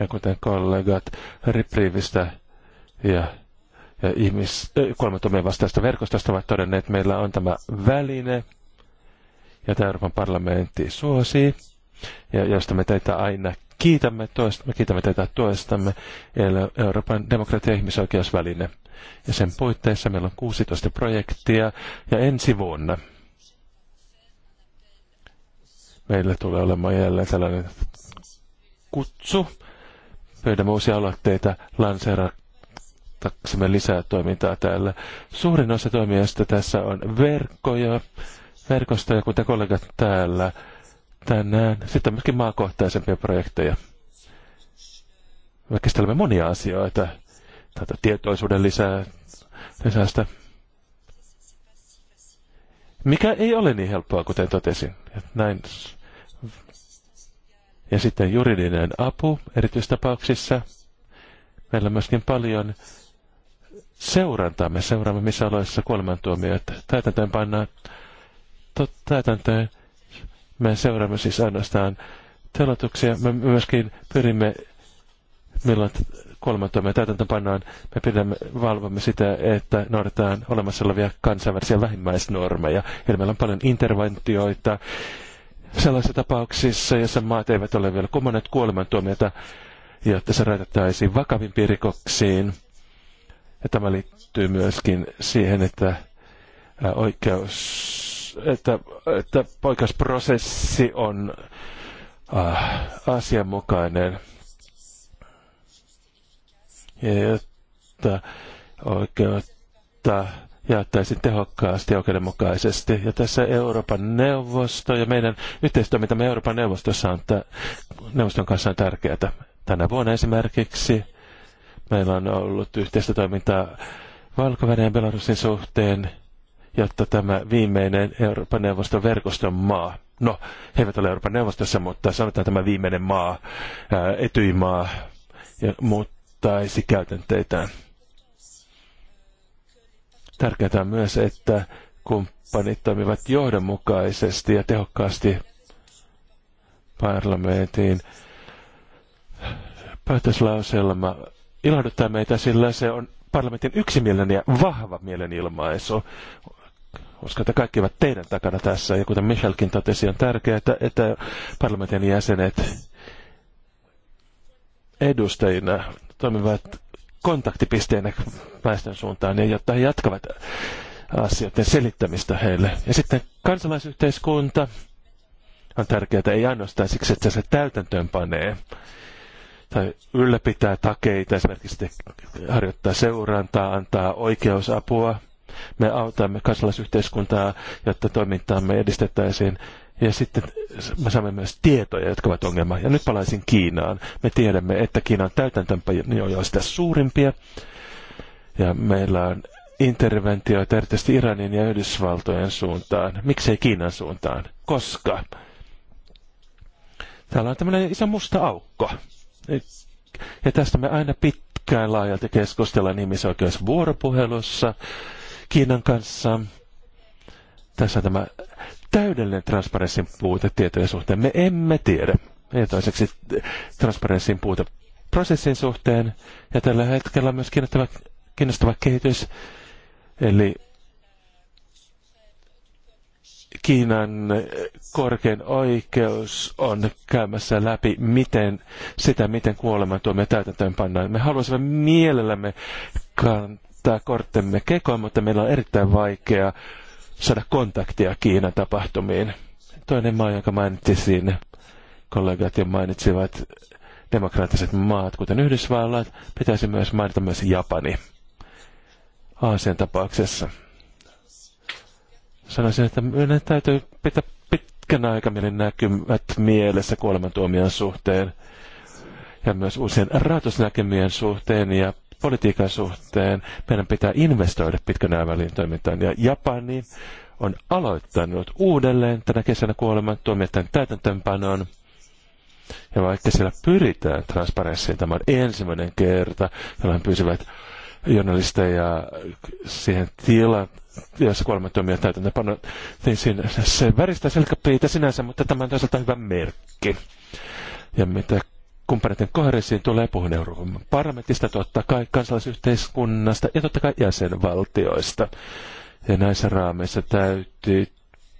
Ja kuten kollegat Ripriivistä ja, ja ihmis, kolmatomien vastaista verkostosta ovat todenneet, meillä on tämä väline, jota Euroopan parlamentti suosii, ja josta me teitä aina kiitämme, toista, me kiitämme tätä toistamme Euroopan demokratia- ja ihmisoikeusväline. Ja sen puitteissa meillä on 16 projektia ja ensi vuonna meillä tulee olemaan jälleen tällainen kutsu. Pyydämme uusia aloitteita lanseerataksemme lisää toimintaa täällä. Suurin osa toimijoista tässä on verkkoja, verkostoja, kuten kollegat täällä tänään. Sitten myöskin maakohtaisempia projekteja. Me käsittelemme monia asioita. Tätä tietoisuuden lisää, lisästä. Mikä ei ole niin helppoa, kuten totesin. Näin. Ja sitten juridinen apu erityistapauksissa. Meillä on myöskin paljon seurantaa. Me seuraamme missä aloissa kuolemantuomioita. Täytäntöön pannaan täytäntöön me seuraamme siis ainoastaan telotuksia. Me myöskin pyrimme, milloin kolme me täytäntö pannaan, me pidämme, valvomme sitä, että noudataan olemassa olevia kansainvälisiä vähimmäisnormeja. Eli meillä on paljon interventioita sellaisissa tapauksissa, joissa maat eivät ole vielä kummanneet kuolemantuomiota, jotta se rajoitettaisiin vakavimpiin rikoksiin. Ja tämä liittyy myöskin siihen, että oikeus että, että poikasprosessi on äh, asianmukainen. Ja että oikeutta jaettaisiin tehokkaasti ja oikeudenmukaisesti. Ja tässä Euroopan neuvosto ja meidän me Euroopan neuvostossa on että neuvoston kanssa on tärkeää. Tänä vuonna esimerkiksi meillä on ollut yhteistä toimintaa valko ja Belarusin suhteen – jotta tämä viimeinen Euroopan neuvoston verkoston maa, no he eivät ole Euroopan neuvostossa, mutta sanotaan tämä viimeinen maa, etyimaa, ja muuttaisi käytänteitään. Tärkeää on myös, että kumppanit toimivat johdonmukaisesti ja tehokkaasti parlamentin päätöslauselma ilahduttaa meitä, sillä se on parlamentin yksimielinen ja vahva mielenilmaisu koska te kaikki ovat teidän takana tässä. Ja kuten Michelkin totesi, on tärkeää, että, että parlamentin jäsenet edustajina toimivat kontaktipisteenä väestön suuntaan, ja jotta he jatkavat asioiden selittämistä heille. Ja sitten kansalaisyhteiskunta on tärkeää ei ainoastaan siksi, että se täytäntöön panee tai ylläpitää takeita, esimerkiksi harjoittaa seurantaa, antaa oikeusapua – me autamme kansalaisyhteiskuntaa, jotta toimintaamme edistettäisiin. Ja sitten me saamme myös tietoja, jotka ovat ongelma. Ja nyt palaisin Kiinaan. Me tiedämme, että Kiinan täytäntöönpanoja sitä suurimpia. Ja meillä on interventioita erityisesti Iranin ja Yhdysvaltojen suuntaan. Miksei Kiinan suuntaan? Koska täällä on tämmöinen iso musta aukko. Ja tästä me aina pitkään laajalti keskustellaan ihmisoikeusvuoropuhelussa. Kiinan kanssa. Tässä on tämä täydellinen transparenssin puute tietojen suhteen. Me emme tiedä. Ja toiseksi transparenssin puute prosessin suhteen. Ja tällä hetkellä on myös kiinnostava, kiinnostava kehitys. Eli Kiinan korkein oikeus on käymässä läpi miten, sitä, miten kuolemantuomio täytäntöön pannaan. Me haluaisimme mielellämme kan, kantaa korttemme kekoon, mutta meillä on erittäin vaikea saada kontaktia Kiinan tapahtumiin. Toinen maa, jonka mainitsin siinä, kollegat jo mainitsivat demokraattiset maat, kuten Yhdysvallat, pitäisi myös mainita myös Japani Aasian tapauksessa. Sanoisin, että meidän täytyy pitää pitkän aikavälin näkymät mielessä kuolemantuomion suhteen ja myös uusien rahoitusnäkemien suhteen ja politiikan suhteen meidän pitää investoida pitkän aikavälin toimintaan. Ja Japani on aloittanut uudelleen tänä kesänä kuoleman tuomioiden täytäntöönpanon. Ja vaikka siellä pyritään transparenssiin, tämä on ensimmäinen kerta, jolloin pyysivät journalisteja siihen tilaan, jossa kuolemantuomio täytäntöönpano, niin siinä se väristää selkäpiitä sinänsä, mutta tämä on toisaalta hyvä merkki. Ja mitä kumppaneiden kohdallisiin tulee puhun Euroopan parlamentista, totta kai kansalaisyhteiskunnasta ja totta kai jäsenvaltioista. Ja näissä raameissa täytyy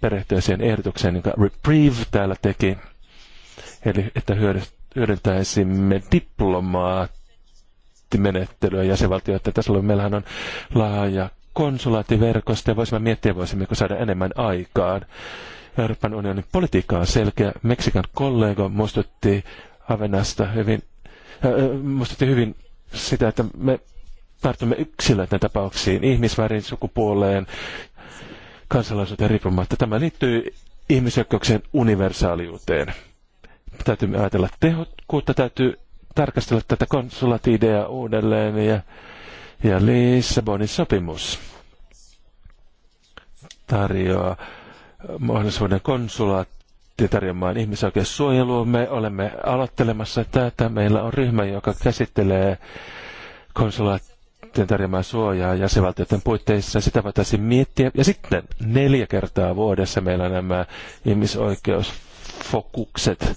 perehtyä siihen ehdotukseen, jonka Reprieve täällä teki, eli että hyödyntäisimme diplomaattimenettelyä tässä on, Meillähän on laaja konsulaattiverkosto ja voisimme miettiä, voisimmeko saada enemmän aikaan. Euroopan unionin politiikka on selkeä. Meksikan kollega muistutti Avenasta hyvin, äh, muistutti hyvin sitä, että me tartumme yksilöiden tapauksiin, ihmisvärin, sukupuoleen, kansalaisuuteen riippumatta. Tämä liittyy ihmisoikeuksien universaaliuteen. Täytyy ajatella tehokkuutta, täytyy tarkastella tätä konsulatiidea uudelleen ja, ja Lissabonin sopimus tarjoaa mahdollisuuden konsulaat tarjoamaan ihmisoikeussuojelua. Me olemme aloittelemassa tätä. Meillä on ryhmä, joka käsittelee konsulaattien tarjoamaa suojaa jäsenvaltioiden puitteissa. Sitä voitaisiin miettiä. Ja sitten neljä kertaa vuodessa meillä on nämä ihmisoikeusfokukset.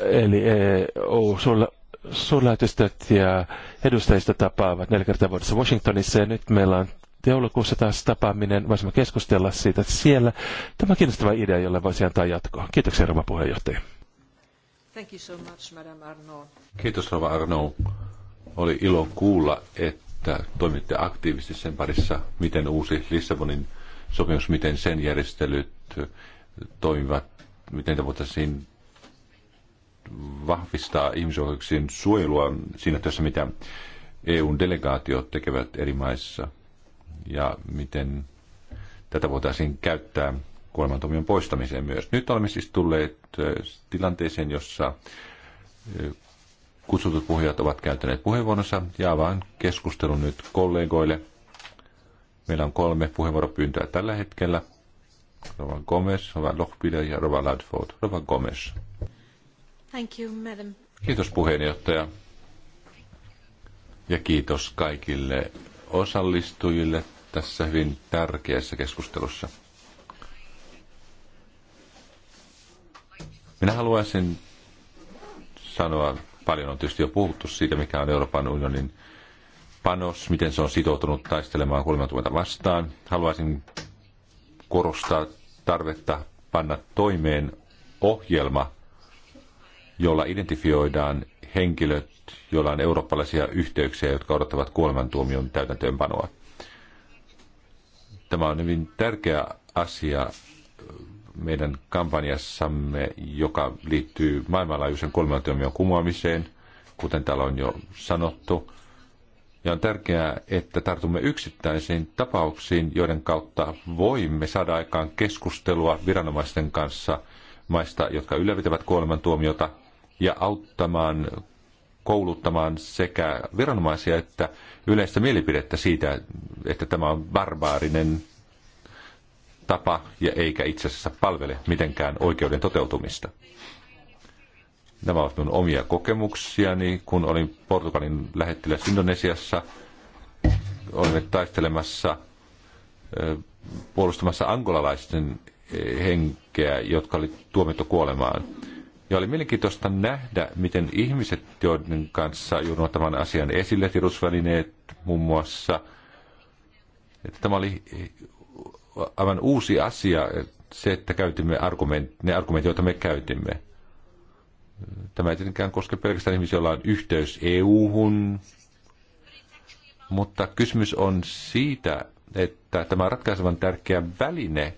Eli EU, sulla, suurlähetystöt ja edustajista tapaavat neljä kertaa vuodessa Washingtonissa ja nyt meillä on joulukuussa taas tapaaminen, voisimme keskustella siitä siellä. Tämä on kiinnostava idea, jolle voisi antaa jatkoa. Kiitoksia, Rova puheenjohtaja. Thank you so much, Arnaud. Kiitos, Rova Arnaud. Oli ilo kuulla, että toimitte aktiivisesti sen parissa, miten uusi Lissabonin sopimus, miten sen järjestelyt toimivat, miten te voitaisiin vahvistaa ihmisoikeuksien suojelua siinä työssä, mitä EUn delegaatiot tekevät eri maissa – ja miten tätä voitaisiin käyttää kuolemantomion poistamiseen myös. Nyt olemme siis tulleet tilanteeseen, jossa kutsutut puhujat ovat käyttäneet puheenvuoronsa ja avaan keskustelun nyt kollegoille. Meillä on kolme puheenvuoropyyntöä tällä hetkellä. Rova Gomez, Rova Lochbide ja Rova Ladford. Rova Gomez. Thank you, madam. Kiitos puheenjohtaja. Ja kiitos kaikille osallistujille tässä hyvin tärkeässä keskustelussa. Minä haluaisin sanoa, paljon on tietysti jo puhuttu siitä, mikä on Euroopan unionin panos, miten se on sitoutunut taistelemaan 30 vastaan. Haluaisin korostaa tarvetta panna toimeen ohjelma, jolla identifioidaan henkilöt, joilla on eurooppalaisia yhteyksiä, jotka odottavat kuolemantuomion täytäntöönpanoa. Tämä on hyvin tärkeä asia meidän kampanjassamme, joka liittyy maailmanlaajuisen kuolemantuomion kumoamiseen, kuten täällä on jo sanottu. Ja on tärkeää, että tartumme yksittäisiin tapauksiin, joiden kautta voimme saada aikaan keskustelua viranomaisten kanssa maista, jotka ylläpitävät kuolemantuomiota, ja auttamaan kouluttamaan sekä viranomaisia että yleistä mielipidettä siitä, että tämä on barbaarinen tapa ja eikä itse asiassa palvele mitenkään oikeuden toteutumista. Nämä ovat minun omia kokemuksiani, kun olin Portugalin lähettiläs Indonesiassa. Olimme taistelemassa, puolustamassa angolalaisten henkeä, jotka oli tuomittu kuolemaan. Ja oli mielenkiintoista nähdä, miten ihmiset, joiden kanssa joudun tämän asian esille, tiedotusvälineet muun muassa, että tämä oli aivan uusi asia, se, että käytimme argument, ne argumentit, joita me käytimme. Tämä ei tietenkään koske pelkästään ihmisiä, joilla on yhteys EU-hun, mutta kysymys on siitä, että tämä on ratkaisevan tärkeä väline,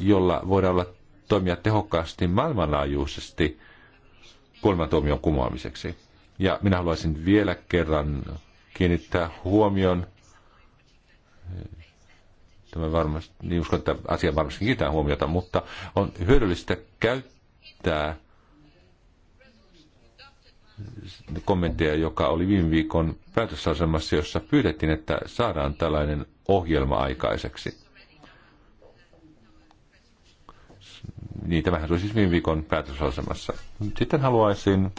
jolla voidaan olla toimia tehokkaasti maailmanlaajuisesti kuolemantuomion kumoamiseksi. Ja minä haluaisin vielä kerran kiinnittää huomion, tämä varmasti, niin uskon, että asia varmasti kiinnittää huomiota, mutta on hyödyllistä käyttää kommentteja, joka oli viime viikon päätösasemassa, jossa pyydettiin, että saadaan tällainen ohjelma aikaiseksi. niin tämähän olisi siis viime viikon päätösasemassa. Sitten haluaisin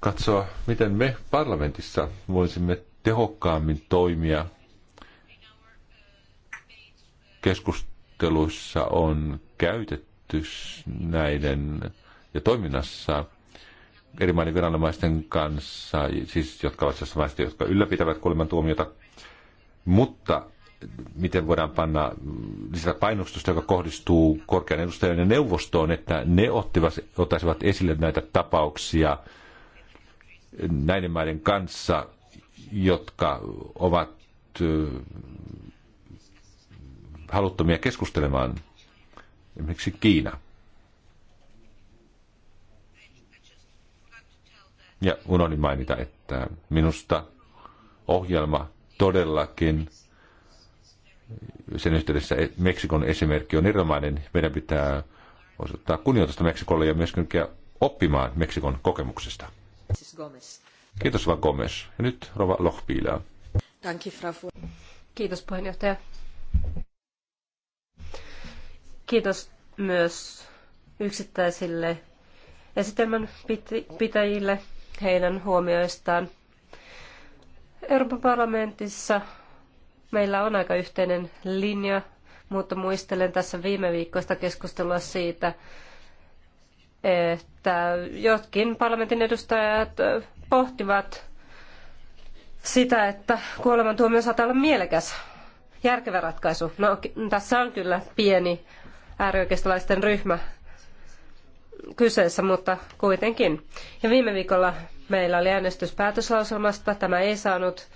katsoa, miten me parlamentissa voisimme tehokkaammin toimia. Keskusteluissa on käytetty näiden ja toiminnassa eri maiden viranomaisten kanssa, siis jotka ovat sellaisia maista, jotka ylläpitävät kuolemantuomiota, mutta miten voidaan panna lisätä painostusta, joka kohdistuu korkean edustajan ja neuvostoon, että ne ottivat, ottaisivat esille näitä tapauksia näiden maiden kanssa, jotka ovat haluttomia keskustelemaan, esimerkiksi Kiina. Ja unohdin mainita, että minusta ohjelma todellakin – sen yhteydessä e- Meksikon esimerkki on erilainen. Meidän pitää osoittaa kunnioitusta Meksikolle ja myöskin oppimaan Meksikon kokemuksesta. Siis Kiitos vaan Gomes. Ja nyt Rova Lohpiilää. Kiitos puheenjohtaja. Kiitos myös yksittäisille esitelmän pitäjille heidän huomioistaan. Euroopan parlamentissa Meillä on aika yhteinen linja, mutta muistelen tässä viime viikkoista keskustelua siitä, että jotkin parlamentin edustajat pohtivat sitä, että kuolemantuomio saattaa olla mielekäs, järkevä ratkaisu. No tässä on kyllä pieni äärioikeistolaisten ryhmä kyseessä, mutta kuitenkin. Ja viime viikolla meillä oli äänestys päätöslauselmasta. Tämä ei saanut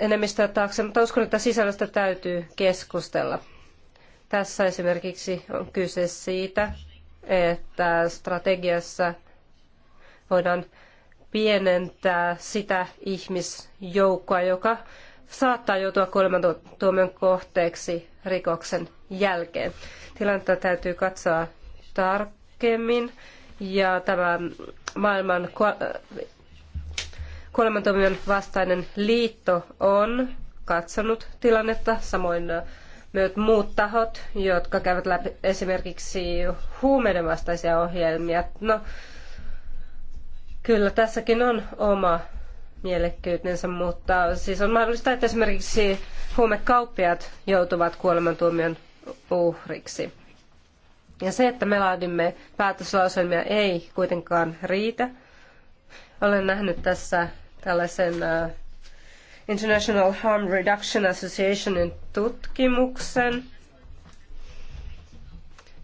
enemmistöä taakse, mutta uskon, että sisällöstä täytyy keskustella. Tässä esimerkiksi on kyse siitä, että strategiassa voidaan pienentää sitä ihmisjoukkoa, joka saattaa joutua kuolemantuomion kohteeksi rikoksen jälkeen. Tilannetta täytyy katsoa tarkemmin ja tämä maailman Kuolemantuomion vastainen liitto on katsonut tilannetta, samoin äh, myös muut tahot, jotka käyvät läpi esimerkiksi huumeiden vastaisia ohjelmia. No, kyllä tässäkin on oma mielekkyytensä, mutta siis on mahdollista, että esimerkiksi huumekauppiat joutuvat kuolemantuomion uhriksi. Ja se, että me laadimme päätöslauselmia, ei kuitenkaan riitä. Olen nähnyt tässä tällaisen äh, International Harm Reduction Associationin tutkimuksen,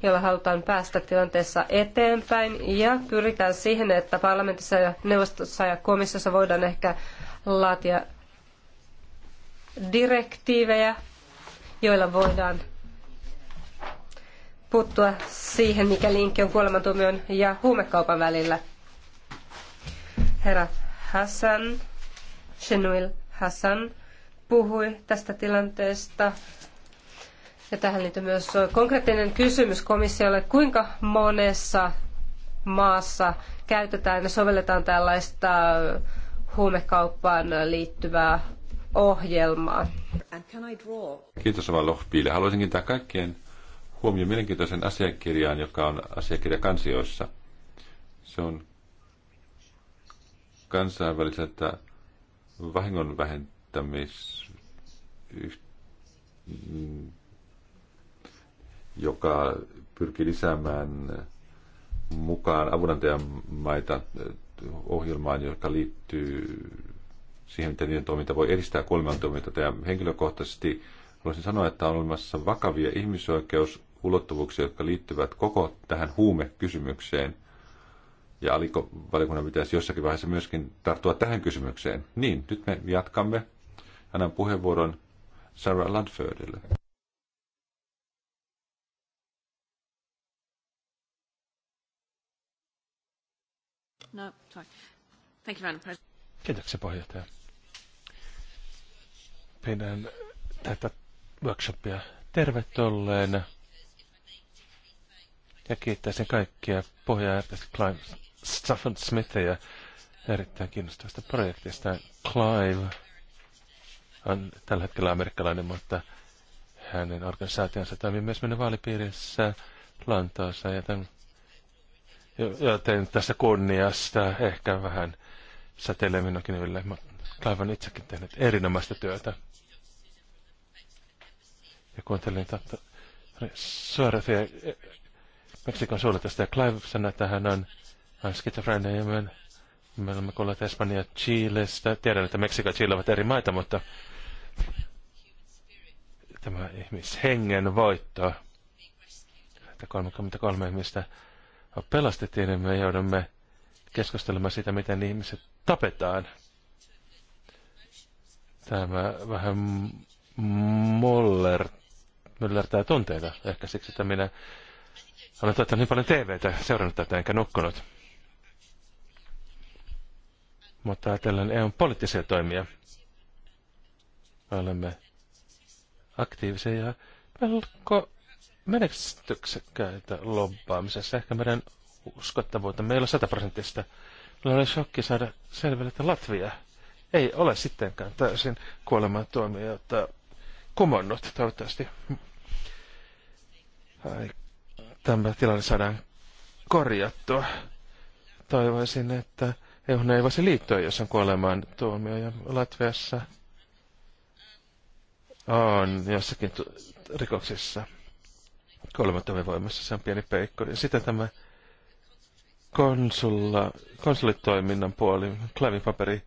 jolla halutaan päästä tilanteessa eteenpäin ja pyritään siihen, että parlamentissa ja neuvostossa ja komissiossa voidaan ehkä laatia direktiivejä, joilla voidaan puuttua siihen, mikä linkki on kuolemantuomion ja huumekaupan välillä. Herra Hassan, Shenuil Hassan, puhui tästä tilanteesta. Ja tähän liittyy myös konkreettinen kysymys komissiolle, kuinka monessa maassa käytetään ja sovelletaan tällaista huumekauppaan liittyvää ohjelmaa. Kiitos Ava Lohpiile. Haluaisin kiinnittää kaikkien huomioon mielenkiintoisen asiakirjaan, joka on asiakirja kansioissa. Se on kansainväliseltä vahingon vähentämis, joka pyrkii lisäämään mukaan avunantajamaita ohjelmaan, joka liittyy siihen, miten niiden toiminta voi edistää kolman toiminta Ja henkilökohtaisesti haluaisin sanoa, että on olemassa vakavia ihmisoikeusulottuvuuksia, jotka liittyvät koko tähän huumekysymykseen. Ja aliko valiokunnan pitäisi jossakin vaiheessa myöskin tarttua tähän kysymykseen. Niin, nyt me jatkamme. Annan puheenvuoron Sarah Ludfordille. No, sorry. Thank you, Madam President. Kiitoksia puheenjohtaja. Pidän tätä workshopia tervetolleena ja kiittäisin kaikkia pohjaa Climate Stafford Smithia erittäin kiinnostavasta projektista. Clive on tällä hetkellä amerikkalainen, mutta hänen organisaationsa toimii myös meidän vaalipiirissä Lantoossa, joten, joten tässä kunniasta ehkä vähän säteilee minunkin ylle. Clive on itsekin tehnyt erinomaista työtä. Ja kuuntelin suoraan eh, eh, Meksikon suunnitelmasta ja Clive sanoi, että hän on on skitsofrenia. Me, me olemme kuulleet Espanja Chilestä. Tiedän, että Meksiko ja Chile ovat eri maita, mutta tämä ihmishengen voitto, että 33 ihmistä pelastettiin, niin me joudumme keskustelemaan siitä, miten ihmiset tapetaan. Tämä vähän moller, myllertää tunteita, ehkä siksi, että minä olen tuottanut niin paljon TVtä, seurannut tätä enkä nukkunut mutta ajatellen EUn poliittisia toimia. Me olemme aktiivisia ja melko menestyksekkäitä lobbaamisessa. Ehkä meidän uskottavuutta meillä on sataprosenttista. Meillä oli shokki saada selville, että Latvia ei ole sittenkään täysin kuolemantuomiota kumonnut, toivottavasti. Ai, tämä tilanne saadaan korjattua. Toivoisin, että ne ei voisi liittyä, jos on kuolemaan tuomio. Ja Latviassa on jossakin rikoksissa kuolemattomia voimassa. Se on pieni peikko. Ja sitten tämä konsulla, konsulitoiminnan puoli, klavipaperi,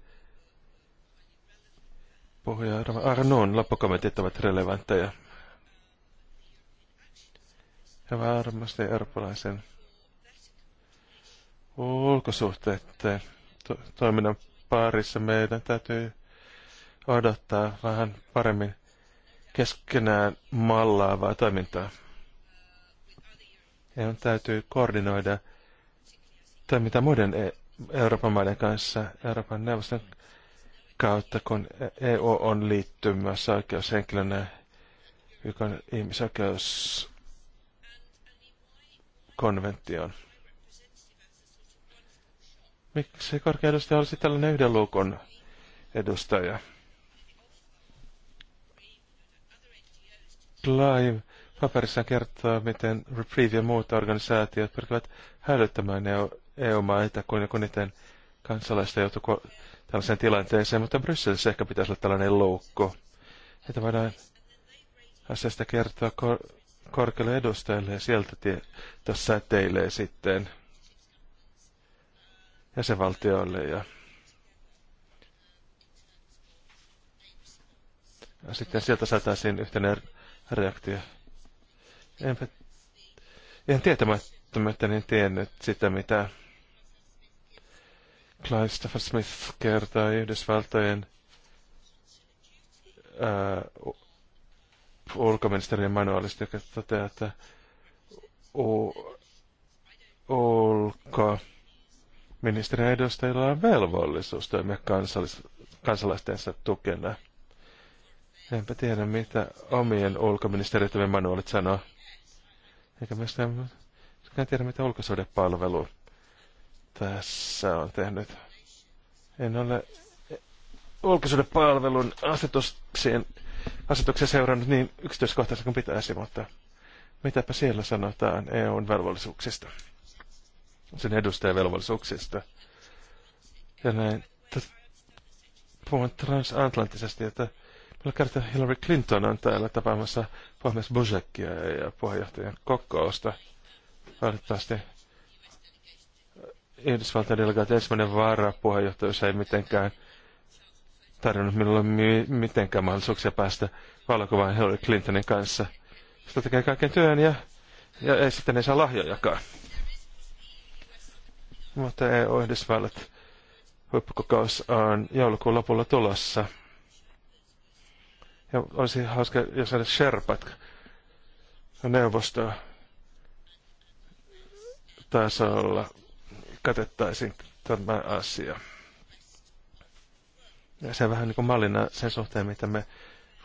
puhuja Arnon loppukommentit ovat relevantteja. Ja varmasti eurooppalaisen ulkosuhteiden to, toiminnan parissa meidän täytyy odottaa vähän paremmin keskenään mallaavaa toimintaa. Ja täytyy koordinoida toimintaa muiden e- Euroopan maiden kanssa Euroopan neuvoston kautta, kun EU e on liittymässä oikeushenkilönä on ihmisoikeuskonventioon. Miksi korkea edustaja olisi tällainen yhden luukun edustaja? Clive paperissa kertoo, miten Reprieve ja muut organisaatiot pyrkivät hälyttämään EU-maita, e kun joku niiden kansalaista joutuu tällaiseen tilanteeseen, mutta Brysselissä ehkä pitäisi olla tällainen loukko. Että voidaan asiasta kertoa kor- korkealle edustajalle ja sieltä tie- tässä teille sitten jäsenvaltioille ja ja sitten sieltä saataisiin yhteinen reaktio. Enpä ihan tietämättömättä niin tiennyt sitä, mitä Stafford Smith kertoi Yhdysvaltojen ää, ulkoministeriön manuaalista, joka toteaa, että u, ulko ministerin edustajilla on velvollisuus toimia kansallis- kansalaistensa tukena. Enpä tiedä, mitä omien ulkoministeriöiden manuaalit sanoo. Eikä myöskään tiedä, mitä ulkosuhdepalvelu tässä on tehnyt. En ole ulkosuhdepalvelun asetuksien, asetuksen seurannut niin yksityiskohtaisesti kuin pitäisi, mutta mitäpä siellä sanotaan EUn velvollisuuksista sen edustajavelvollisuuksista. Ja näin puhun transatlanttisesti, että meillä kertaa Hillary Clinton on täällä tapaamassa puhemies Buzekia ja puheenjohtajan kokousta. Valitettavasti äh, Yhdysvaltain delegaatio ensimmäinen varapuheenjohtajuus ei mitenkään tarjonnut minulle mi- mitenkään mahdollisuuksia päästä valokuvaan Hillary Clintonin kanssa. Sitä tekee kaiken työn ja, ja ei sitten ei saa lahjojakaan. Mutta EU-Yhdysvallat huippukokous on joulukuun lopulla tulossa. Ja olisi hauska, jos olisi Sherpat neuvosto tasolla katettaisiin tämä asia. Ja se on vähän niin kuin mallina sen suhteen, mitä me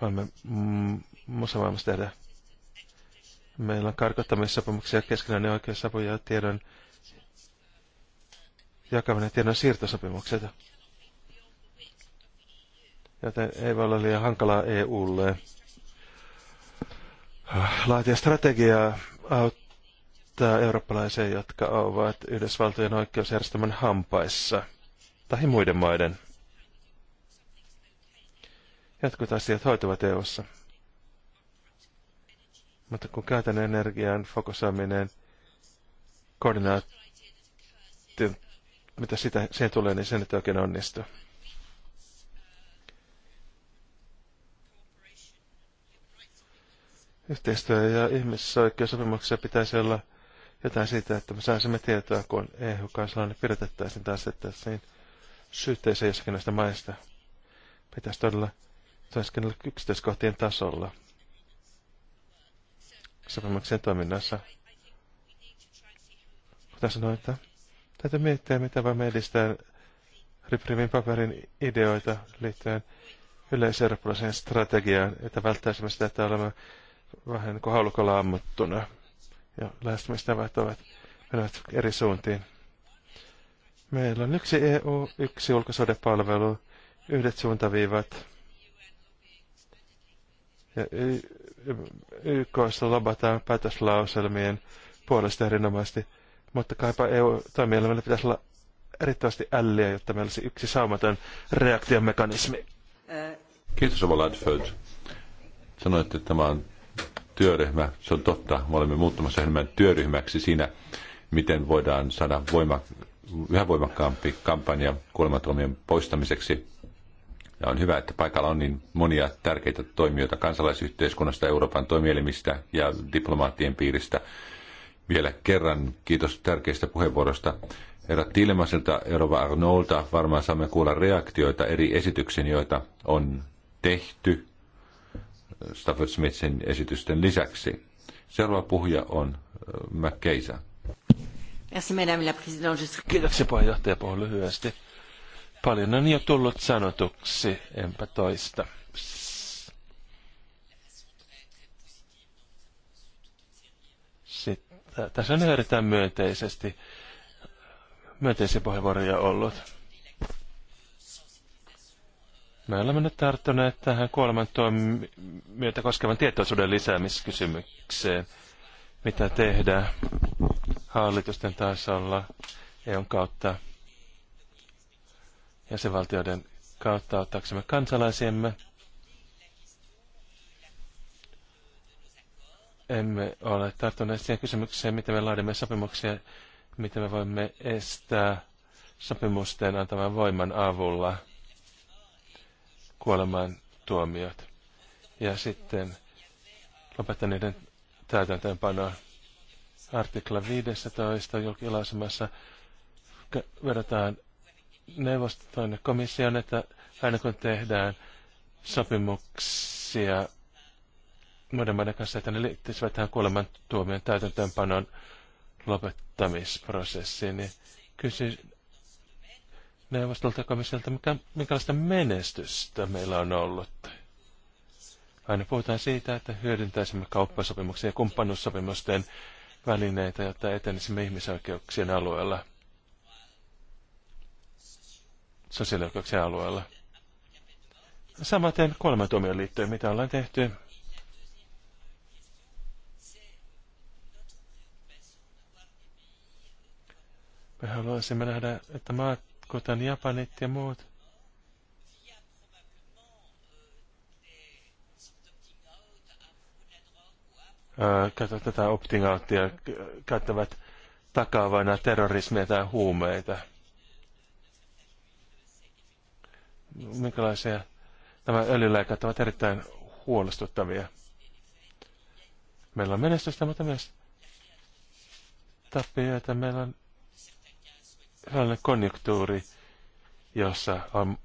voimme mm, muussa maailmassa tehdä. Meillä on karkottamissopimuksia, keskinäinen oikeusapu ja tiedon jakaminen tiedon siirtosopimukset. Joten ei voi olla liian hankalaa EUlle äh, laatia strategiaa auttaa eurooppalaisia, jotka ovat Yhdysvaltojen oikeusjärjestelmän hampaissa tai muiden maiden. Jotkut asiat hoituvat EUssa. Mutta kun käytännön energian fokusoiminen koordinaatio mitä sitä, siihen tulee, niin sen nyt oikein onnistu. Yhteistyö ja ihmisoikeussopimuksia pitäisi olla jotain siitä, että me saisimme tietoa, kun EU-kansalainen niin pidätettäisiin että siinä syytteeseen jossakin näistä maista. Pitäisi todella työskennellä yksityiskohtien tasolla sopimuksen toiminnassa. Kuten sanoin, että täytyy miettiä, mitä voimme edistää Riprivin paperin ideoita liittyen yleiseurooppalaiseen strategiaan, että välttäisimme sitä, että olemme vähän niin kuin haulukolla ammuttuna. Ja lähestymistavat ovat menevät eri suuntiin. Meillä on yksi EU, yksi ulkosuhdepalvelu, yhdet suuntaviivat. Ja YKssa lobataan päätöslauselmien puolesta erinomaisesti. Mutta kaipa EU-toimielimellä pitäisi olla erittävästi älliä, jotta meillä olisi yksi saumaton reaktiomekanismi. Kiitos Ova Ladford. Sanoitte, että tämä on työryhmä. Se on totta. Me olemme muuttamassa enemmän työryhmäksi siinä, miten voidaan saada voima, yhä voimakkaampi kampanja kuolemantuomion poistamiseksi. Ja on hyvä, että paikalla on niin monia tärkeitä toimijoita kansalaisyhteiskunnasta, Euroopan toimielimistä ja diplomaattien piiristä, vielä kerran kiitos tärkeistä puheenvuorosta. Herra Tilmaselta, Erova Arnolta, varmaan saamme kuulla reaktioita eri esityksiin, joita on tehty Stafford Smithin esitysten lisäksi. Seuraava puhuja on äh, McKeisa. Kiitoksia puheenjohtaja, puhun lyhyesti. Paljon on jo tullut sanotuksi, enpä toista. tässä on erittäin myönteisesti myönteisiä puheenvuoroja ollut. Me olemme nyt tarttuneet tähän myötä koskevan tietoisuuden lisäämiskysymykseen. Mitä tehdä hallitusten tasolla, EUn kautta, jäsenvaltioiden kautta ottaaksemme kansalaisiemme emme ole tarttuneet siihen kysymykseen, miten me laadimme sopimuksia, miten me voimme estää sopimusten antaman voiman avulla kuolemaan tuomiot. Ja sitten lopettaa niiden täytäntöönpanoa. Artikla 15 julkilausumassa verrataan neuvoston ja komission, että aina kun tehdään sopimuksia muiden maiden kanssa, että ne liittyisivät tähän kuolemantuomion täytäntöönpanon lopettamisprosessiin, niin kysy neuvostolta komissiolta, mikä, minkälaista menestystä meillä on ollut. Aina puhutaan siitä, että hyödyntäisimme kauppasopimuksia ja kumppanuussopimusten välineitä, jotta etenisimme ihmisoikeuksien alueella, sosiaalioikeuksien alueella. Samaten kuolemantuomioon liittyen, mitä ollaan tehty, Me haluaisimme nähdä, että maat kuten Japanit ja muut Kato, tätä opting outia, käyttävät takavana terrorismia tai huumeita. Minkälaisia nämä öljyläikat ovat erittäin huolestuttavia. Meillä on menestystä, mutta myös tappioita. Meillä on sellainen konjunktuuri, jossa on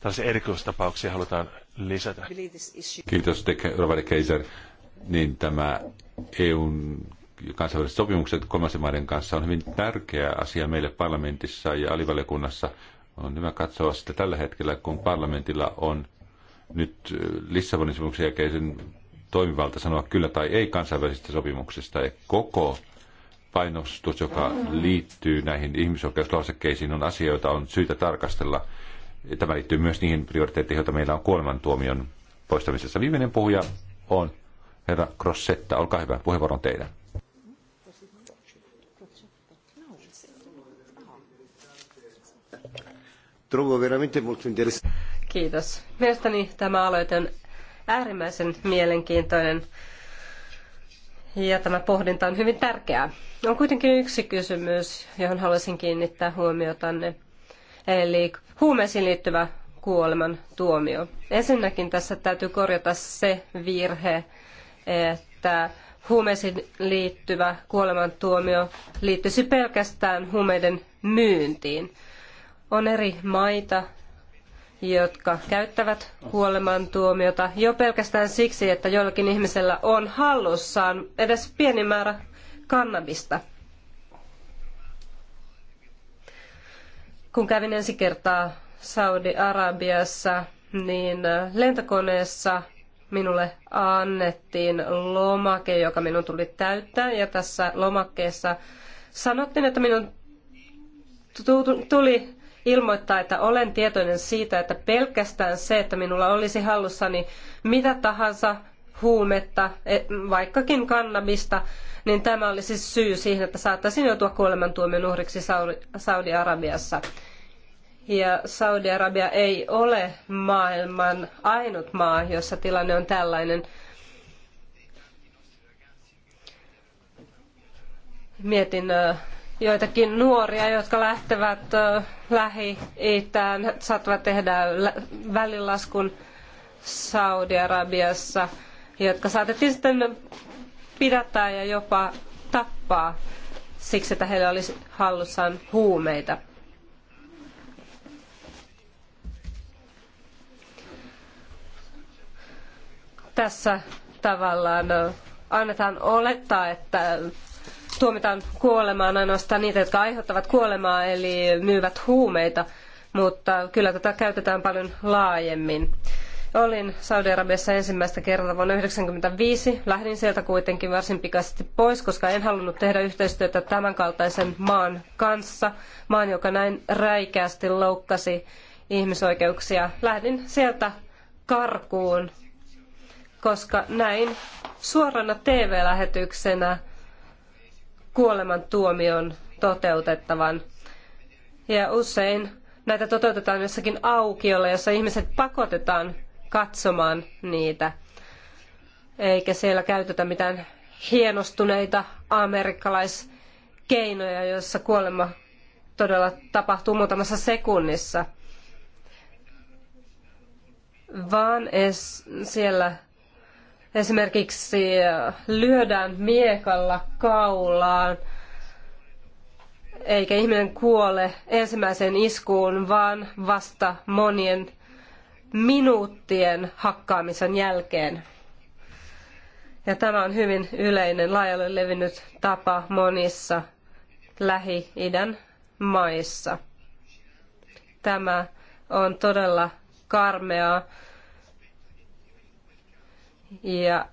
tällaisia erikoistapauksia halutaan lisätä. Kiitos, Rovali Keiser. Niin tämä EUn kansainväliset sopimukset kolmansien maiden kanssa on hyvin tärkeä asia meille parlamentissa ja alivaliokunnassa. On hyvä katsoa sitä tällä hetkellä, kun parlamentilla on nyt Lissabonin sopimuksen jälkeisen toimivalta sanoa kyllä tai ei kansainvälisistä sopimuksista. Ja koko painostus, joka liittyy näihin ihmisoikeuslausekkeisiin, on asia, jota on syytä tarkastella. Tämä liittyy myös niihin prioriteetteihin, joita meillä on kuolemantuomion poistamisessa. Viimeinen puhuja on herra Grossetta. Olkaa hyvä, on teidän. Kiitos. Mielestäni tämä aloite on äärimmäisen mielenkiintoinen ja tämä pohdinta on hyvin tärkeää. On kuitenkin yksi kysymys, johon haluaisin kiinnittää huomiotanne, eli huumeisiin liittyvä kuoleman tuomio. Ensinnäkin tässä täytyy korjata se virhe, että huumeisiin liittyvä tuomio liittyisi pelkästään huumeiden myyntiin. On eri maita, jotka käyttävät kuolemantuomiota jo pelkästään siksi, että jollakin ihmisellä on hallussaan edes pieni määrä kannabista. Kun kävin ensi kertaa Saudi-Arabiassa, niin lentokoneessa minulle annettiin lomake, joka minun tuli täyttää. Ja tässä lomakkeessa sanottiin, että minun tuli ilmoittaa, että olen tietoinen siitä, että pelkästään se, että minulla olisi hallussani mitä tahansa huumetta, e, vaikkakin kannabista, niin tämä olisi syy siihen, että saattaisin joutua kuolemantuomion uhriksi Saudi-Arabiassa. Ja Saudi-Arabia ei ole maailman ainut maa, jossa tilanne on tällainen. Mietin äh, joitakin nuoria, jotka lähtevät Lähi-Itään, saattavat tehdä välilaskun Saudi-Arabiassa, jotka saatettiin sitten pidättää ja jopa tappaa siksi, että heillä olisi hallussaan huumeita. Tässä tavallaan annetaan olettaa, että tuomitaan kuolemaan ainoastaan niitä, jotka aiheuttavat kuolemaa, eli myyvät huumeita, mutta kyllä tätä käytetään paljon laajemmin. Olin Saudi-Arabiassa ensimmäistä kertaa vuonna 1995. Lähdin sieltä kuitenkin varsin pikaisesti pois, koska en halunnut tehdä yhteistyötä tämänkaltaisen maan kanssa. Maan, joka näin räikeästi loukkasi ihmisoikeuksia. Lähdin sieltä karkuun, koska näin suorana TV-lähetyksenä kuolemantuomion toteutettavan. Ja usein näitä toteutetaan jossakin aukiolla, jossa ihmiset pakotetaan katsomaan niitä, eikä siellä käytetä mitään hienostuneita amerikkalaiskeinoja, joissa kuolema todella tapahtuu muutamassa sekunnissa, vaan siellä esimerkiksi äh, lyödään miekalla kaulaan, eikä ihminen kuole ensimmäiseen iskuun, vaan vasta monien minuuttien hakkaamisen jälkeen. Ja tämä on hyvin yleinen, laajalle levinnyt tapa monissa Lähi-idän maissa. Tämä on todella karmeaa ja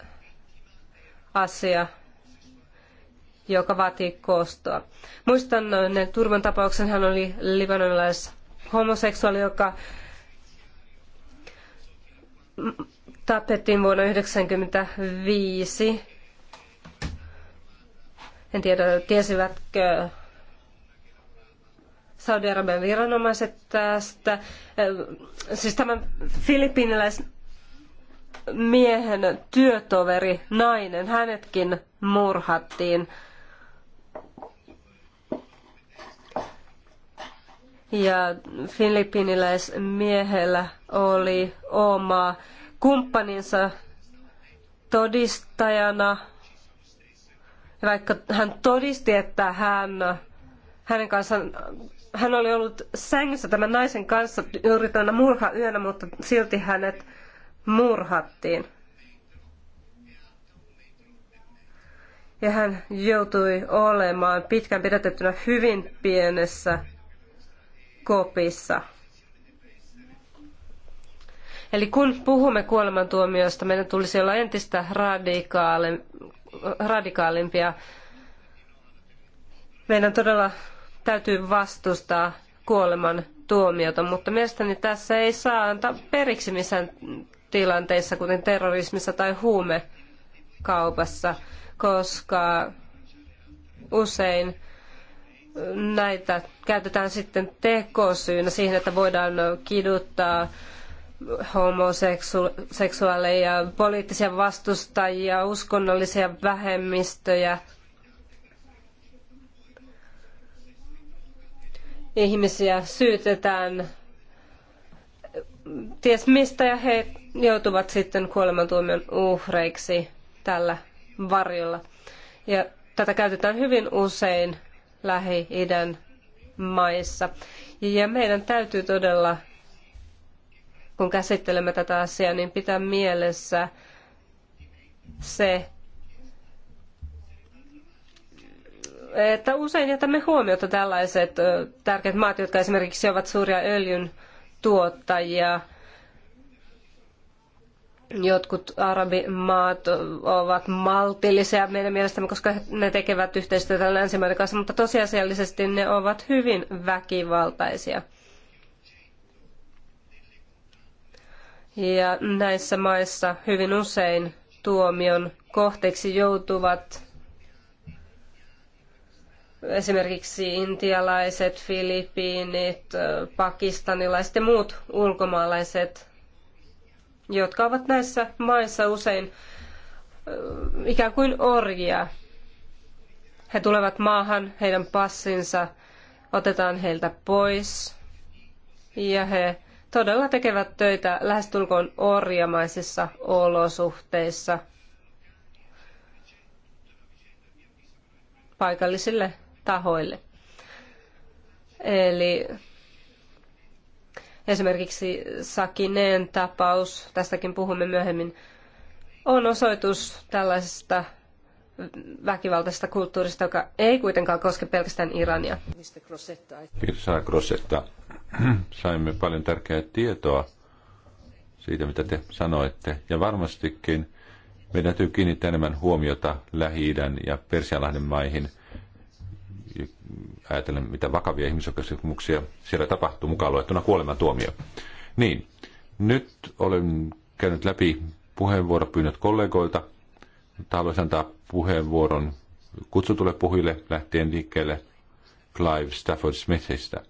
asia, joka vaatii koostoa. Muistan ne Turvan tapauksen, hän oli libanonilais homoseksuaali, joka tapettiin vuonna 1995. En tiedä, tiesivätkö Saudi-Arabian viranomaiset tästä. Siis tämä filippiniläis miehen työtoveri, nainen, hänetkin murhattiin. Ja filipiniläismiehellä oli oma kumppaninsa todistajana, vaikka hän todisti, että hän, hänen kanssaan, hän oli ollut sängyssä tämän naisen kanssa juuri tänä yönä, mutta silti hänet murhattiin. Ja hän joutui olemaan pitkään pidätettynä hyvin pienessä kopissa. Eli kun puhumme kuolemantuomiosta, meidän tulisi olla entistä radikaalimpia. Meidän todella täytyy vastustaa kuoleman tuomiota, mutta mielestäni tässä ei saa antaa periksi missään tilanteissa, kuten terrorismissa tai huumekaupassa, koska usein näitä käytetään sitten tekosyynä siihen, että voidaan kiduttaa homoseksuaaleja, poliittisia vastustajia, uskonnollisia vähemmistöjä, ihmisiä syytetään ties mistä ja he joutuvat sitten kuolemantuomion uhreiksi tällä varjolla. Ja tätä käytetään hyvin usein Lähi-idän maissa. Ja meidän täytyy todella, kun käsittelemme tätä asiaa, niin pitää mielessä se, että usein jätämme huomiota tällaiset tärkeät maat, jotka esimerkiksi ovat suuria öljyn tuottajia – jotkut arabimaat ovat maltillisia meidän mielestämme, koska ne tekevät yhteistyötä länsimaiden kanssa, mutta tosiasiallisesti ne ovat hyvin väkivaltaisia. Ja näissä maissa hyvin usein tuomion kohteeksi joutuvat esimerkiksi intialaiset, filippiinit, pakistanilaiset ja muut ulkomaalaiset jotka ovat näissä maissa usein ikään kuin orjia. He tulevat maahan, heidän passinsa otetaan heiltä pois ja he todella tekevät töitä lähestulkoon orjamaisissa olosuhteissa paikallisille tahoille. Eli Esimerkiksi Sakineen tapaus, tästäkin puhumme myöhemmin, on osoitus tällaisesta väkivaltaisesta kulttuurista, joka ei kuitenkaan koske pelkästään Irania. Kiitos Sara Grossetta. <clears throat> Saimme paljon tärkeää tietoa siitä, mitä te sanoitte. Ja varmastikin meidän täytyy kiinnittää enemmän huomiota lähi ja Persianlahden maihin – ajatellen mitä vakavia ihmisoikeusrikkomuksia siellä tapahtuu, mukaan luettuna kuolemantuomio. Niin, nyt olen käynyt läpi puheenvuoropyynnöt kollegoilta. Haluaisin antaa puheenvuoron kutsutulle puhujille lähtien liikkeelle Clive Stafford Smithistä.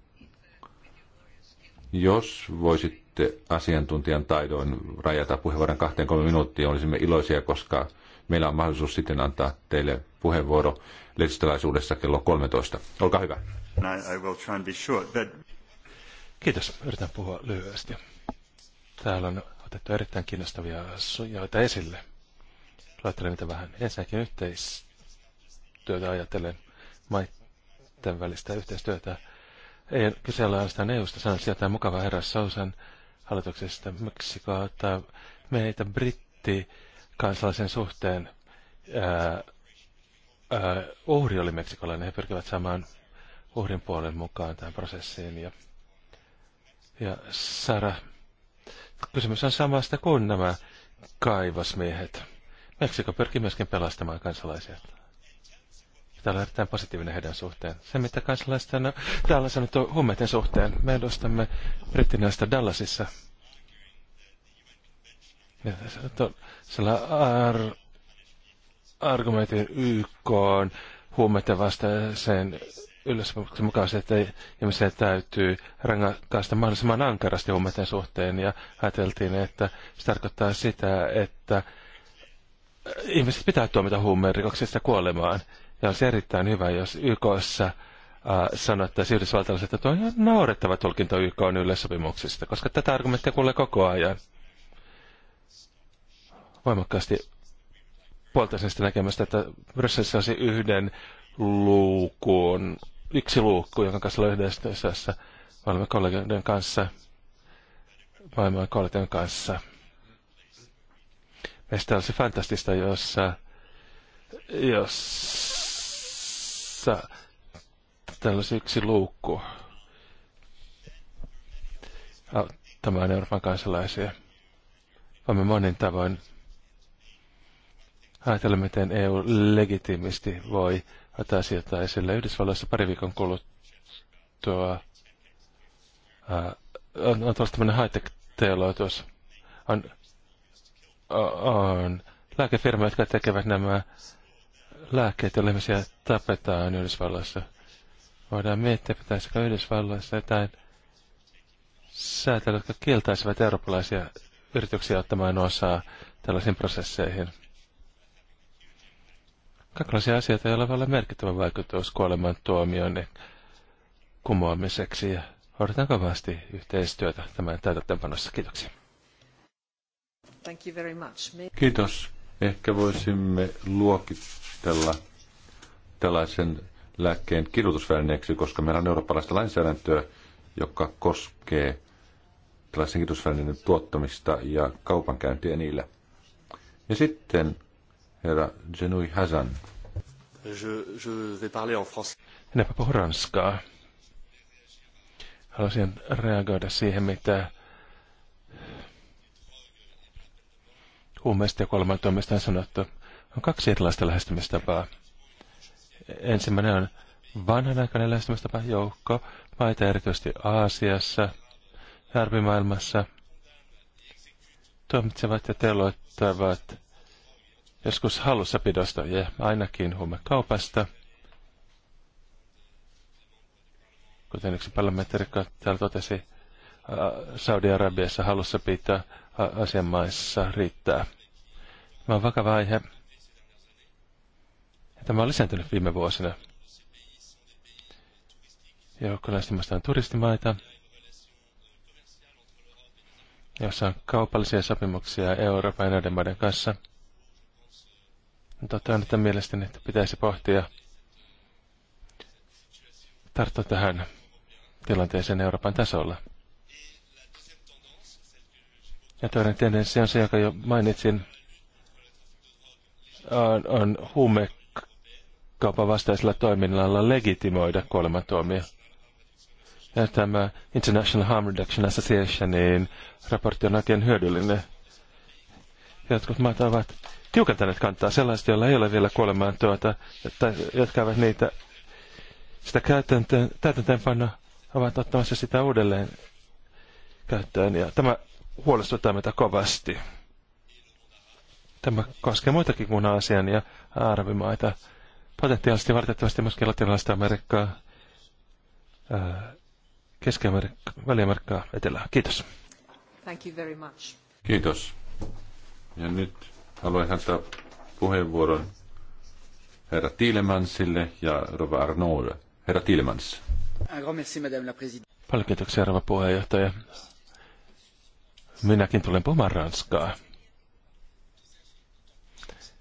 Jos voisitte asiantuntijan taidoin rajata puheenvuoron kahteen kolme minuuttia, olisimme iloisia, koska meillä on mahdollisuus sitten antaa teille puheenvuoro lehdistölaisuudessa kello 13. Olkaa hyvä. Kiitos. Yritän puhua lyhyesti. Täällä on otettu erittäin kiinnostavia asioita esille. Laittelen niitä vähän. Ensinnäkin yhteistyötä ajatellen maiden välistä yhteistyötä. Ei kysellä ole ainoastaan EU-sta, sanon sieltä mukava herra Sousan hallituksesta Meksikoa tai meitä britti kansalaisen suhteen. Ää, ää, uhri oli meksikolainen. He pyrkivät saamaan uhrin puolen mukaan tähän prosessiin. Ja, ja Sara, kysymys on samasta kuin nämä kaivosmiehet. Meksiko pyrkii myöskin pelastamaan kansalaisia. Täällä on erittäin positiivinen heidän suhteen. Se, mitä kansalaisten on täällä sanottu huumeiden suhteen, me edustamme brittinäistä Dallasissa – ja sillä ar- argumentin YK on huumeiden vastaiseen mukaan se, että ihmisiä täytyy rangaista mahdollisimman ankarasti huumeiden suhteen. Ja ajateltiin, että se tarkoittaa sitä, että ihmiset pitää tuomita huumeen rikoksista kuolemaan. Ja olisi erittäin hyvä, jos YKssa äh, sanottaisiin yhdysvaltalaiset, että tuo on ihan naurettava tulkinta YK on yleissopimuksista, koska tätä argumenttia kuulee koko ajan voimakkaasti puoltaisin sitä näkemästä, että Brysselissä olisi yhden luukun, yksi luukku, jonka kanssa yhdessä maailman kollegoiden kanssa, maailman kollegioiden kanssa. Meistä olisi fantastista, jossa, jossa täällä olisi yksi luukku auttamaan Euroopan kansalaisia. Olemme monin tavoin ajatella, miten EU legitimisti voi ottaa sieltä esille. Yhdysvalloissa pari viikon kuluttua äh, on, on tuossa tämmöinen high tech tuossa. On, on lääkefirma, jotka tekevät nämä lääkkeet, joilla ihmisiä tapetaan Yhdysvalloissa. Voidaan miettiä, pitäisikö Yhdysvalloissa jotain säätelyä, jotka kieltäisivät eurooppalaisia yrityksiä ottamaan osaa tällaisiin prosesseihin. Kaikenlaisia asioita, joilla voi olla merkittävä vaikutus kuoleman tuomion kumoamiseksi. Ja odotan kovasti yhteistyötä tämän täytäntöönpanossa. Kiitoksia. Thank you very much. Kiitos. Ehkä voisimme luokitella tällaisen lääkkeen kirjoitusvälineeksi, koska meillä on eurooppalaista lainsäädäntöä, joka koskee tällaisen kirjoitusvälineiden tuottamista ja kaupankäyntiä niillä. Ja sitten herra Genui Hazan. Je, je vais parler en français. ranskaa. Haluaisin reagoida siihen, mitä huumeista ja kuolemantuomista on sanottu. On kaksi erilaista lähestymistapaa. Ensimmäinen on vanhanaikainen lähestymistapa joukko, maita erityisesti Aasiassa ja arvimaailmassa, tuomitsevat ja teloittavat joskus hallussapidosta ja ainakin huumekaupasta. Kuten yksi parlamentaarikko täällä totesi, äh, Saudi-Arabiassa hallussapito asianmaissa riittää. Tämä on vakava aihe. Tämä on lisääntynyt viime vuosina. Joukko näistä on turistimaita, jossa on kaupallisia sopimuksia Euroopan ja näiden maiden kanssa – Totta on, että mielestäni että pitäisi pohtia tarttua tähän tilanteeseen Euroopan tasolla. Ja toinen tendenssi on se, joka jo mainitsin, on, on huumekaupan vastaisella toiminnalla legitimoida kuolemantuomio. Ja tämä International Harm Reduction Associationin raportti on oikein hyödyllinen. Jotkut maat ovat tiukentaneet kantaa sellaiset, joilla ei ole vielä kuolemaan tuota, tai jotka ovat niitä sitä täytäntöönpanna ovat ottamassa sitä uudelleen käyttöön. Ja tämä huolestuttaa meitä kovasti. Tämä koskee muitakin kuin Aasian ja arabimaita. Potentiaalisesti valitettavasti myöskin latinalaista Amerikkaa, Keski-Amerikkaa, Väli-Amerikkaa, Etelää. Kiitos. Thank you very much. Kiitos. Ja nyt Haluan antaa puheenvuoron herra Tilemansille ja rova Arnoulle. Herra Tilemans. Paljon kiitoksia, rouva puheenjohtaja. Minäkin tulen puhumaan ranskaa.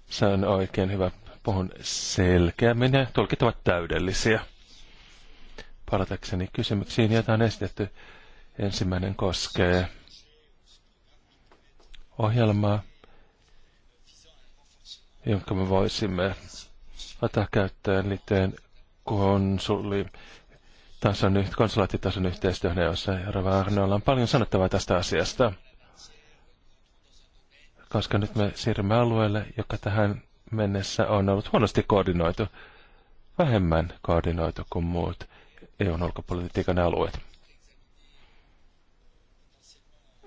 Se on oikein hyvä. Puhun selkeämmin ja tulkit ovat täydellisiä. Palatakseni kysymyksiin, joita on esitetty. Ensimmäinen koskee ohjelmaa, jonka me voisimme ottaa käyttöön liittyen konsuli tason, konsulaattitason yhteistyöhön, e jossa Rava Arnoilla on paljon sanottavaa tästä asiasta. Koska nyt me siirrymme alueelle, joka tähän mennessä on ollut huonosti koordinoitu, vähemmän koordinoitu kuin muut EUn ulkopolitiikan alueet.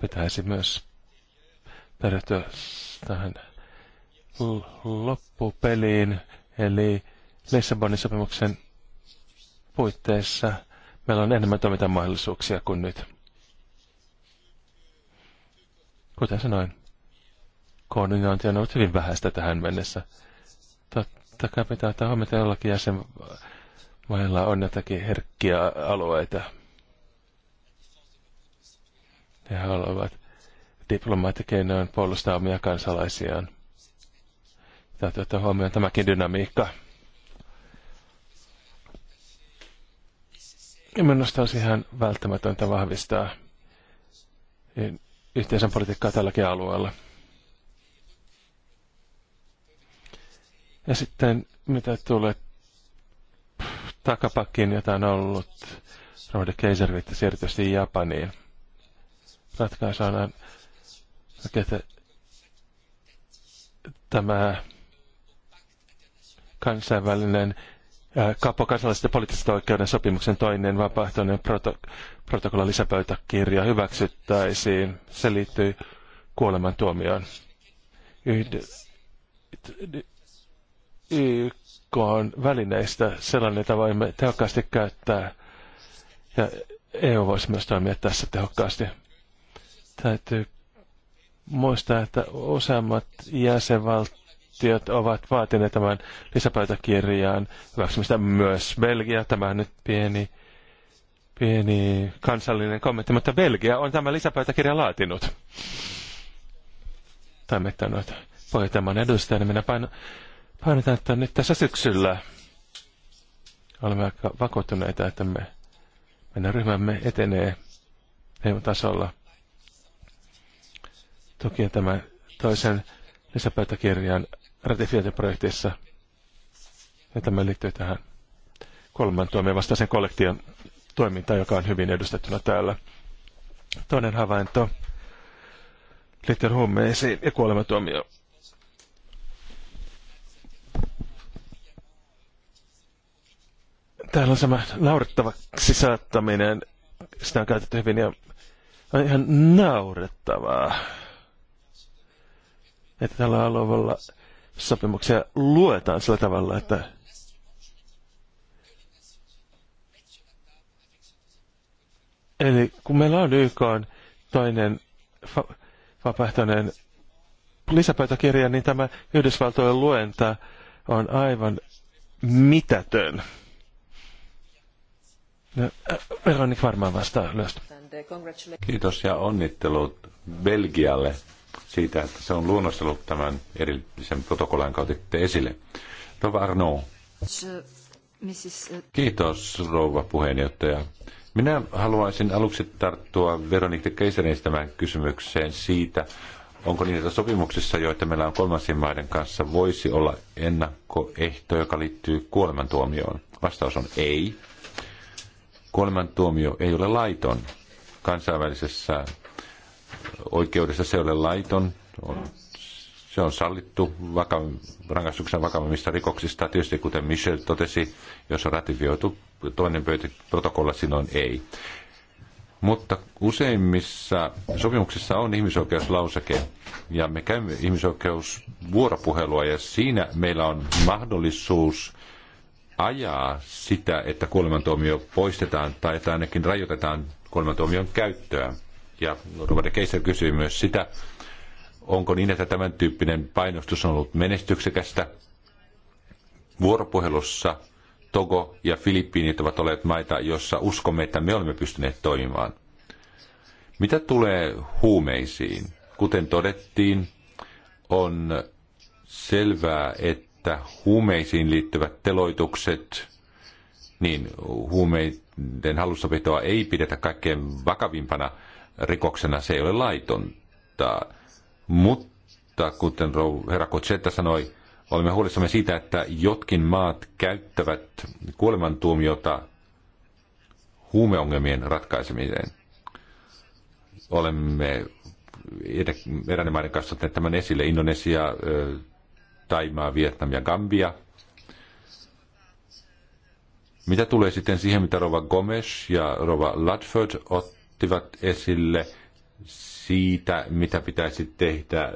Pitäisi myös perehtyä tähän loppupeliin, eli Lissabonin sopimuksen puitteissa meillä on enemmän toimintamahdollisuuksia kuin nyt. Kuten sanoin, koordinointi on ollut hyvin vähäistä tähän mennessä. Totta kai pitää ottaa huomioon, että jollakin jäsenmailla on jotakin herkkiä alueita. He haluavat diplomaattikeinoin puolustaa omia kansalaisiaan. Täytyy ottaa huomioon tämäkin dynamiikka. Ja minusta olisi ihan välttämätöntä vahvistaa yhteisön politiikkaa tälläkin alueella. Ja sitten mitä tulee takapakkiin, jota on ollut Rode Keiser viittasi erityisesti Japaniin. Ratkaisu on, että tämä kansainvälinen äh, kapo kansalaisten poliittisen oikeuden sopimuksen toinen vapaaehtoinen proto, protokolla lisäpöytäkirja hyväksyttäisiin. Se liittyy kuolemantuomioon. Yhd, YK on välineistä sellainen, jota voimme tehokkaasti käyttää ja EU voisi myös toimia tässä tehokkaasti. Täytyy muistaa, että useammat jäsenvaltiot jäsenvaltiot ovat vaatineet tämän lisäpöytäkirjaan hyväksymistä myös Belgia. Tämä on nyt pieni, pieni kansallinen kommentti, mutta Belgia on tämän lisäpöytäkirjan laatinut. Toimittanut pohjoitamaan niin Minä paino, painotan, että nyt tässä syksyllä olemme aika vakuuttuneita, että me, meidän ryhmämme etenee EU-tasolla Toki tämä toisen lisäpöytäkirjan ratifiointiprojekteissa. Ja tämä liittyy tähän kolman tuomion vastaisen kollektion toimintaan, joka on hyvin edustettuna täällä. Toinen havainto liittyen huumeisiin ja kuolematuomioon. Täällä on sama naurettavaksi saattaminen. Sitä on käytetty hyvin ja on ihan naurettavaa, että tällä alueella sopimuksia luetaan sillä tavalla, että Eli kun meillä on YK on toinen va- vapaaehtoinen lisäpöytäkirja, niin tämä Yhdysvaltojen luenta on aivan mitätön. No, äh, Veronik varmaan vastaa ylös. Kiitos ja onnittelut Belgialle siitä, että se on luonnostellut tämän erillisen protokollan kautta esille. Rova eh, Kiitos, rouva puheenjohtaja. Minä haluaisin aluksi tarttua Veronikte Keiserin tämän kysymykseen siitä, onko niitä sopimuksissa, joita meillä on kolmansien maiden kanssa, voisi olla ennakkoehto, joka liittyy kuolemantuomioon? Vastaus on ei. Kuolemantuomio ei ole laiton kansainvälisessä oikeudessa se ei ole laiton, on, se on sallittu vaka, rangaistuksen vakavimmista rikoksista. Tietysti kuten Michel totesi, jos on ratifioitu toinen pöytä, protokolla, silloin ei. Mutta useimmissa sopimuksissa on ihmisoikeuslauseke ja me käymme ihmisoikeusvuoropuhelua ja siinä meillä on mahdollisuus ajaa sitä, että kuolemantuomio poistetaan tai että ainakin rajoitetaan kuolemantuomion käyttöä. Ja Robert Keiser kysyi myös sitä, onko niin, että tämän tyyppinen painostus on ollut menestyksekästä. Vuoropuhelussa Togo ja Filippiinit ovat olleet maita, joissa uskomme, että me olemme pystyneet toimimaan. Mitä tulee huumeisiin? Kuten todettiin, on selvää, että huumeisiin liittyvät teloitukset, niin huumeiden hallussapitoa ei pidetä kaikkein vakavimpana rikoksena, se ei ole laitonta. Mutta kuten herra Kotsetta sanoi, olemme huolissamme siitä, että jotkin maat käyttävät kuolemantuomiota huumeongelmien ratkaisemiseen. Olemme eräiden maiden kanssa ottaneet tämän esille, Indonesia, Taimaa, Vietnam ja Gambia. Mitä tulee sitten siihen, mitä Rova Gomes ja Rova Ludford ottivat, ottivat esille siitä, mitä pitäisi tehdä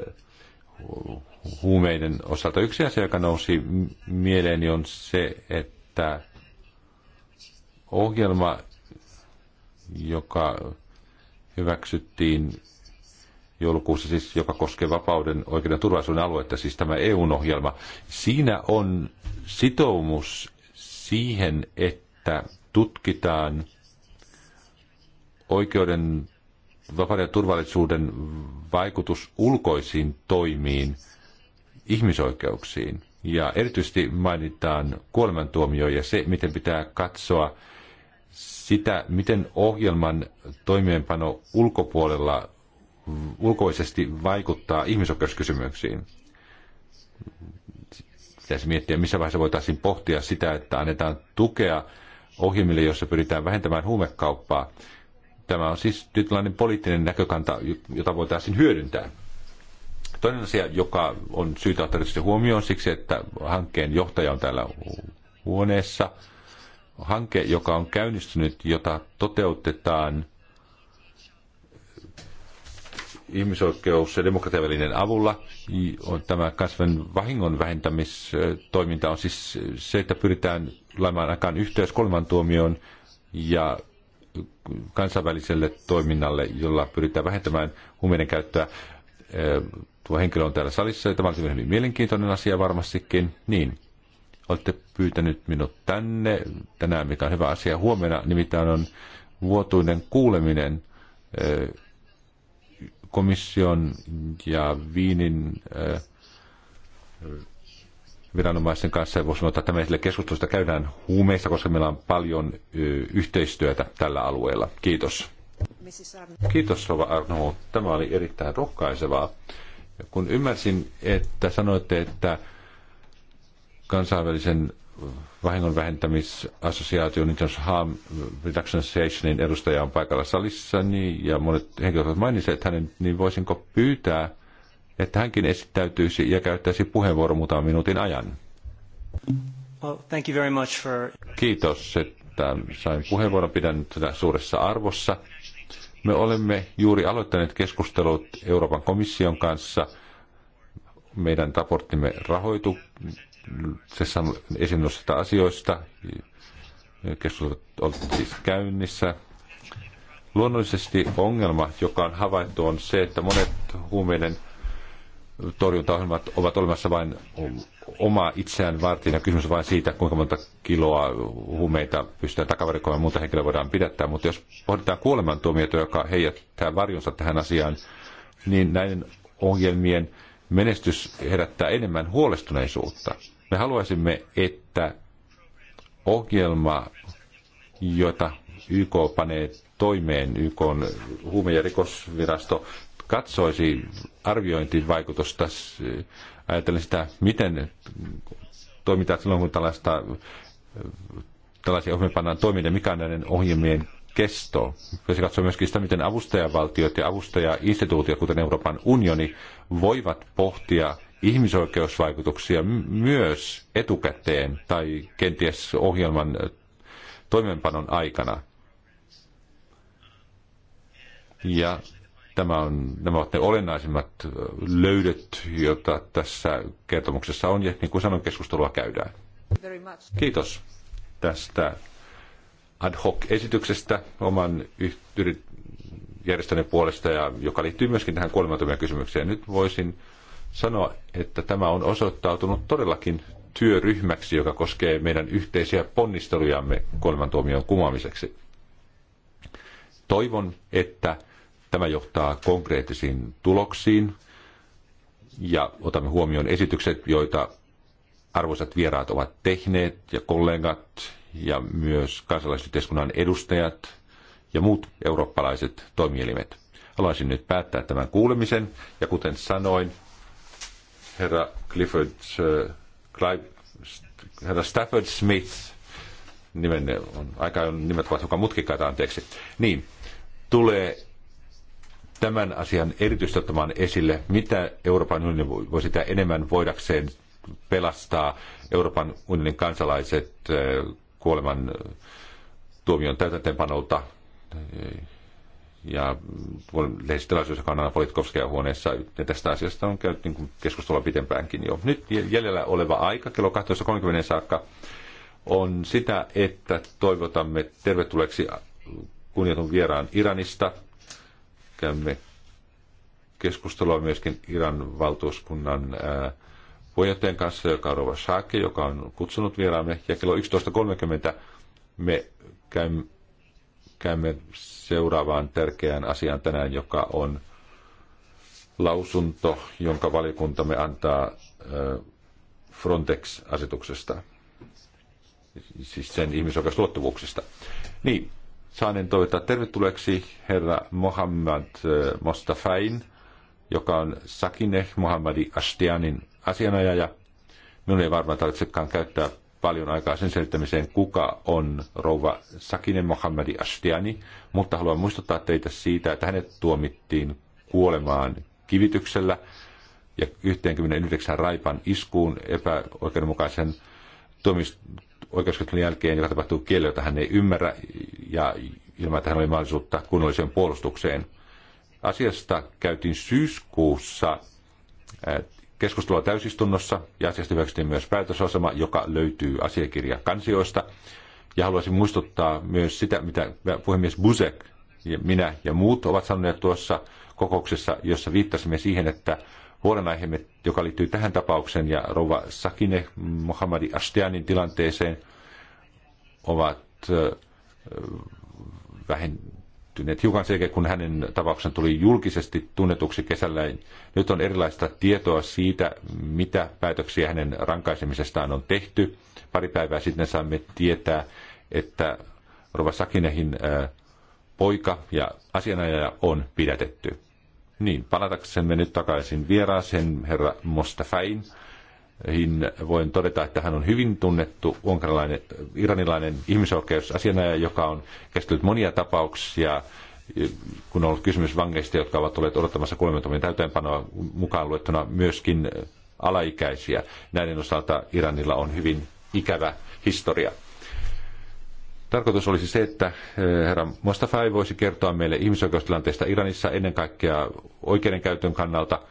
huumeiden osalta. Yksi asia, joka nousi mieleeni, on se, että ohjelma, joka hyväksyttiin joulukuussa, siis joka koskee vapauden, oikeuden turvallisuuden aluetta, siis tämä EU-ohjelma, siinä on sitoumus siihen, että tutkitaan oikeuden, vapauden ja turvallisuuden vaikutus ulkoisiin toimiin, ihmisoikeuksiin. Ja erityisesti mainitaan kuolemantuomio ja se, miten pitää katsoa sitä, miten ohjelman toimeenpano ulkopuolella ulkoisesti vaikuttaa ihmisoikeuskysymyksiin. Pitäisi miettiä, missä vaiheessa voitaisiin pohtia sitä, että annetaan tukea ohjelmille, joissa pyritään vähentämään huumekauppaa, Tämä on siis tietynlainen poliittinen näkökanta, jota voitaisiin hyödyntää. Toinen asia, joka on syytä ottaa huomioon siksi, että hankkeen johtaja on täällä huoneessa. Hanke, joka on käynnistynyt, jota toteutetaan ihmisoikeus- ja demokratiavälinen avulla. On tämä kasvin vahingon vähentämistoiminta on siis se, että pyritään laimaan aikaan yhteys kolmantuomioon ja kansainväliselle toiminnalle, jolla pyritään vähentämään huumeiden käyttöä. Tuo henkilö on täällä salissa ja tämä olisi hyvin mielenkiintoinen asia varmastikin. Niin, olette pyytänyt minut tänne tänään, mikä on hyvä asia. Huomenna nimittäin on vuotuinen kuuleminen komission ja Viinin viranomaisten kanssa. Ja voisi sanoa, että tämä esille keskustelusta käydään huumeista, koska meillä on paljon yhteistyötä tällä alueella. Kiitos. Kiitos Rova Arno. Tämä oli erittäin rohkaisevaa. Kun ymmärsin, että sanoitte, että kansainvälisen vahingon vähentämisassosiaation International niin Harm Reduction Associationin edustaja on paikalla salissa, niin, ja monet henkilöt mainitsivat, että hänen, niin voisinko pyytää, että hänkin esittäytyisi ja käyttäisi puheenvuoron muutaman minuutin ajan. Well, thank you very much for... Kiitos, että sain puheenvuoron. Pidän tätä suuressa arvossa. Me olemme juuri aloittaneet keskustelut Euroopan komission kanssa meidän raporttimme rahoituksessa esiin nostetta asioista. Keskustelut ovat siis käynnissä. Luonnollisesti ongelma, joka on havaittu, on se, että monet huumeiden torjuntaohjelmat ovat olemassa vain oma itseään varten ja kysymys on vain siitä, kuinka monta kiloa huumeita pystytään takavarikoimaan ja muuta henkilöä voidaan pidättää. Mutta jos pohditaan kuolemantuomioita, joka heijättää varjonsa tähän asiaan, niin näiden ongelmien menestys herättää enemmän huolestuneisuutta. Me haluaisimme, että ohjelma, jota YK panee toimeen, YK on huume- ja rikosvirasto katsoisi arviointivaikutusta, ajatellen sitä, miten toimitaan silloin, kun tällaista, tällaisia ohjelmia pannaan toimintaan, mikä on näiden ohjelmien kesto. Ja se katsoo myöskin sitä, miten avustajavaltiot ja avustajainstituutiot, kuten Euroopan unioni, voivat pohtia ihmisoikeusvaikutuksia myös etukäteen tai kenties ohjelman toimeenpanon aikana. Ja Tämä on, nämä ovat ne olennaisimmat löydöt, joita tässä kertomuksessa on, ja niin kuin sanon, keskustelua käydään. Kiitos tästä ad hoc-esityksestä oman yhtyrit puolesta, ja joka liittyy myöskin tähän kuolemattomia kysymykseen. Nyt voisin sanoa, että tämä on osoittautunut todellakin työryhmäksi, joka koskee meidän yhteisiä ponnistelujamme kuolemantuomion kumoamiseksi. Toivon, että Tämä johtaa konkreettisiin tuloksiin ja otamme huomioon esitykset, joita arvoisat vieraat ovat tehneet ja kollegat ja myös kansalaisyhteiskunnan edustajat ja muut eurooppalaiset toimielimet. Haluaisin nyt päättää tämän kuulemisen ja kuten sanoin, herra Clifford äh, Clive, herra Stafford Smith, nimenne on aika nimet ovat hiukan mutkikkaita, anteeksi, niin tulee tämän asian erityisesti ottamaan esille, mitä Euroopan unioni voi sitä enemmän voidakseen pelastaa Euroopan unionin kansalaiset kuoleman tuomion täytäntöönpanolta. Ja lehdistötilaisuus, joka on aina Politkovskajan huoneessa, ja tästä asiasta on käyty niin keskustelua pitempäänkin jo. Nyt jäljellä oleva aika, kello 12.30 saakka, on sitä, että toivotamme tervetulleeksi kunnioitun vieraan Iranista, käymme keskustelua myöskin Iran valtuuskunnan puheenjohtajan kanssa, joka on Rova Shake, joka on kutsunut vieraamme. Ja kello 11.30 me käymme, käymme seuraavaan tärkeään asiaan tänään, joka on lausunto, jonka valikuntamme antaa Frontex-asetuksesta, siis sen ihmisoikeusluottuvuuksista. Niin, saanen toivottaa tervetulleeksi herra Mohammad eh, Mostafain, joka on Sakineh Mohammadi Astianin asianajaja. Minun ei varmaan tarvitsekaan käyttää paljon aikaa sen selittämiseen, kuka on rouva Sakine Mohammadi Ashtiani, mutta haluan muistuttaa teitä siitä, että hänet tuomittiin kuolemaan kivityksellä ja 99 raipan iskuun epäoikeudenmukaisen oikeuskäsittelyn jälkeen, joka tapahtuu kielellä, jota hän ei ymmärrä, ja ilman, että hän oli mahdollisuutta kunnolliseen puolustukseen. Asiasta käytiin syyskuussa keskustelua täysistunnossa, ja asiasta hyväksyttiin myös päätösasema, joka löytyy asiakirja kansioista. Ja haluaisin muistuttaa myös sitä, mitä puhemies Busek ja minä ja muut ovat sanoneet tuossa kokouksessa, jossa viittasimme siihen, että huolenaiheemme, joka liittyy tähän tapaukseen ja Rova Sakine Mohammadi Astianin tilanteeseen, ovat vähentyneet hiukan sekä, kun hänen tapauksen tuli julkisesti tunnetuksi kesällä. Nyt on erilaista tietoa siitä, mitä päätöksiä hänen rankaisemisestaan on tehty. Pari päivää sitten saamme tietää, että Rova Sakinehin poika ja asianajaja on pidätetty. Niin, palataksemme nyt takaisin vieraaseen herra Mostafain. Voin todeta, että hän on hyvin tunnettu unkarilainen, iranilainen ihmisoikeusasianaja, joka on käsitellyt monia tapauksia, kun on ollut kysymys vangeista, jotka ovat olleet odottamassa kuolemantumien täytäntöönpanoa mukaan luettuna myöskin alaikäisiä. Näiden osalta Iranilla on hyvin ikävä historia. Tarkoitus olisi se, että eh, herra Mostafai voisi kertoa meille ihmisoikeustilanteesta Iranissa ennen kaikkea oikeudenkäytön kannalta,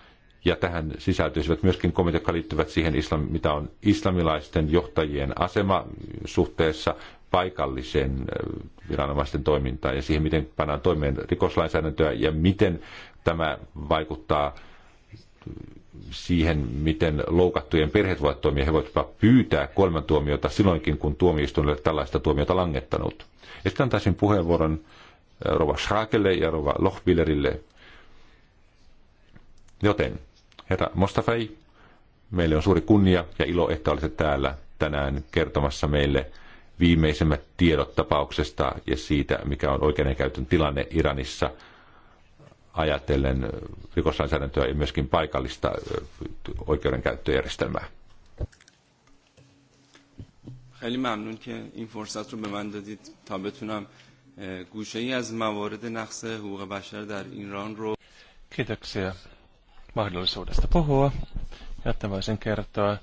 ja tähän sisältyisivät myöskin komit, jotka liittyvät siihen, islam, mitä on islamilaisten johtajien asema suhteessa paikallisen eh, viranomaisten toimintaan ja siihen, miten pannaan toimeen rikoslainsäädäntöä ja miten tämä vaikuttaa siihen, miten loukattujen perheet voivat toimia. He voivat jopa pyytää kuolemantuomiota silloinkin, kun tuomioistuin ei tällaista tuomiota langettanut. Ja sitten antaisin puheenvuoron eh, Rova Schakelle ja Rova Lochbillerille. Joten, herra Mostafei, meille on suuri kunnia ja ilo, että olette täällä tänään kertomassa meille viimeisimmät tiedot tapauksesta ja siitä, mikä on oikeudenkäytön tilanne Iranissa – ajatellen rikoslainsäädäntöä ja myöskin paikallista oikeudenkäyttöjärjestelmää. خیلی ممنون که این فرصت رو به من دادید تا بتونم گوشه ای از موارد نقص حقوق بشر در ایران رو Kiitoksia mahdollisuudesta puhua. Jotta voisin kertoa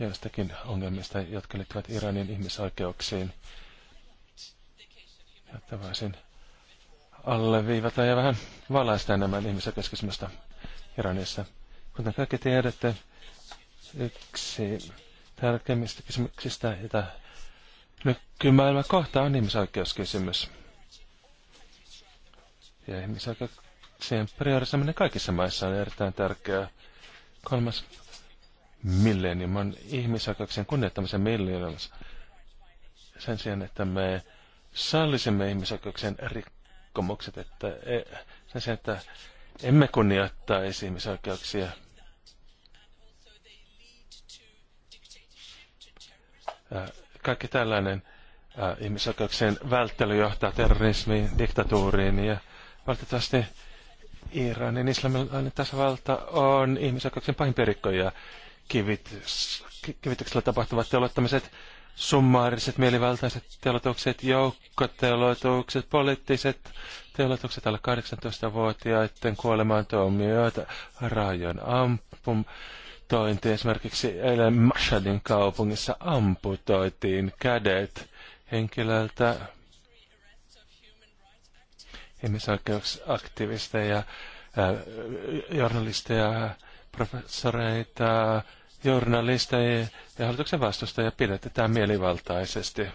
joistakin ongelmista, jotka liittyvät Iranin ihmisoikeuksiin. Jotta voisin alleviivata ja vähän valaista enemmän ihmisoikeuskysymystä Iranissa. Kuten kaikki tiedätte, yksi tärkeimmistä kysymyksistä, jota nykymaailma kohtaa, on ihmisoikeuskysymys. Ja ihmisoikeuksien priorisoiminen kaikissa maissa on erittäin tärkeää. Kolmas millennium on ihmisoikeuksien kunnioittamisen millennium. Sen sijaan, että me sallisimme ihmisoikeuksien rikkoa rikkomukset, että e, sen sijaan, että emme kunnioittaa ihmisoikeuksia. Kaikki tällainen ihmisoikeuksien välttely johtaa terrorismiin, diktatuuriin ja valitettavasti Iranin islamilainen tasavalta on ihmisoikeuksien pahimpia rikkoja. Kivit, kivityksellä tapahtuvat teolottamiset summaariset mielivaltaiset telotukset, joukkotelotukset, poliittiset telotukset alle 18-vuotiaiden kuolemaan tuomioita, rajojen amputointi. Esimerkiksi eilen Mashadin kaupungissa amputoitiin kädet henkilöltä ihmisoikeusaktivisteja, journalisteja, professoreita, journalisteja ja hallituksen vastustajia pidetään mielivaltaisesti.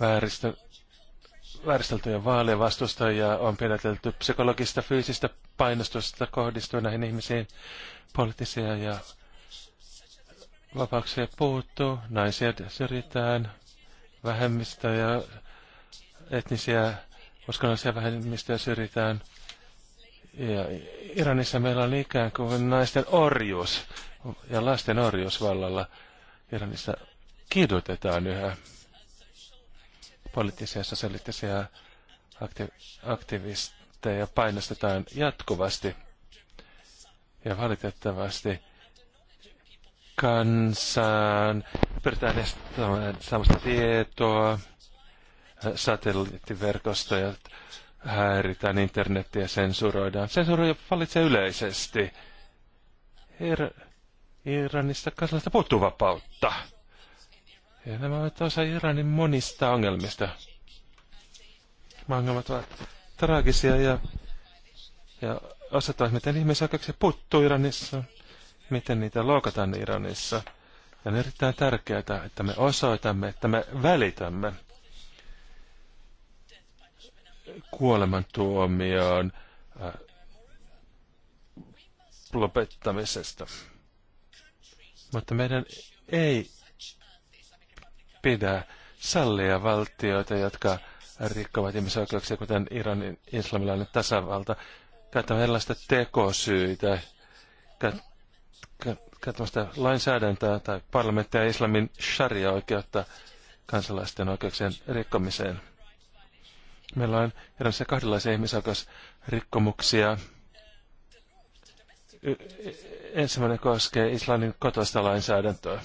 Vääristö, vääristeltyjä vaaleja vastustajia on pidätelty psykologista, fyysistä painostusta kohdistuu näihin ihmisiin, poliittisia ja vapauksia puuttuu, naisia syrjitään, vähemmistöjä, etnisiä uskonnollisia vähemmistöjä syrjitään. Ja Iranissa meillä on ikään kuin naisten orjuus ja lasten orjuus vallalla. Iranissa kidutetaan yhä poliittisia ja sosiaalisia akti- aktivisteja painostetaan jatkuvasti. Ja valitettavasti kansaan pyritään estämään sellaista tietoa, satelliittiverkostoja häiritään, internettiä sensuroidaan. Sensuroija valitsee yleisesti. Her- Iranista kansalaista puuttuu vapautta. Ja nämä ovat osa Iranin monista ongelmista. Nämä ongelmat ovat traagisia ja, ja osoittavat, miten ihmisoikeuksia puuttuu Iranissa, miten niitä loukataan Iranissa. Ja on erittäin tärkeää, että me osoitamme, että me välitämme kuolemantuomioon äh, lopettamisesta. Mutta meidän ei pidä sallia valtioita, jotka rikkovat ihmisoikeuksia, kuten Iranin islamilainen tasavalta, käyttämään erilaista tekosyitä, käyttämästä lainsäädäntöä tai parlamenttia islamin sharia-oikeutta kansalaisten oikeuksien rikkomiseen. Meillä on erilaisia kahdenlaisia ihmisoikeusrikkomuksia. ensimmäinen koskee Islannin kotoista lainsäädäntöä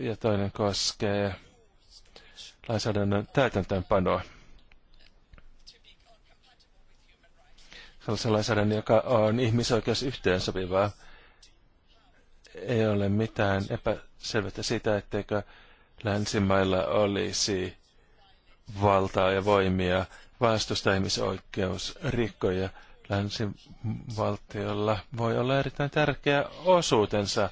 ja toinen koskee lainsäädännön täytäntöönpanoa. Sellaisen lainsäädännön, joka on ihmisoikeusyhteen sopivaa. Ei ole mitään epäselvettä siitä, etteikö länsimailla olisi valtaa ja voimia vastusta ihmisoikeusrikkoja. Länsivaltiolla voi olla erittäin tärkeä osuutensa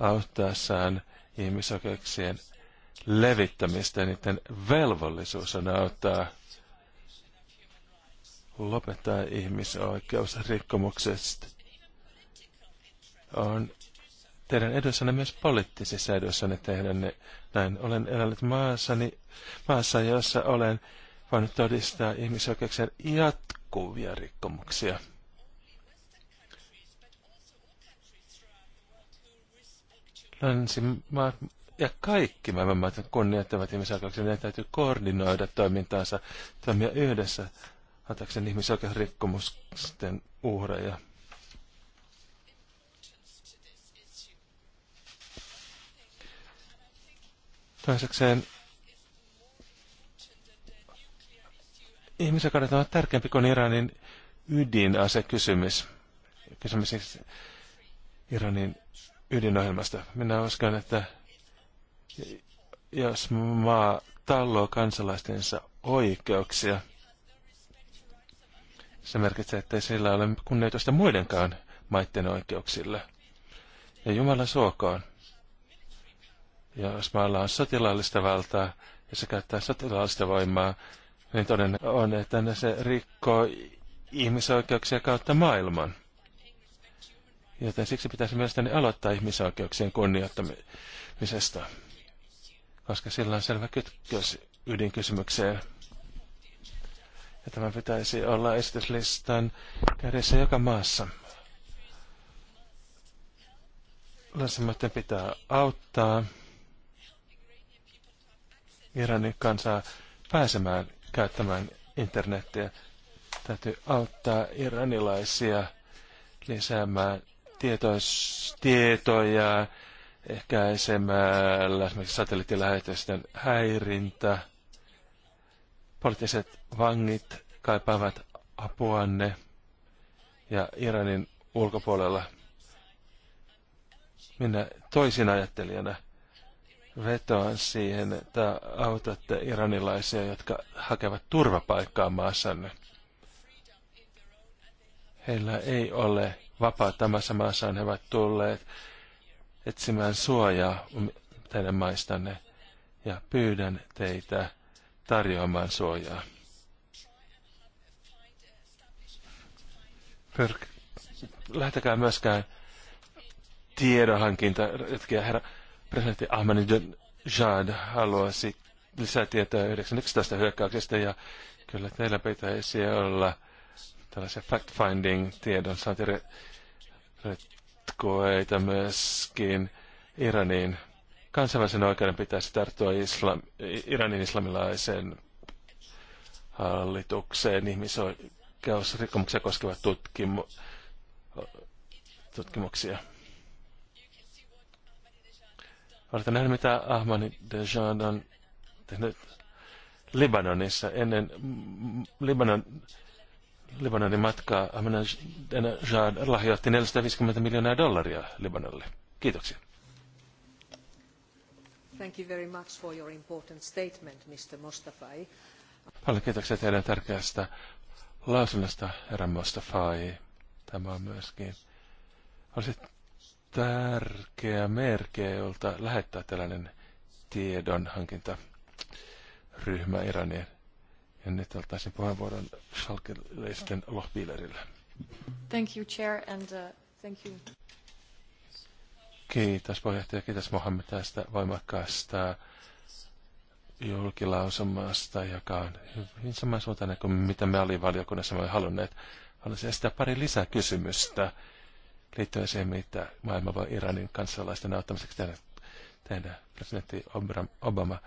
auttaessaan ihmisoikeuksien levittämistä. Niiden velvollisuus on auttaa lopettaa ihmisoikeusrikkomukset. On teidän edessänne myös poliittisissa edessänne tehdä näin. Olen elänyt maassani, maassa, jossa olen voinut todistaa ihmisoikeuksien jatkuvia rikkomuksia. Länsimaat ja kaikki maat kunnioittavat ihmisoikeuksia, ne täytyy koordinoida toimintaansa, toimia yhdessä, otakseen ihmisoikeusrikkomusten uhreja. Toisekseen ihmisen kannalta tärkeämpi kuin Iranin ydinasekysymys. Kysymys siis Iranin ydinohjelmasta. Minä uskon, että jos maa talloo kansalaistensa oikeuksia, se merkitsee, että sillä ole kunnioitusta muidenkaan maiden oikeuksille. Ja Jumala suokoon. Ja jos maalla on sotilaallista valtaa ja se käyttää sotilaallista voimaa, niin toden on, että se rikkoo ihmisoikeuksia kautta maailman. Joten siksi pitäisi mielestäni aloittaa ihmisoikeuksien kunnioittamisesta, koska sillä on selvä kytkös ydinkysymykseen. Ja tämä pitäisi olla esityslistan kädessä joka maassa. Lansimaiden pitää auttaa. Iranin kansaa pääsemään käyttämään internettiä. Täytyy auttaa iranilaisia lisäämään tietois, tietoja, ehkäisemällä esimerkiksi satelliittilähetysten häirintä. Poliittiset vangit kaipaavat apuanne ja Iranin ulkopuolella minä toisin ajattelijana – vetoan siihen, että autatte iranilaisia, jotka hakevat turvapaikkaa maassanne. Heillä ei ole tämässä maassa maassaan, he ovat tulleet etsimään suojaa teidän maistanne ja pyydän teitä tarjoamaan suojaa. Pyrk- Lähtekää myöskään tiedonhankinta, herra presidentti Ahmadinejad haluaisi lisää tietää 19 hyökkäyksestä ja kyllä teillä pitäisi olla tällaisia fact-finding tiedonsaantiretkoeita myöskin Iraniin. Kansainvälisen oikeuden pitäisi tarttua islam, Iranin islamilaisen hallitukseen ihmisoikeusrikkomuksia koskevat tutkimu, tutkimuksia. Oletko nähnyt, mitä Ahmani Dejan on tehnyt Libanonissa ennen Libanon, Libanonin matkaa. Ahmani Dejan lahjoitti 450 miljoonaa dollaria Libanolle. Kiitoksia. Thank you very much for your important statement, Mr. Mostafai. Paljon kiitoksia teidän tärkeästä lausunnosta, herra Mostafai. Tämä on myöskin... Olisit tärkeä merke, jolta lähettää tällainen ryhmä Iranien. Ja nyt oltaisin puheenvuoron Schalkeleisten Lohpiilerille. Thank you, Chair, and uh, thank you. Kiitos puheenjohtaja, kiitos Mohammed tästä voimakkaasta julkilausumasta, joka on hyvin samansuuntainen kuin mitä me alivaliokunnassa me olemme halunneet. Haluaisin esittää pari lisäkysymystä. kysymystä liittyen siihen, mitä maailma voi Iranin kansalaisten auttamiseksi tehdä. tehdä. Presidentti Obama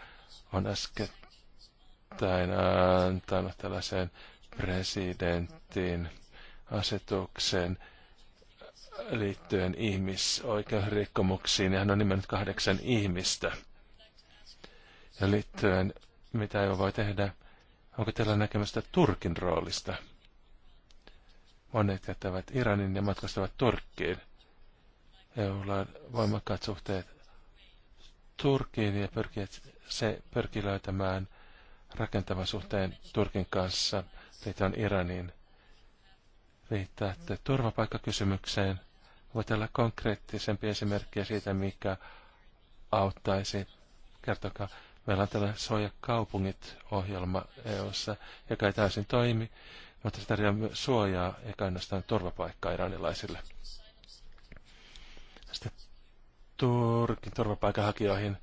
on äskettäin antanut tällaisen presidentin asetuksen liittyen ihmisoikeusrikkomuksiin, ja hän on nimennyt kahdeksan ihmistä. Ja liittyen, mitä EU voi tehdä, onko teillä näkemystä Turkin roolista? Monet jättävät Iranin ja matkustavat Turkkiin. EUlla on voimakkaat suhteet Turkkiin ja pyrkii, se pyrkii löytämään rakentavan suhteen Turkin kanssa liittyen Iraniin. Viittaatte turvapaikkakysymykseen. Voit olla konkreettisempi esimerkki siitä, mikä auttaisi. Kertokaa, meillä on tällainen Soja kaupungit-ohjelma EUssa, joka ei täysin toimi mutta se tarjoaa myös suojaa ja ainoastaan turvapaikkaa iranilaisille. Sitten Turkin turvapaikanhakijoihin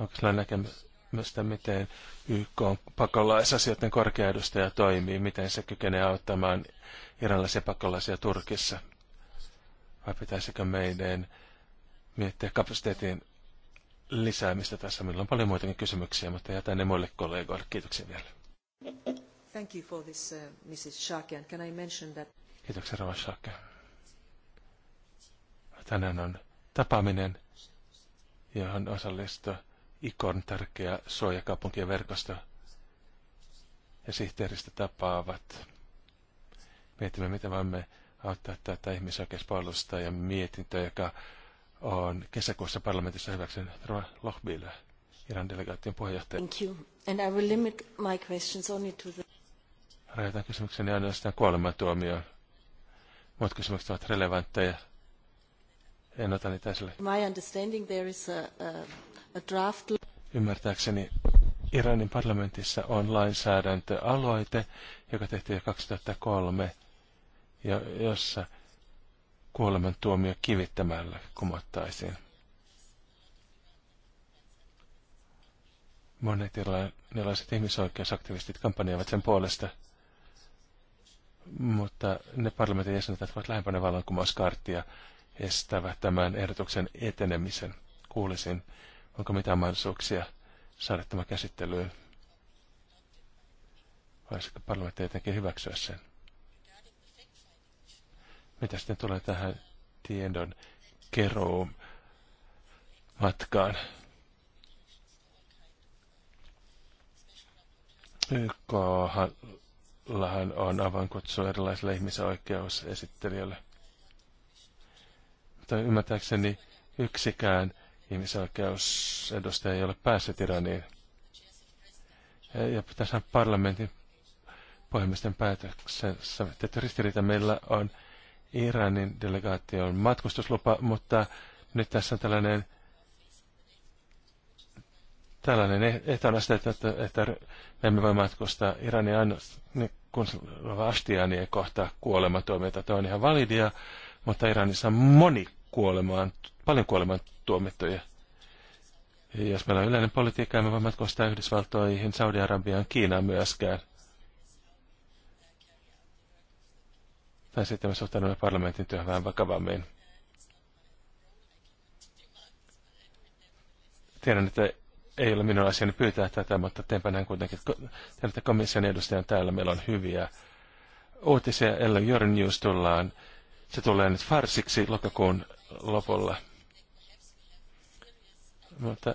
onko sillä näkemystä, miten YK on pakolaisasioiden korkea edustaja toimii, miten se kykenee auttamaan iranilaisia pakolaisia Turkissa? Vai pitäisikö meidän miettiä kapasiteetin lisäämistä tässä? Meillä on paljon muitakin kysymyksiä, mutta jätän ne muille kollegoille. Kiitoksia vielä. Thank you for this, uh, Mrs. Shake. can I mention that... Kiitoksia, Rova Shake. Tänään on tapaaminen, johon osallistuu IKON tärkeä suojakaupunkien verkosto ja sihteeristä tapaavat. Mietimme, miten voimme auttaa tätä ihmisoikeuspuolusta ja mietintöä, joka on kesäkuussa parlamentissa hyväksyn hyväksynyt Lohbiilä, Iran delegaation puheenjohtaja. Thank you. And I will limit my questions only to the... Rajoitan kysymykseni ainoastaan kuolemantuomioon. Muut kysymykset ovat relevantteja. En ota niitä esille. My understanding there is a, a draft... Ymmärtääkseni Iranin parlamentissa on lainsäädäntöaloite, joka tehtiin jo 2003, ja jossa kuolemantuomio kivittämällä kumottaisiin. Monet erilaiset ihmisoikeusaktivistit kampanjoivat sen puolesta – mutta ne parlamentin jäsenet, jotka ovat lähempänä vallankumouskarttia, estävät tämän ehdotuksen etenemisen. Kuulisin, onko mitään mahdollisuuksia saada tämä käsittelyyn. Voisiko parlamentti jotenkin hyväksyä sen? Mitä sitten tulee tähän tiedon keruun matkaan? YK Lahan on avainkutsu erilaisille ihmisoikeusesittelijöille. Mutta ymmärtääkseni yksikään ihmisoikeusedustaja ei ole päässyt Iraniin. Ja tässä parlamentin pohjimmisten päätöksessä tehty ristiriita meillä on Iranin delegaation matkustuslupa, mutta nyt tässä on tällainen tällainen eh- ehto on että, että, että me emme voi matkustaa Irania ainoastaan, niin kun Ashtiani ei kuolema kuolematuomioita. Tämä on ihan validia, mutta Iranissa on moni kuolemaan, paljon kuolemaan tuomittuja. Jos meillä on yleinen politiikka, emme voi matkustaa Yhdysvaltoihin, Saudi-Arabiaan, Kiinaan myöskään. Tai sitten me suhtaudumme parlamentin työhön vähän vakavammin. Tiedän, että ei ole minun asiani pyytää tätä, mutta teenpä näin kuitenkin. Tiedätte komission edustajan täällä, meillä on hyviä uutisia. Ellen jörn News tullaan. Se tulee nyt farsiksi lokakuun lopulla. Mutta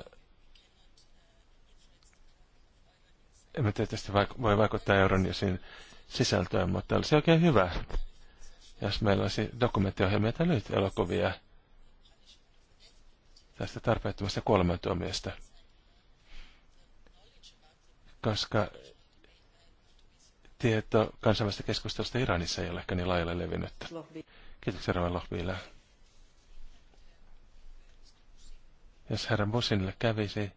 emme tietysti vaik- voi vaikuttaa Euronewsin sisältöön, mutta olisi oikein hyvä, jos meillä olisi dokumenttiohjelmia tai nyt elokuvia tästä tarpeettomasta kuolemantuomiosta koska tieto kansainvälisestä keskustelusta Iranissa ei ole ehkä niin laajalle levinnyt. Kiitoksia Rauhan Lohviilä. Jos herra Businille kävisi,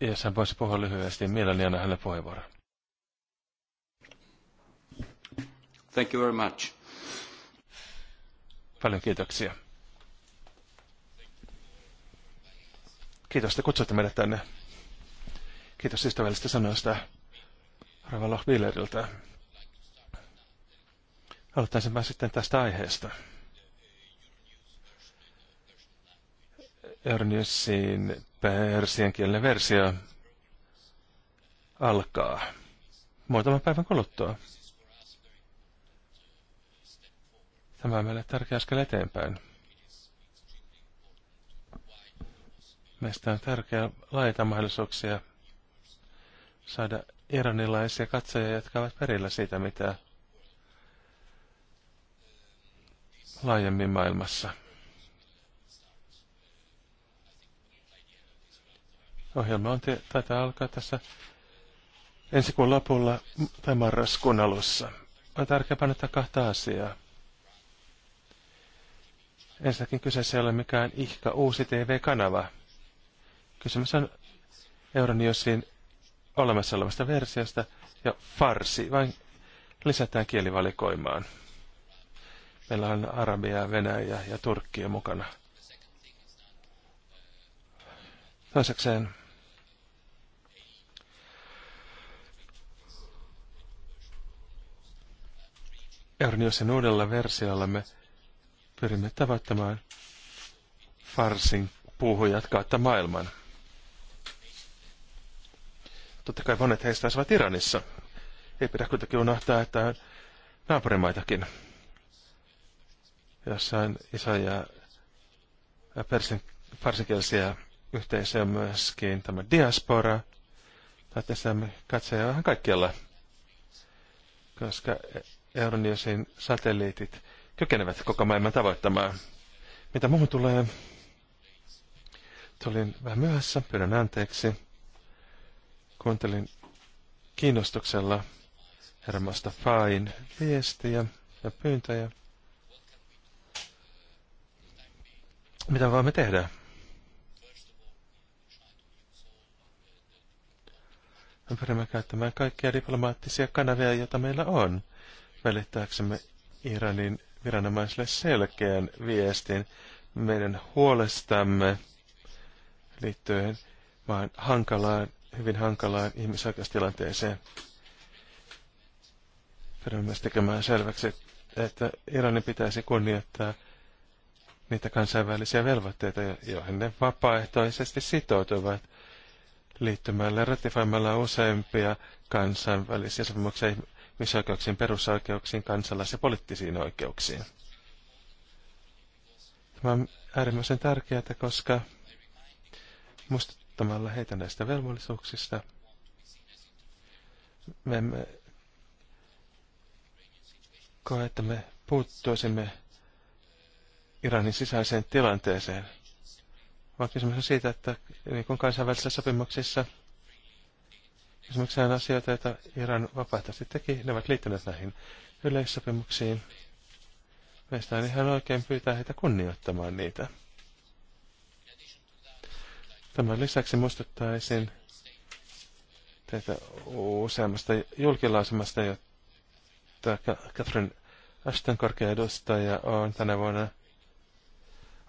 jos hän voisi puhua lyhyesti, mielelläni annan hänelle puheenvuoron. Thank you very much. Paljon kiitoksia. Kiitos, että kutsuitte meidät tänne. Kiitos ystävällistä sanoista Ravalo Lohbileriltä. Aloittaisin mä sitten tästä aiheesta. Ernyssin kielinen versio alkaa muutaman päivän kuluttua. Tämä on meille tärkeä askel eteenpäin. Meistä on tärkeää laita mahdollisuuksia saada iranilaisia katsoja, jotka ovat perillä siitä, mitä laajemmin maailmassa. Ohjelma on, taitaa alkaa tässä ensi kuun lopulla tai marraskuun alussa. On tärkeää panna kahta asiaa. Ensinnäkin kyseessä ei ole mikään ihka uusi TV-kanava. Kysymys on Euroniosin olemassa olevasta versiosta ja farsi vain lisätään kielivalikoimaan. Meillä on arabia, venäjä ja Turkki mukana. Toisekseen Euroniusin uudella versiolla me pyrimme tavoittamaan farsin puhujat kautta maailman. Totta kai monet heistä asuvat Iranissa. Ei pidä kuitenkin unohtaa, että on naapurimaitakin. on isoja persin, yhteisöjä myöskin tämä diaspora. Tai sitä katsoja vähän kaikkialla, koska Euroniosin satelliitit kykenevät koko maailman tavoittamaan. Mitä muuhun tulee, tulin vähän myöhässä, pyydän anteeksi. Kuuntelin kiinnostuksella Hermasta Fain viestiä ja pyyntöjä. Mitä vaan me tehdään? Me pyrimme käyttämään kaikkia diplomaattisia kanavia, joita meillä on, välittääksemme Iranin viranomaisille selkeän viestin meidän huolestamme liittyen vaan hankalaan hyvin hankalaa ihmisoikeustilanteeseen. Pyrimme myös tekemään selväksi, että Iranin pitäisi kunnioittaa niitä kansainvälisiä velvoitteita, joihin ne vapaaehtoisesti sitoutuvat liittymällä ratifoimalla useampia kansainvälisiä sopimuksia ihmisoikeuksiin, perusoikeuksiin, kansalais- ja poliittisiin oikeuksiin. Tämä on äärimmäisen tärkeää, koska musta ottamalla heitä näistä velvollisuuksista. Me emme koe, että me puuttuisimme Iranin sisäiseen tilanteeseen, vaan kysymys on siitä, että niin kuin kansainvälisissä sopimuksissa esimerkiksi nämä asioita, joita Iran vapaaehtoisesti teki, ne ovat liittyneet näihin yleissopimuksiin. Meistä on ihan oikein pyytää heitä kunnioittamaan niitä. Tämän lisäksi muistuttaisin teitä useammasta julkilausumasta, jotta Catherine Ashton korkea edustaja on tänä vuonna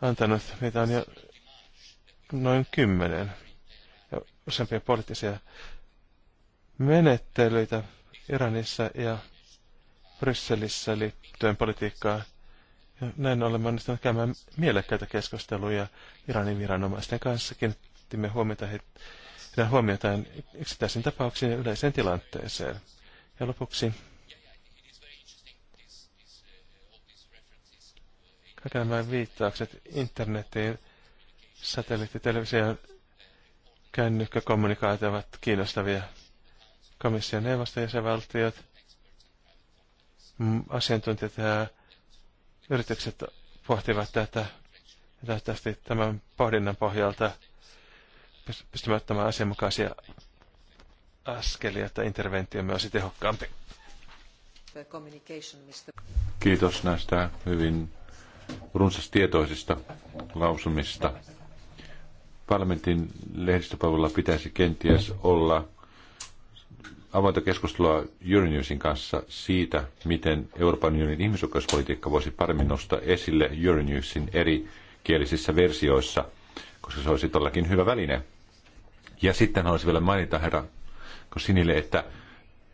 antanut. Niitä on jo noin kymmenen ja useampia poliittisia menettelyitä Iranissa ja Brysselissä liittyen politiikkaan. Ja näin olemme onnistuneet käymään mielekkäitä keskusteluja Iranin viranomaisten kanssa, kiinnitimme huomiota, heidän huomiotaan yksittäisiin tapauksiin ja yleiseen tilanteeseen. Ja lopuksi kaikki nämä viittaukset internetiin, satelliittitelevisioon, kännykkäkommunikaatio ovat kiinnostavia. Komission ja jäsenvaltiot, mm, asiantuntijat ja yritykset pohtivat tätä. Ja tästä tämän pohdinnan pohjalta pystymme ottamaan asianmukaisia askelia, että interventiomme olisi tehokkaampi. Kiitos näistä hyvin runsastietoisista lausumista. Parlamentin lehdistöpalvelulla pitäisi kenties olla avointa keskustelua Euronewsin kanssa siitä, miten Euroopan unionin ihmisoikeuspolitiikka voisi paremmin nostaa esille Euronewsin eri kielisissä versioissa, koska se olisi todellakin hyvä väline ja sitten haluaisin vielä mainita, herra kosinille, että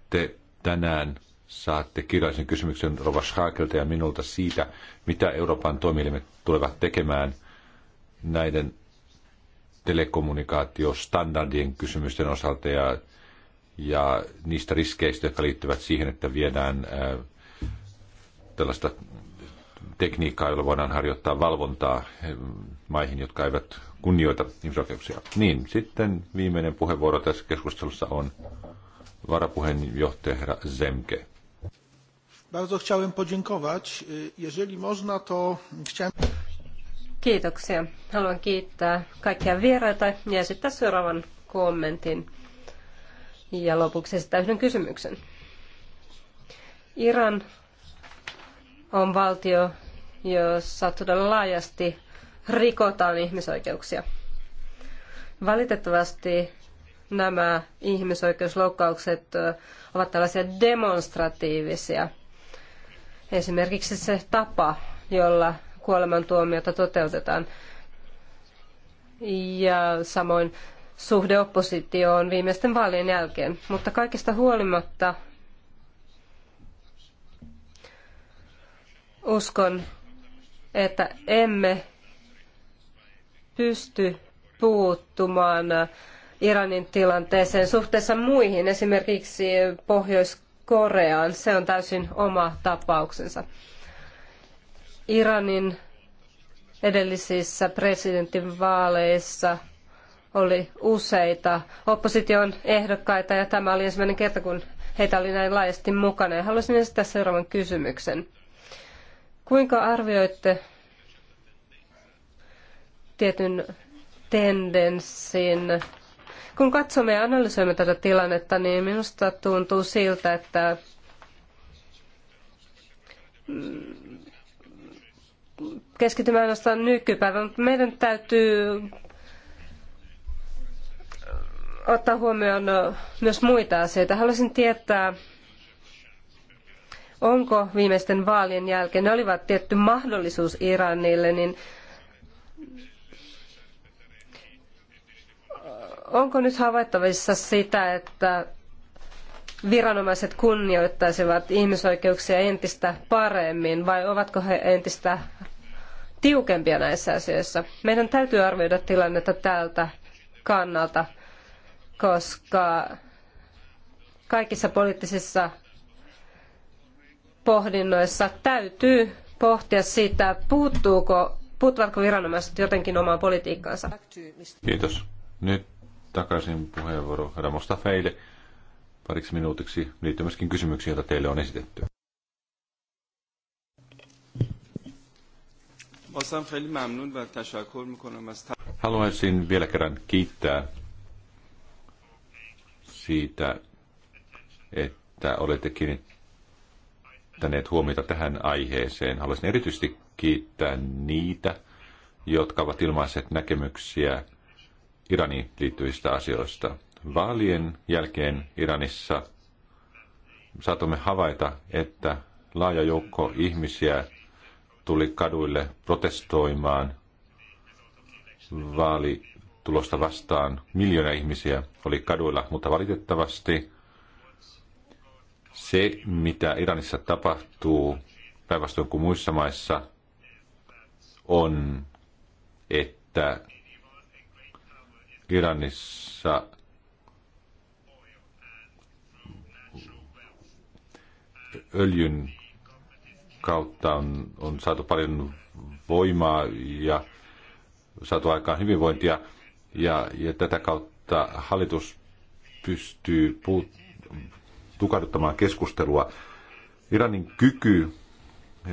te tänään saatte kirjallisen kysymyksen Rova Schakelta ja minulta siitä, mitä Euroopan toimielimet tulevat tekemään näiden telekommunikaatiostandardien kysymysten osalta ja, ja niistä riskeistä, jotka liittyvät siihen, että viedään ää, äh, tällaista tekniikkaa, jolla voidaan harjoittaa valvontaa maihin, jotka eivät kunnioita ihmisoikeuksia. Niin, sitten viimeinen puheenvuoro tässä keskustelussa on varapuheenjohtaja herra Zemke. Bardzo chciałem podziękować. Jeżeli można, to chciałem... Kiitoksia. Haluan kiittää kaikkia vieraita ja esittää seuraavan kommentin. Ja lopuksi esittää yhden kysymyksen. Iran on valtio, jossa todella laajasti rikotaan ihmisoikeuksia. Valitettavasti nämä ihmisoikeusloukkaukset ovat tällaisia demonstratiivisia. Esimerkiksi se tapa, jolla kuolemantuomiota toteutetaan. Ja samoin suhde oppositioon viimeisten vaalien jälkeen. Mutta kaikista huolimatta uskon, että emme pysty puuttumaan Iranin tilanteeseen suhteessa muihin, esimerkiksi Pohjois-Koreaan. Se on täysin oma tapauksensa. Iranin edellisissä presidentinvaaleissa oli useita opposition ehdokkaita ja tämä oli ensimmäinen kerta, kun heitä oli näin laajasti mukana. Ja haluaisin esittää seuraavan kysymyksen. Kuinka arvioitte tietyn tendenssin? Kun katsomme ja analysoimme tätä tilannetta, niin minusta tuntuu siltä, että keskitymme ainoastaan nykypäivään, mutta meidän täytyy ottaa huomioon myös muita asioita. Haluaisin tietää, onko viimeisten vaalien jälkeen, ne olivat tietty mahdollisuus Iranille, niin äh, onko nyt havaittavissa sitä, että viranomaiset kunnioittaisivat ihmisoikeuksia entistä paremmin vai ovatko he entistä tiukempia näissä asioissa? Meidän täytyy arvioida tilannetta tältä kannalta, koska kaikissa poliittisissa pohdinnoissa täytyy pohtia sitä, puuttuuko, puuttuvatko viranomaiset jotenkin omaan politiikkaansa. Kiitos. Nyt takaisin puheenvuoro herra Mostafeille pariksi minuutiksi liittyy myöskin kysymyksiä, joita teille on esitetty. Haluaisin vielä kerran kiittää siitä, että olette kiinnittäneet kiinnittäneet huomiota tähän aiheeseen. Haluaisin erityisesti kiittää niitä, jotka ovat ilmaiset näkemyksiä Iraniin liittyvistä asioista. Vaalien jälkeen Iranissa saatamme havaita, että laaja joukko ihmisiä tuli kaduille protestoimaan vaalitulosta vastaan. Miljoona ihmisiä oli kaduilla, mutta valitettavasti se, mitä Iranissa tapahtuu, päinvastoin kuin muissa maissa, on, että Iranissa öljyn kautta on, on saatu paljon voimaa ja saatu aikaan hyvinvointia. Ja, ja tätä kautta hallitus pystyy puuttumaan tukahduttamaan keskustelua. Iranin kyky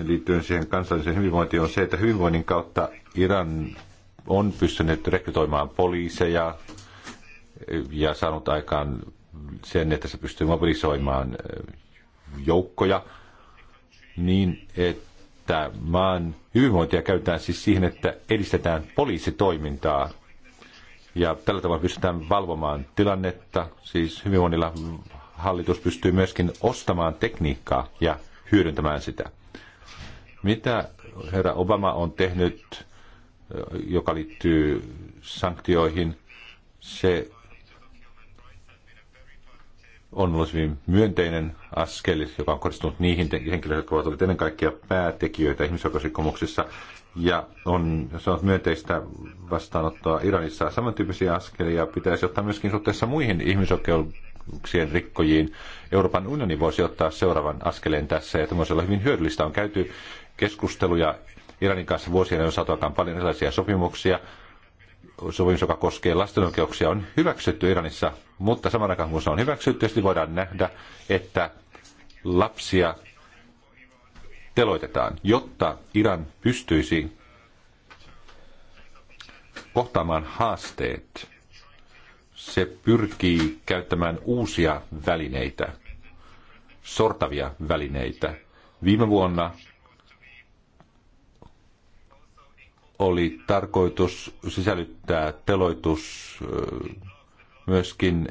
liittyen siihen kansalliseen hyvinvointiin on se, että hyvinvoinnin kautta Iran on pystynyt rekrytoimaan poliiseja ja saanut aikaan sen, että se pystyy mobilisoimaan eh, joukkoja niin, että maan hyvinvointia käytetään siis siihen, että edistetään poliisitoimintaa. Ja tällä tavalla pystytään valvomaan tilannetta, siis hyvinvoinnilla hallitus pystyy myöskin ostamaan tekniikkaa ja hyödyntämään sitä. Mitä herra Obama on tehnyt, joka liittyy sanktioihin, se on ollut hyvin myönteinen askel, joka on kohdistunut niihin henkilöihin, jotka ovat olleet ennen kaikkea päätekijöitä ihmisoikeusrikkomuksissa, ja on saanut myönteistä vastaanottoa Iranissa. Samantyyppisiä askelia pitäisi ottaa myöskin suhteessa muihin ihmisoikeus ihmisoikeuksien rikkojiin. Euroopan unioni voisi ottaa seuraavan askeleen tässä ja tämä voisi olla hyvin hyödyllistä. On käyty keskusteluja Iranin kanssa vuosien ajan saatuakaan paljon erilaisia sopimuksia. Sopimus, joka koskee lasten oikeuksia, on hyväksytty Iranissa, mutta saman aikaan kun se on hyväksytty, tietysti voidaan nähdä, että lapsia teloitetaan, jotta Iran pystyisi kohtaamaan haasteet, se pyrkii käyttämään uusia välineitä, sortavia välineitä. Viime vuonna oli tarkoitus sisällyttää teloitus myöskin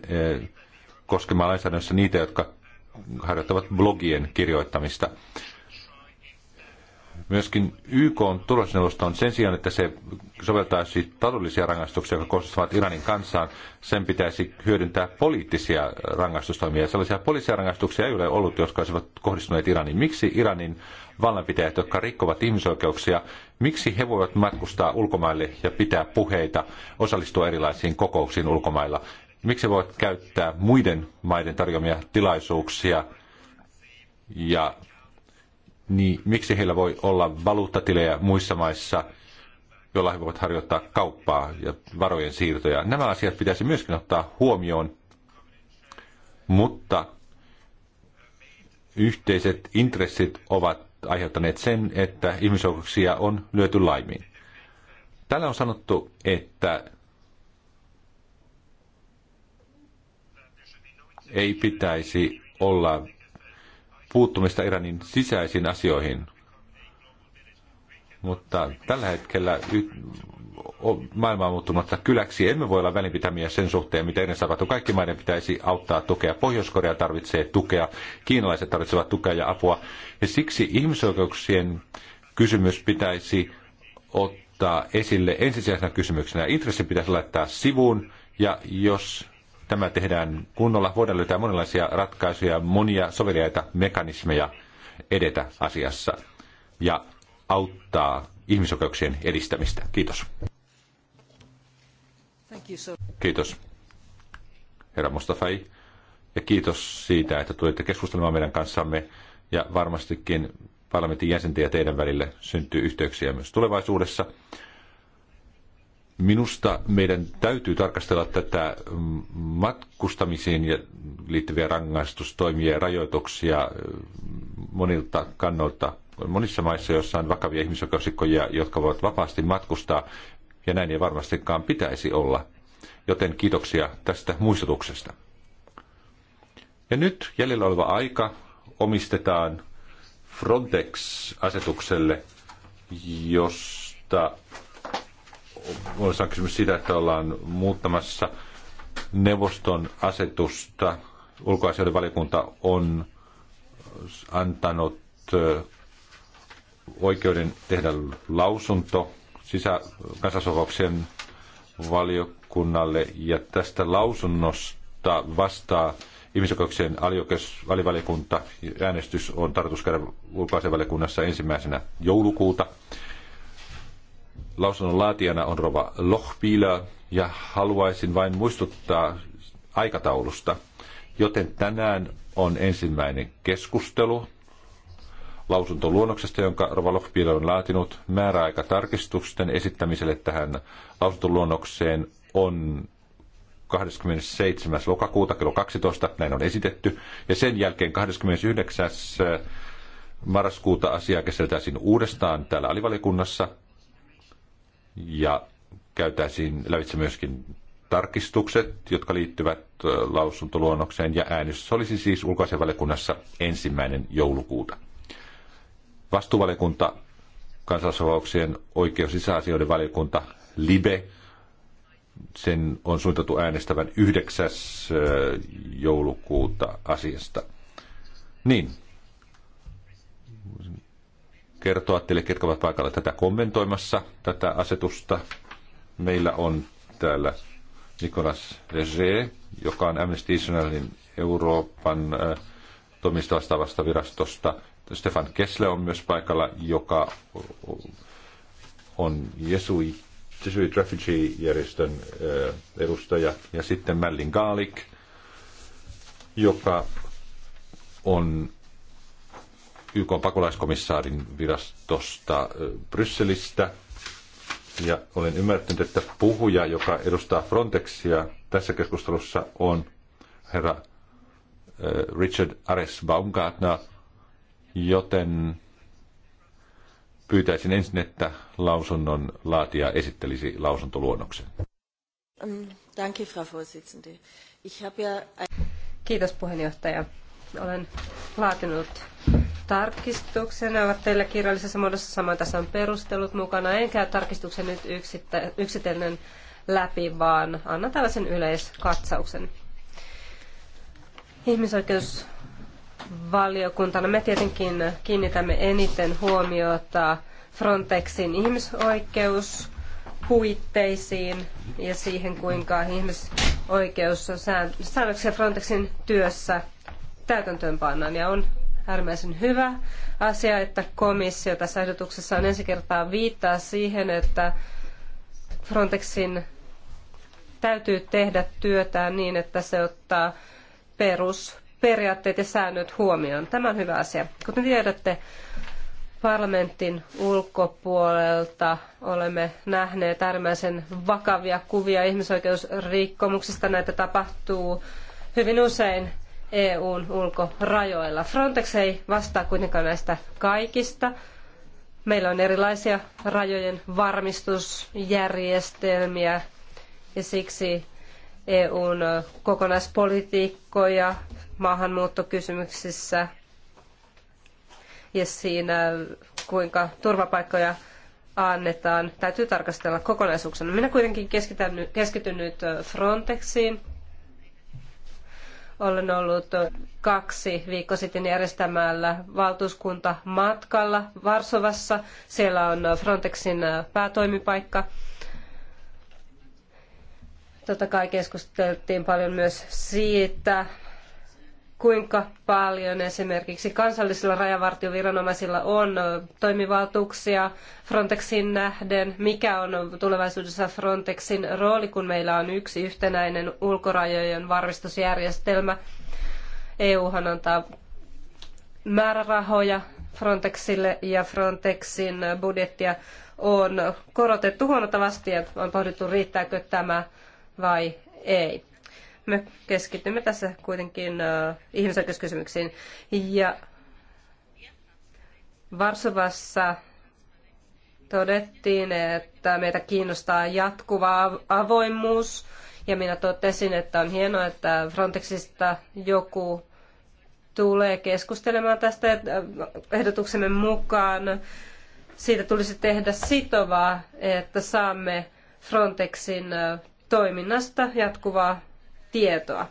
koskemaan lainsäädännössä niitä, jotka harjoittavat blogien kirjoittamista. Myöskin YK on turvallisuusneuvoston sen sijaan, että se soveltaisi taloudellisia rangaistuksia, jotka kohdistuvat Iranin kansaan, sen pitäisi hyödyntää poliittisia rangaistustoimia. Sellaisia poliittisia rangaistuksia ei ole ollut, jotka olisivat kohdistuneet Iraniin. Miksi Iranin vallanpitäjät, jotka rikkovat ihmisoikeuksia, miksi he voivat matkustaa ulkomaille ja pitää puheita, osallistua erilaisiin kokouksiin ulkomailla? Miksi he voivat käyttää muiden maiden tarjoamia tilaisuuksia ja niin miksi heillä voi olla valuuttatilejä muissa maissa, joilla he voivat harjoittaa kauppaa ja varojen siirtoja. Nämä asiat pitäisi myöskin ottaa huomioon, mutta yhteiset intressit ovat aiheuttaneet sen, että ihmisoikeuksia on lyöty laimiin. Täällä on sanottu, että ei pitäisi olla puuttumista Iranin sisäisiin asioihin. Mutta tällä hetkellä maailma on muuttumatta kyläksi. Emme voi olla välinpitämiä sen suhteen, mitä ennen tapahtui. Kaikki maiden pitäisi auttaa tukea. Pohjois-Korea tarvitsee tukea, kiinalaiset tarvitsevat tukea ja apua. Ja siksi ihmisoikeuksien kysymys pitäisi ottaa esille ensisijaisena kysymyksenä. Intressi pitäisi laittaa sivuun ja jos tämä tehdään kunnolla, voidaan löytää monenlaisia ratkaisuja, monia soveliaita mekanismeja edetä asiassa ja auttaa ihmisoikeuksien edistämistä. Kiitos. Kiitos, herra Mustafai. Ja kiitos siitä, että tulitte keskustelemaan meidän kanssamme. Ja varmastikin parlamentin jäsenten ja teidän välille syntyy yhteyksiä myös tulevaisuudessa. Minusta meidän täytyy tarkastella tätä matkustamiseen liittyviä rangaistustoimia ja rajoituksia äh, monilta kannoilta. Monissa maissa, joissa on vakavia ihmisoikeusikkoja, jotka voivat vapaasti matkustaa, ja näin ei varmastikaan pitäisi olla. Joten kiitoksia tästä muistutuksesta. Ja nyt jäljellä oleva aika omistetaan Frontex-asetukselle, josta on kysymys siitä, että ollaan muuttamassa neuvoston asetusta. Ulkoasioiden valikunta on antanut oikeuden tehdä lausunto sisä valiokunnalle ja tästä lausunnosta vastaa ihmisoikeuksien alivalikunta. Äänestys on tarkoitus käydä valikunnassa ensimmäisenä joulukuuta. Lausunnon laatijana on Rova Lochpila ja haluaisin vain muistuttaa aikataulusta. Joten tänään on ensimmäinen keskustelu lausuntoluonnoksesta, jonka Rova Lochpila on laatinut. Määräaika tarkistusten esittämiselle tähän lausuntoluonnokseen on 27. lokakuuta kello 12, näin on esitetty, ja sen jälkeen 29. marraskuuta asiaa käsiteltäisiin uudestaan täällä alivalikunnassa, ja käytäisiin lävitse myöskin tarkistukset, jotka liittyvät lausuntoluonnokseen ja äänestys olisi siis ulkoasianvaliokunnassa ensimmäinen joulukuuta. Vastuuvaliokunta, kansalaisvauksien oikeus- ja sisäasioiden valiokunta, LIBE, sen on suunniteltu äänestävän 9. joulukuuta asiasta. Niin kertoa teille, ketkä ovat paikalla tätä kommentoimassa, tätä asetusta. Meillä on täällä Nicolas Rege, joka on Amnesty Internationalin Euroopan äh, toimista vastaavasta virastosta. Stefan Kessle on myös paikalla, joka on Jesui, Jesuit Refugee-järjestön äh, edustaja. Ja sitten Mällin Gaalik, joka on YK pakolaiskomissaarin virastosta Brysselistä. Ja olen ymmärtänyt, että puhuja, joka edustaa Frontexia tässä keskustelussa on herra Richard Ares Baumgartner, joten pyytäisin ensin, että lausunnon laatija esittelisi lausuntoluonnoksen. Ähm, danke, Frau Vorsitzende. Kiitos puheenjohtaja olen laatinut tarkistuksen. Ne ovat teillä kirjallisessa muodossa. Samoin tässä on perustelut mukana. En käy tarkistuksen nyt yksittä, yksitellen läpi, vaan annan tällaisen yleiskatsauksen. Ihmisoikeusvaliokuntana me tietenkin kiinnitämme eniten huomiota Frontexin ihmisoikeuspuitteisiin ja siihen, kuinka ihmisoikeussäännöksiä Frontexin työssä täytäntöön pannaan. Ja on äärimmäisen hyvä asia, että komissio tässä ehdotuksessa on ensi kertaa viittaa siihen, että Frontexin täytyy tehdä työtään niin, että se ottaa perusperiaatteet ja säännöt huomioon. Tämä on hyvä asia. Kuten tiedätte, parlamentin ulkopuolelta olemme nähneet äärimmäisen vakavia kuvia ihmisoikeusrikkomuksista. Näitä tapahtuu hyvin usein EUn ulkorajoilla. Frontex ei vastaa kuitenkaan näistä kaikista. Meillä on erilaisia rajojen varmistusjärjestelmiä ja siksi EUn kokonaispolitiikkoja maahanmuuttokysymyksissä ja siinä, kuinka turvapaikkoja annetaan. Täytyy tarkastella kokonaisuuksena. Minä kuitenkin keskityn nyt Frontexiin olen ollut kaksi viikkoa sitten järjestämällä valtuuskuntamatkalla matkalla Varsovassa. Siellä on Frontexin päätoimipaikka. Totta kai keskusteltiin paljon myös siitä, kuinka paljon esimerkiksi kansallisilla rajavartioviranomaisilla on toimivaltuuksia Frontexin nähden, mikä on tulevaisuudessa Frontexin rooli, kun meillä on yksi yhtenäinen ulkorajojen varmistusjärjestelmä. EUhan antaa määrärahoja Frontexille ja Frontexin budjettia on korotettu huomattavasti ja on pohdittu riittääkö tämä vai ei. Me keskitymme tässä kuitenkin äh, ihmisoikeuskysymyksiin. Ja Varsovassa todettiin, että meitä kiinnostaa jatkuva avoimuus. Ja minä totesin, että on hienoa, että Frontexista joku tulee keskustelemaan tästä äh, ehdotuksemme mukaan. Siitä tulisi tehdä sitovaa, että saamme Frontexin äh, toiminnasta jatkuvaa tietoa.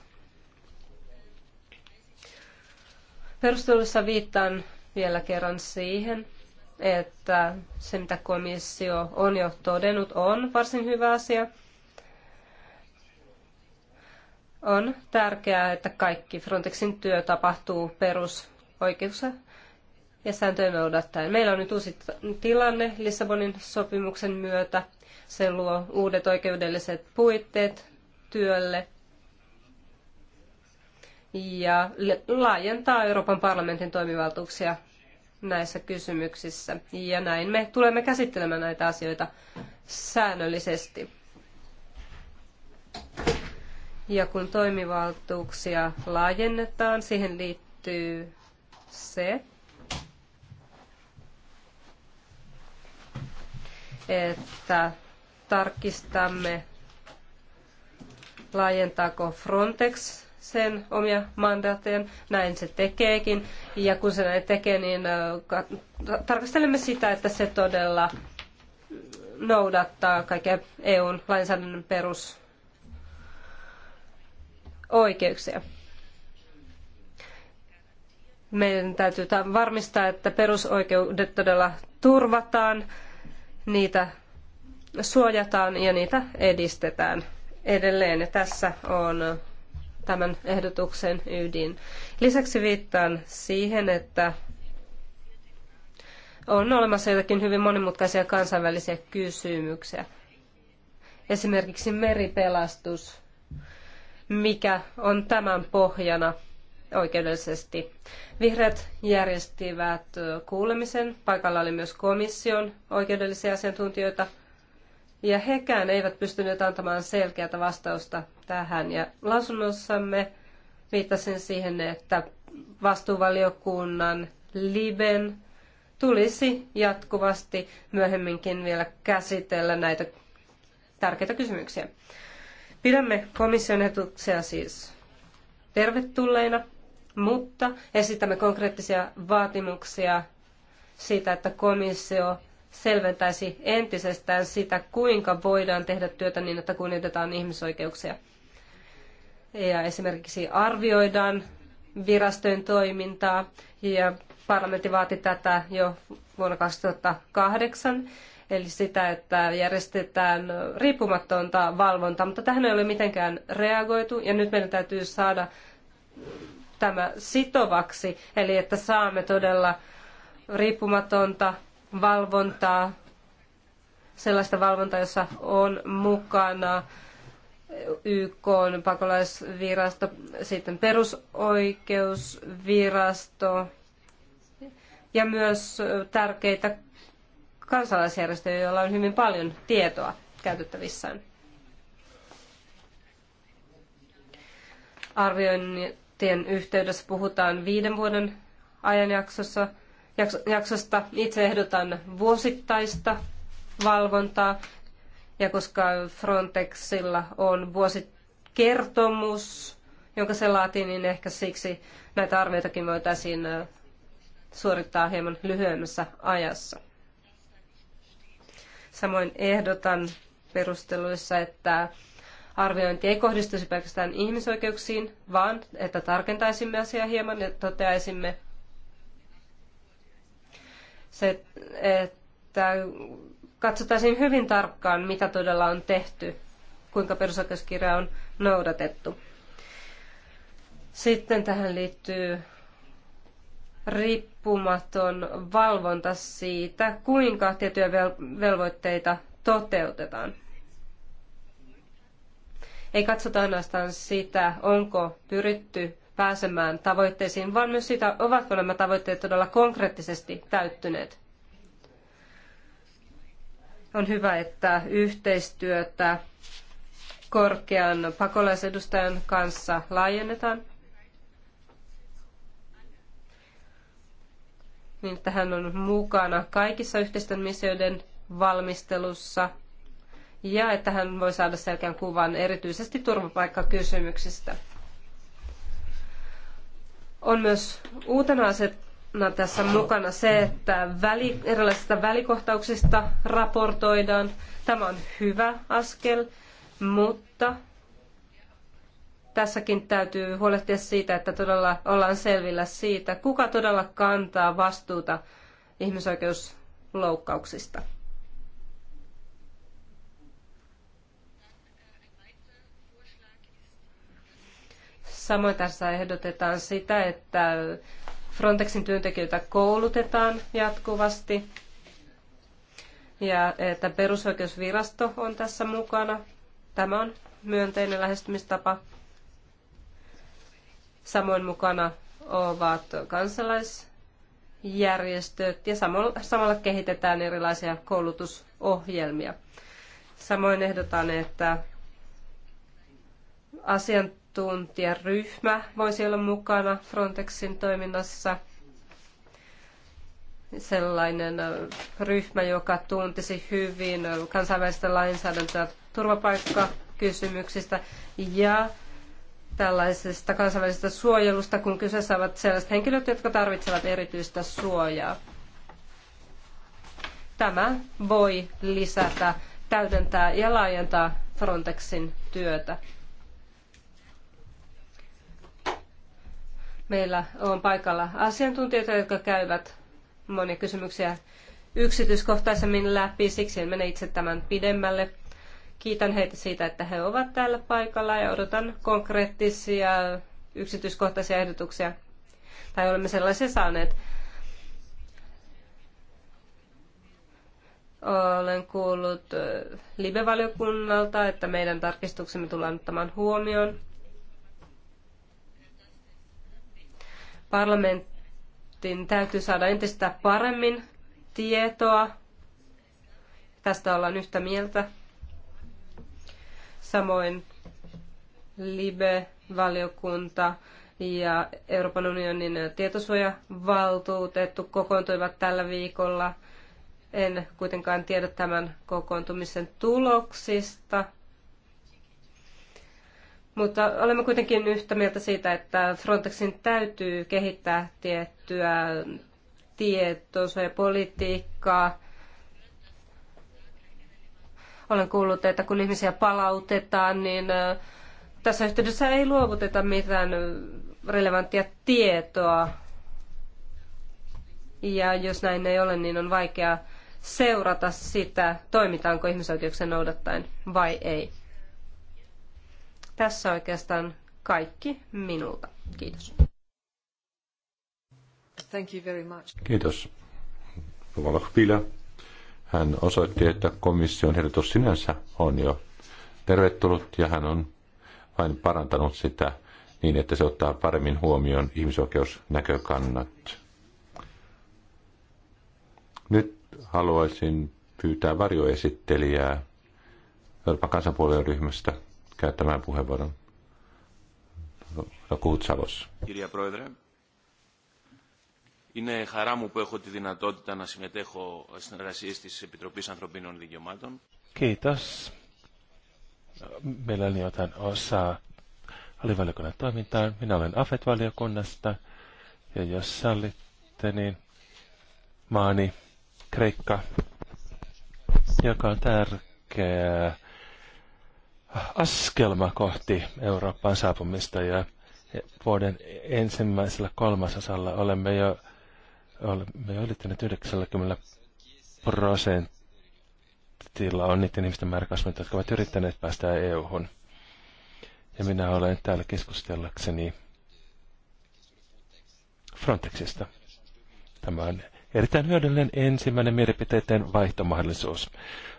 Perustelussa viittaan vielä kerran siihen, että se mitä komissio on jo todennut on varsin hyvä asia. On tärkeää, että kaikki Frontexin työ tapahtuu perusoikeus ja sääntöjen noudattaen. Meillä on nyt uusi tilanne Lissabonin sopimuksen myötä. Se luo uudet oikeudelliset puitteet työlle – ja laajentaa Euroopan parlamentin toimivaltuuksia näissä kysymyksissä. Ja näin me tulemme käsittelemään näitä asioita säännöllisesti. Ja kun toimivaltuuksia laajennetaan, siihen liittyy se, että tarkistamme, laajentaako Frontex sen omia mandaatteja, näin se tekeekin. Ja kun se näin tekee, niin äh, tarkastelemme sitä, että se todella noudattaa kaikkea EUn lainsäädännön perusoikeuksia. Meidän täytyy varmistaa, että perusoikeudet todella turvataan, niitä suojataan ja niitä edistetään edelleen. Ja tässä on tämän ehdotuksen ydin. Lisäksi viittaan siihen, että on olemassa jotakin hyvin monimutkaisia kansainvälisiä kysymyksiä. Esimerkiksi meripelastus, mikä on tämän pohjana oikeudellisesti. Vihreät järjestivät kuulemisen. Paikalla oli myös komission oikeudellisia asiantuntijoita – ja hekään eivät pystyneet antamaan selkeää vastausta tähän. Ja lausunnossamme viittasin siihen, että vastuuvaliokunnan Liben tulisi jatkuvasti myöhemminkin vielä käsitellä näitä tärkeitä kysymyksiä. Pidämme komission etuksia siis tervetulleina, mutta esitämme konkreettisia vaatimuksia siitä, että komissio selventäisi entisestään sitä, kuinka voidaan tehdä työtä niin, että kunnioitetaan ihmisoikeuksia. Ja esimerkiksi arvioidaan virastojen toimintaa ja parlamentti vaati tätä jo vuonna 2008, eli sitä, että järjestetään riippumatonta valvontaa, mutta tähän ei ole mitenkään reagoitu ja nyt meidän täytyy saada tämä sitovaksi, eli että saamme todella riippumatonta valvontaa, sellaista valvontaa, jossa on mukana YK on pakolaisvirasto, sitten perusoikeusvirasto ja myös tärkeitä kansalaisjärjestöjä, joilla on hyvin paljon tietoa käytettävissään. Arvioinnin yhteydessä puhutaan viiden vuoden ajanjaksossa – jaksosta. Itse ehdotan vuosittaista valvontaa ja koska Frontexilla on vuosikertomus, jonka se laatii, niin ehkä siksi näitä arvioitakin voitaisiin suorittaa hieman lyhyemmässä ajassa. Samoin ehdotan perusteluissa, että arviointi ei kohdistuisi pelkästään ihmisoikeuksiin, vaan että tarkentaisimme asiaa hieman ja toteaisimme, se, että katsotaan hyvin tarkkaan, mitä todella on tehty, kuinka perusoikeuskirja on noudatettu. Sitten tähän liittyy riippumaton valvonta siitä, kuinka tiettyjä velvoitteita toteutetaan. Ei katsota ainoastaan sitä, onko pyritty pääsemään tavoitteisiin, vaan myös sitä, ovatko nämä tavoitteet todella konkreettisesti täyttyneet. On hyvä, että yhteistyötä korkean pakolaisedustajan kanssa laajennetaan. Niin, että hän on mukana kaikissa yhteisten missioiden valmistelussa ja että hän voi saada selkeän kuvan erityisesti turvapaikkakysymyksistä. On myös uutena asetna tässä mukana se, että väli, erilaisista välikohtauksista raportoidaan. Tämä on hyvä askel, mutta tässäkin täytyy huolehtia siitä, että todella ollaan selvillä siitä, kuka todella kantaa vastuuta ihmisoikeusloukkauksista. Samoin tässä ehdotetaan sitä, että Frontexin työntekijöitä koulutetaan jatkuvasti ja että perusoikeusvirasto on tässä mukana. Tämä on myönteinen lähestymistapa. Samoin mukana ovat kansalaisjärjestöt ja samalla kehitetään erilaisia koulutusohjelmia. Samoin ehdotan, että asian asiantuntijaryhmä voisi olla mukana Frontexin toiminnassa. Sellainen ryhmä, joka tuntisi hyvin kansainvälistä lainsäädäntöä turvapaikkakysymyksistä ja tällaisesta kansainvälisestä suojelusta, kun kyseessä ovat sellaiset henkilöt, jotka tarvitsevat erityistä suojaa. Tämä voi lisätä, täydentää ja laajentaa Frontexin työtä. Meillä on paikalla asiantuntijoita, jotka käyvät monia kysymyksiä yksityiskohtaisemmin läpi, siksi en mene itse tämän pidemmälle. Kiitän heitä siitä, että he ovat täällä paikalla ja odotan konkreettisia yksityiskohtaisia ehdotuksia, tai olemme sellaisia saaneet. Olen kuullut äh, live-valiokunnalta, että meidän tarkistuksemme tullaan ottamaan huomioon. Parlamentin täytyy saada entistä paremmin tietoa. Tästä ollaan yhtä mieltä. Samoin LIBE-valiokunta ja Euroopan unionin tietosuojavaltuutettu kokoontuivat tällä viikolla. En kuitenkaan tiedä tämän kokoontumisen tuloksista, mutta olemme kuitenkin yhtä mieltä siitä, että Frontexin täytyy kehittää tiettyä tietoa ja politiikkaa. Olen kuullut, että kun ihmisiä palautetaan, niin tässä yhteydessä ei luovuteta mitään relevanttia tietoa. Ja jos näin ei ole, niin on vaikea seurata sitä, toimitaanko ihmisoikeuksia noudattaen vai ei. Tässä oikeastaan kaikki minulta. Kiitos. Thank you very much. Kiitos. Hän osoitti, että komission ehdotus sinänsä on jo tervetullut ja hän on vain parantanut sitä niin, että se ottaa paremmin huomioon ihmisoikeusnäkökannat. Nyt haluaisin pyytää varjoesittelijää Euroopan kansanpuolueen ryhmästä käyttämään puheenvuoron. Kuutsavos. Kirja Proedre. Είναι χαρά μου που έχω τη δυνατότητα να συμμετέχω στην εργασία της Επιτροπής Ανθρωπίνων Δικαιωμάτων. Kiitos. Meillä on jotain osaa alivaliokunnan toimintaa. Minä olen AFET-valiokunnasta ja jos sallitte, niin maani Kreikka, joka on tärkeä askelma kohti Eurooppaan saapumista ja vuoden ensimmäisellä kolmasosalla olemme jo, olemme jo ylittäneet 90 prosentilla on niiden ihmisten määrä kasvanut, jotka ovat yrittäneet päästä EU-hun. Ja minä olen täällä keskustellakseni Frontexista. Tämä on erittäin hyödyllinen ensimmäinen mielipiteiden vaihtomahdollisuus.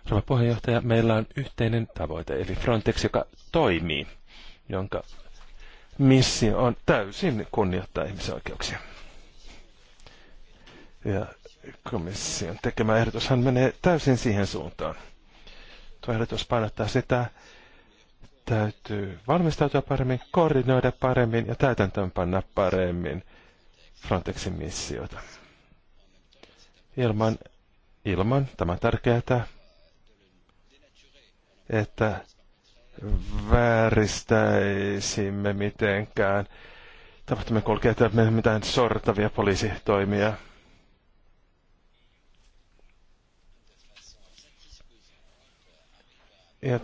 Rouva puheenjohtaja, meillä on yhteinen tavoite, eli Frontex, joka toimii, jonka missio on täysin kunnioittaa ihmisoikeuksia. Ja komission tekemä ehdotushan menee täysin siihen suuntaan. Tuo ehdotus painottaa sitä, täytyy valmistautua paremmin, koordinoida paremmin ja täytäntöönpanna paremmin Frontexin missiota ilman, ilman tämä tärkeää, että vääristäisimme mitenkään tapahtumien kulkeita, mitään sortavia poliisitoimia. Ja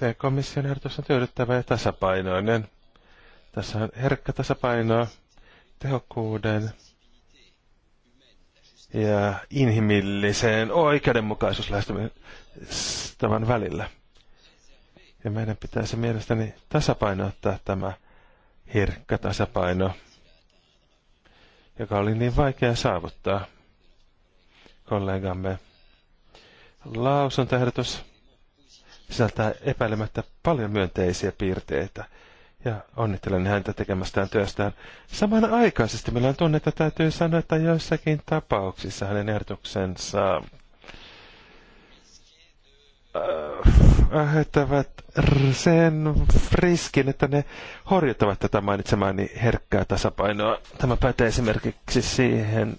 tämä komission ehdotus on tyydyttävä ja tasapainoinen. Tässä on herkkä tasapaino tehokkuuden ja inhimilliseen tämän välillä. Ja meidän pitäisi mielestäni tasapainottaa tämä herkkä tasapaino, joka oli niin vaikea saavuttaa. Kollegamme lausuntoehdotus sisältää epäilemättä paljon myönteisiä piirteitä – ja onnittelen häntä tekemästään työstään. Samanaikaisesti meillä on tunne, että täytyy sanoa, että joissakin tapauksissa hänen ehdotuksensa äh, aiheuttavat sen riskin, että ne horjuttavat tätä mainitsemaani niin herkkää tasapainoa. Tämä pätee esimerkiksi siihen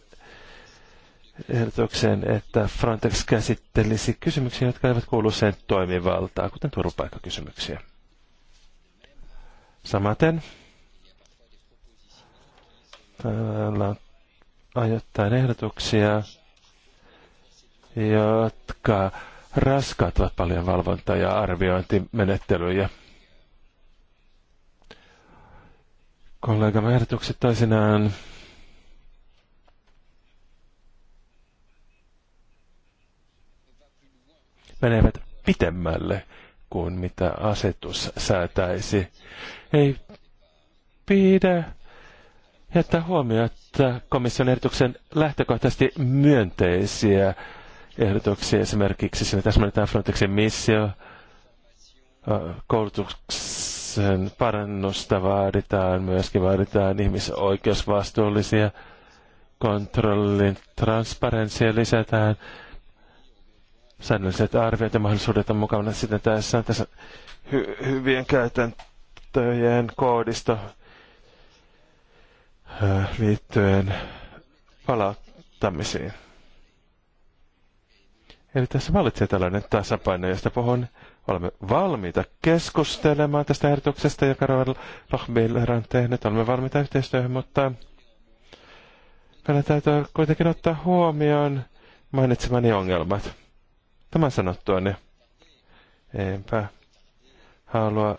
ehdotukseen, että Frontex käsittelisi kysymyksiä, jotka eivät kuulu sen toimivaltaan, kuten turvapaikkakysymyksiä. Samaten täällä ajoittain ehdotuksia, jotka raskauttavat paljon valvonta- ja arviointimenettelyjä. Kollegamme ehdotukset toisinaan menevät pitemmälle kuin mitä asetus säätäisi. Ei pidä jättää huomioon, että komission ehdotuksen lähtökohtaisesti myönteisiä ehdotuksia. Esimerkiksi sinne täsmennetään Frontexin missio, koulutuksen parannusta vaaditaan, myöskin vaaditaan ihmisoikeusvastuullisia, kontrollin transparenssia lisätään – säännölliset arviot ja mahdollisuudet on mukana. Sitten tässä on tässä hy- hyvien käytäntöjen koodisto äh, liittyen palauttamisiin. Eli tässä valitsee tällainen tasapaino, josta puhun. Olemme valmiita keskustelemaan tästä ehdotuksesta, joka Rohbiller on tehnyt. Olemme valmiita yhteistyöhön, mutta meidän täytyy kuitenkin ottaa huomioon mainitsemani ongelmat. Tämän ne. enpä halua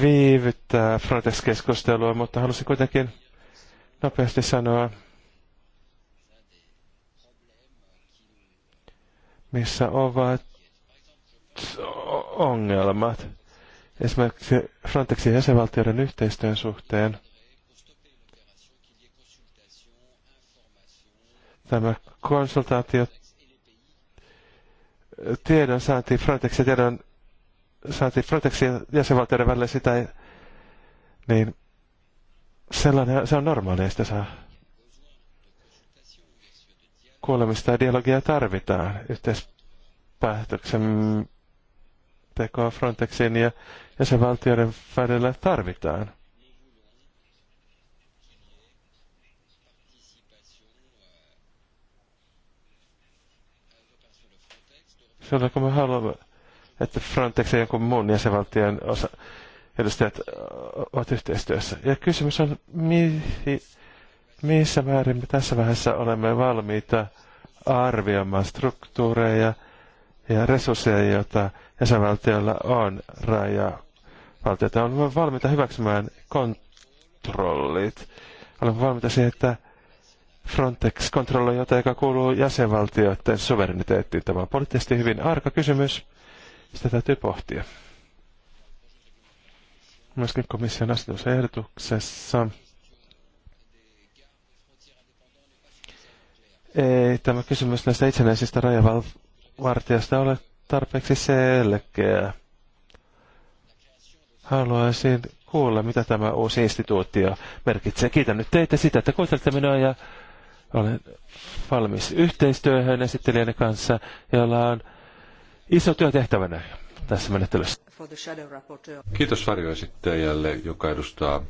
viivyttää Frontex-keskustelua, mutta halusin kuitenkin nopeasti sanoa, missä ovat ongelmat. Esimerkiksi Frontexin jäsenvaltioiden yhteistyön suhteen tämä konsultaatiot tiedon saanti Frontex ja tiedon saanti Frontexin jäsenvaltioiden välillä sitä niin sellainen, se on normaalia, sitä saa kuulemista ja dialogia tarvitaan yhteispäätöksen tekoa Frontexin ja jäsenvaltioiden välillä tarvitaan. Silloin kun me haluamme, että Frontex ja jonkun muun jäsenvaltion osa, edustajat ovat yhteistyössä. Ja kysymys on, mihin, missä määrin me tässä vaiheessa olemme valmiita arvioimaan struktuureja ja resursseja, joita jäsenvaltioilla on raja rajavaltioita. Olemme valmiita hyväksymään kontrollit. Olemme valmiita siihen, että Frontex kontrolloi jotain, joka kuuluu jäsenvaltioiden suvereniteettiin. Tämä on poliittisesti hyvin arka kysymys. Sitä täytyy pohtia. Myöskin komission asetusehdotuksessa ei tämä kysymys näistä itsenäisistä rajavartijasta ole tarpeeksi selkeä. Haluaisin kuulla, mitä tämä uusi instituutio merkitsee. Kiitän nyt teitä sitä, että kuuntelitte minua ja olen valmis yhteistyöhön esittelijänne kanssa, jolla on iso työtehtävänä tässä menettelyssä. Kiitos varjoesittäjälle, joka edustaa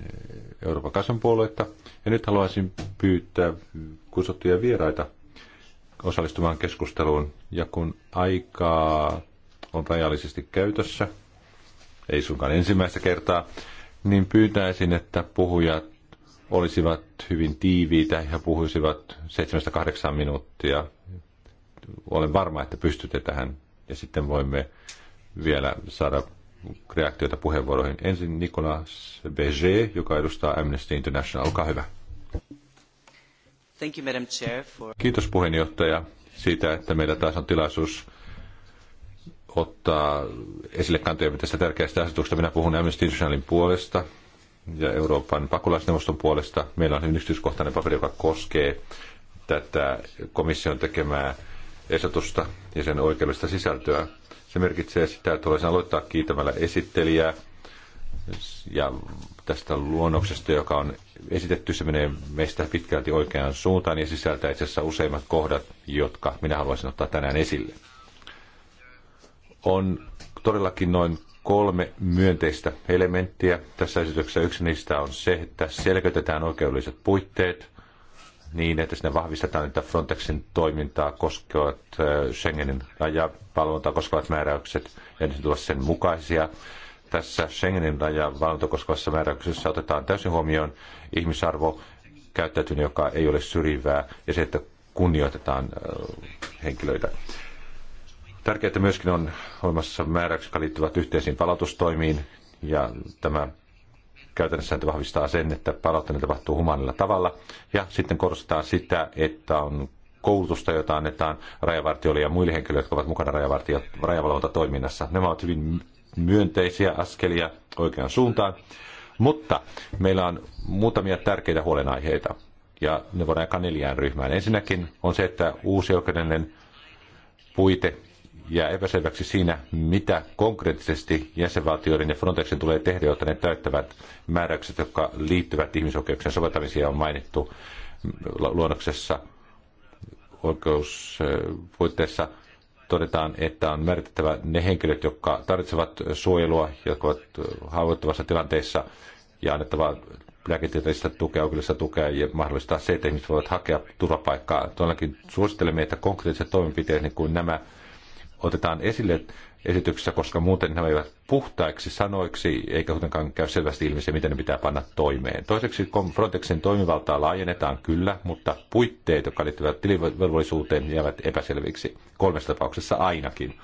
eh, Euroopan kansanpuoluetta. Ja nyt haluaisin pyytää kutsuttuja vieraita osallistumaan keskusteluun. Ja kun aikaa on rajallisesti käytössä, ei suinkaan ensimmäistä kertaa, niin pyytäisin, että puhujat olisivat hyvin tiiviitä ja puhuisivat 7-8 minuuttia. Olen varma, että pystytte tähän ja sitten voimme vielä saada reaktioita puheenvuoroihin. Ensin Nicolas BG, joka edustaa Amnesty International. Olkaa hyvä. Thank you, Madam Chair, for... Kiitos puheenjohtaja siitä, että meillä taas on tilaisuus ottaa esille kantoja tästä tärkeästä asetuksesta. Minä puhun Amnesty Internationalin puolesta ja Euroopan pakolaisneuvoston puolesta. Meillä on yksityiskohtainen paperi, joka koskee tätä komission tekemää esitusta ja sen oikeudellista sisältöä. Se merkitsee sitä, että haluaisin aloittaa kiitämällä esittelijää ja tästä luonnoksesta, joka on esitetty, se menee meistä pitkälti oikeaan suuntaan ja sisältää itse asiassa useimmat kohdat, jotka minä haluaisin ottaa tänään esille. On todellakin noin kolme myönteistä elementtiä. Tässä esityksessä yksi niistä on se, että selkeytetään oikeudelliset puitteet niin, että sinne vahvistetaan, että Frontexin toimintaa koskevat Schengenin rajavalvontaa koskevat määräykset ja ne ovat sen mukaisia. Tässä Schengenin rajavalvonta koskevassa määräyksessä otetaan täysin huomioon ihmisarvo, käyttäytyminen, joka ei ole syrjivää ja se, että kunnioitetaan henkilöitä. Tärkeää myöskin on olemassa määräykset, jotka liittyvät yhteisiin palautustoimiin, ja tämä käytännössä vahvistaa sen, että palauttaminen tapahtuu humanilla tavalla, ja sitten korostetaan sitä, että on koulutusta, jota annetaan rajavartijoille ja muille henkilöille, jotka ovat mukana rajavalvontatoiminnassa. Nämä ovat hyvin myönteisiä askelia oikeaan suuntaan, mutta meillä on muutamia tärkeitä huolenaiheita, ja ne voidaan jakaa neljään ryhmään. Ensinnäkin on se, että uusi oikeudellinen puite jää epäselväksi siinä, mitä konkreettisesti jäsenvaltioiden ja Frontexin tulee tehdä, jotta ne täyttävät määräykset, jotka liittyvät ihmisoikeuksien soveltamisia on mainittu luonnoksessa oikeuspuitteissa todetaan, että on määritettävä ne henkilöt, jotka tarvitsevat suojelua, jotka ovat haavoittuvassa tilanteessa ja annettava lääketieteellistä tukea, oikeudellista tukea ja mahdollistaa se, että ihmiset voivat hakea turvapaikkaa. Todellakin suosittelemme, että konkreettiset toimenpiteet, niin kuin nämä otetaan esille esityksessä, koska muuten nämä eivät puhtaiksi sanoiksi, eikä kuitenkaan käy selvästi ilmi se, miten ne pitää panna toimeen. Toiseksi Frontexin toimivaltaa laajennetaan kyllä, mutta puitteet, jotka liittyvät tilivelvollisuuteen, jäävät epäselviksi kolmessa tapauksessa ainakin.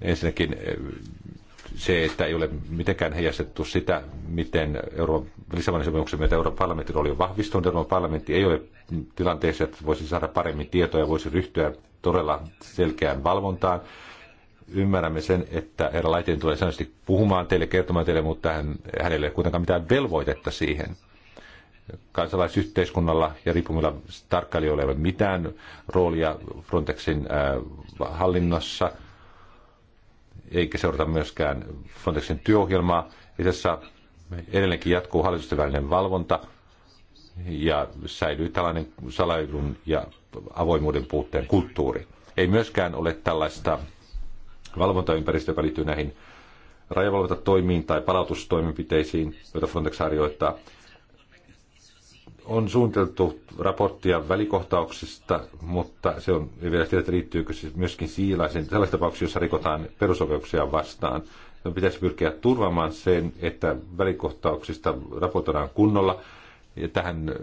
Ensinnäkin eh, se, että ei ole mitenkään heijastettu sitä, miten Euro Lissabonin sopimuksen myötä Euroopan parlamentin rooli on vahvistunut. Euroopan parlamentti ei ole tilanteessa, että voisi saada paremmin tietoa ja voisi ryhtyä todella selkeään valvontaan. Ymmärrämme sen, että herra Laitinen tulee sanotusti puhumaan teille, kertomaan teille, mutta hän, hänelle ei ole kuitenkaan mitään velvoitetta siihen. Kansalaisyhteiskunnalla ja riippumilla tarkkailijoilla ei ole mitään roolia Frontexin äh, hallinnossa – eikä seurata myöskään Frontexin työohjelmaa. Itse asiassa edelleenkin jatkuu hallitusten välinen valvonta ja säilyy tällainen salailun ja avoimuuden puutteen kulttuuri. Ei myöskään ole tällaista valvontaympäristöä, joka liittyy näihin rajavalvontatoimiin tai palautustoimenpiteisiin, joita Frontex harjoittaa on suunniteltu raporttia välikohtauksista, mutta se on vielä sitä, että liittyykö se myöskin siilaisen sellaisessa tapauksessa, jossa rikotaan perusoikeuksia vastaan. Me no, pitäisi pyrkiä turvaamaan sen, että välikohtauksista raportoidaan kunnolla. Ja tähän,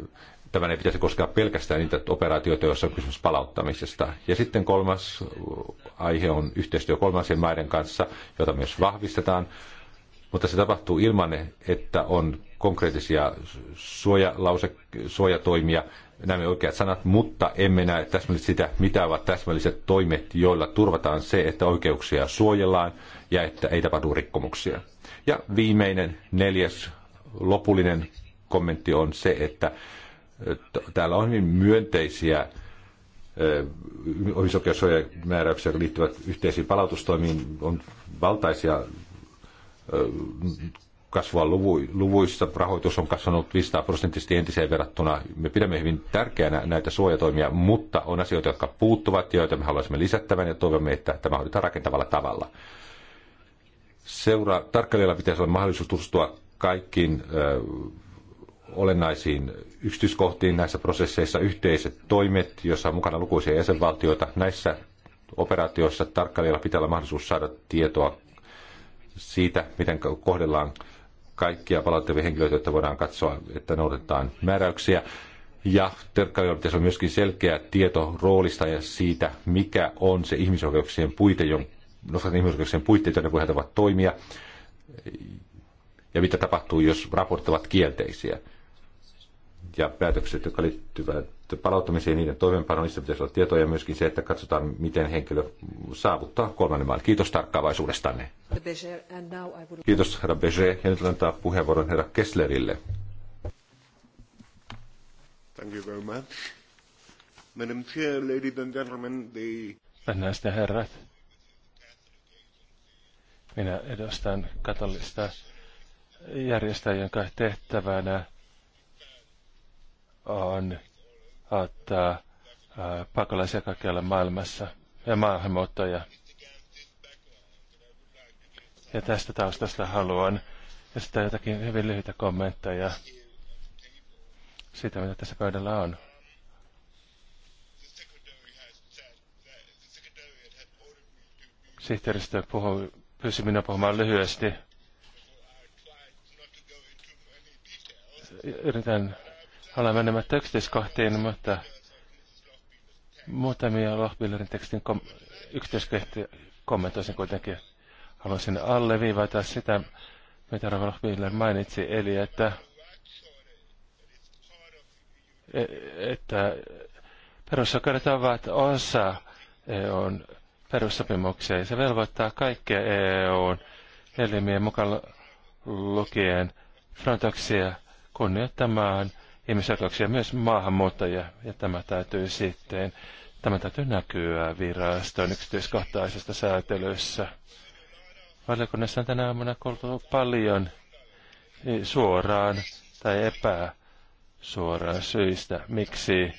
tämän ei pitäisi koskea pelkästään niitä operaatioita, joissa on kysymys palauttamisesta. Ja sitten kolmas aihe on yhteistyö kolmansien maiden kanssa, jota myös vahvistetaan. Mutta se tapahtuu ilman, että on konkreettisia suojalause, suojatoimia, nämä oikeat sanat, mutta emme näe täsmällisesti sitä, mitä ovat täsmälliset toimet, joilla turvataan se, että oikeuksia suojellaan ja että ei tapahdu rikkomuksia. Ja viimeinen, neljäs, lopullinen kommentti on se, että täällä on hyvin myönteisiä ihmisoikeussuojamääräyksiä, jotka liittyvät yhteisiin palautustoimiin, on valtaisia kasvua luvuissa. Rahoitus on kasvanut 500 prosenttisesti entiseen verrattuna. Me pidämme hyvin tärkeänä näitä suojatoimia, mutta on asioita, jotka puuttuvat, joita me haluaisimme lisättävän ja toivomme, että tämä hoidetaan rakentavalla tavalla. Seura tarkkailijalla pitäisi olla mahdollisuus tutustua kaikkiin ö, olennaisiin yksityiskohtiin näissä prosesseissa, yhteiset toimet, joissa on mukana lukuisia jäsenvaltioita. Näissä operaatioissa tarkkailijalla pitää olla mahdollisuus saada tietoa siitä, miten kohdellaan kaikkia palauttavia henkilöitä, että voidaan katsoa, että noudatetaan määräyksiä. Ja terkkailijoilla on myöskin selkeä tieto roolista ja siitä, mikä on se ihmisoikeuksien puite, jonka ihmisoikeuksien puitteita, joiden voi voivat toimia, ja mitä tapahtuu, jos raportit kielteisiä. Ja päätökset, jotka liittyvät palauttamiseen niiden toimeenpanoon, niistä pitäisi olla tietoja myöskin se, että katsotaan, miten henkilö saavuttaa kolmannen maan. Kiitos tarkkaavaisuudestanne. Kiitos, herra Beger. Ja nyt antaa puheenvuoron herra Kesslerille. Thank you very much. Madam Chair, ladies and gentlemen, the... herrat, minä edustan katolista järjestäjän jonka tehtävänä on auttaa pakolaisia kaikkialla maailmassa ja maahanmuuttoja. Ja tästä taustasta haluan esittää jotakin hyvin lyhyitä kommentteja siitä, mitä tässä pöydällä on. Sihteeristö puhui, pyysi minua puhumaan lyhyesti. Yritän olen menemään yksityiskohtiin, mutta muutamia Lohbillerin tekstin kom- yksityiskohtia kommentoisin kuitenkin. Haluaisin alleviivata sitä, mitä Lohbiller mainitsi, eli että, e-, että perussokerit ovat osa EUn perussopimuksia ja se velvoittaa kaikkia EUn elimiä mukaan lukien Frontexia kunnioittamaan ihmisoikeuksia myös maahanmuuttajia, ja tämä täytyy sitten, tämä täytyy näkyä viraston yksityiskohtaisessa säätelyssä. Valiokunnassa on tänä aamuna kuultu paljon niin suoraan tai epäsuoraan syistä, miksi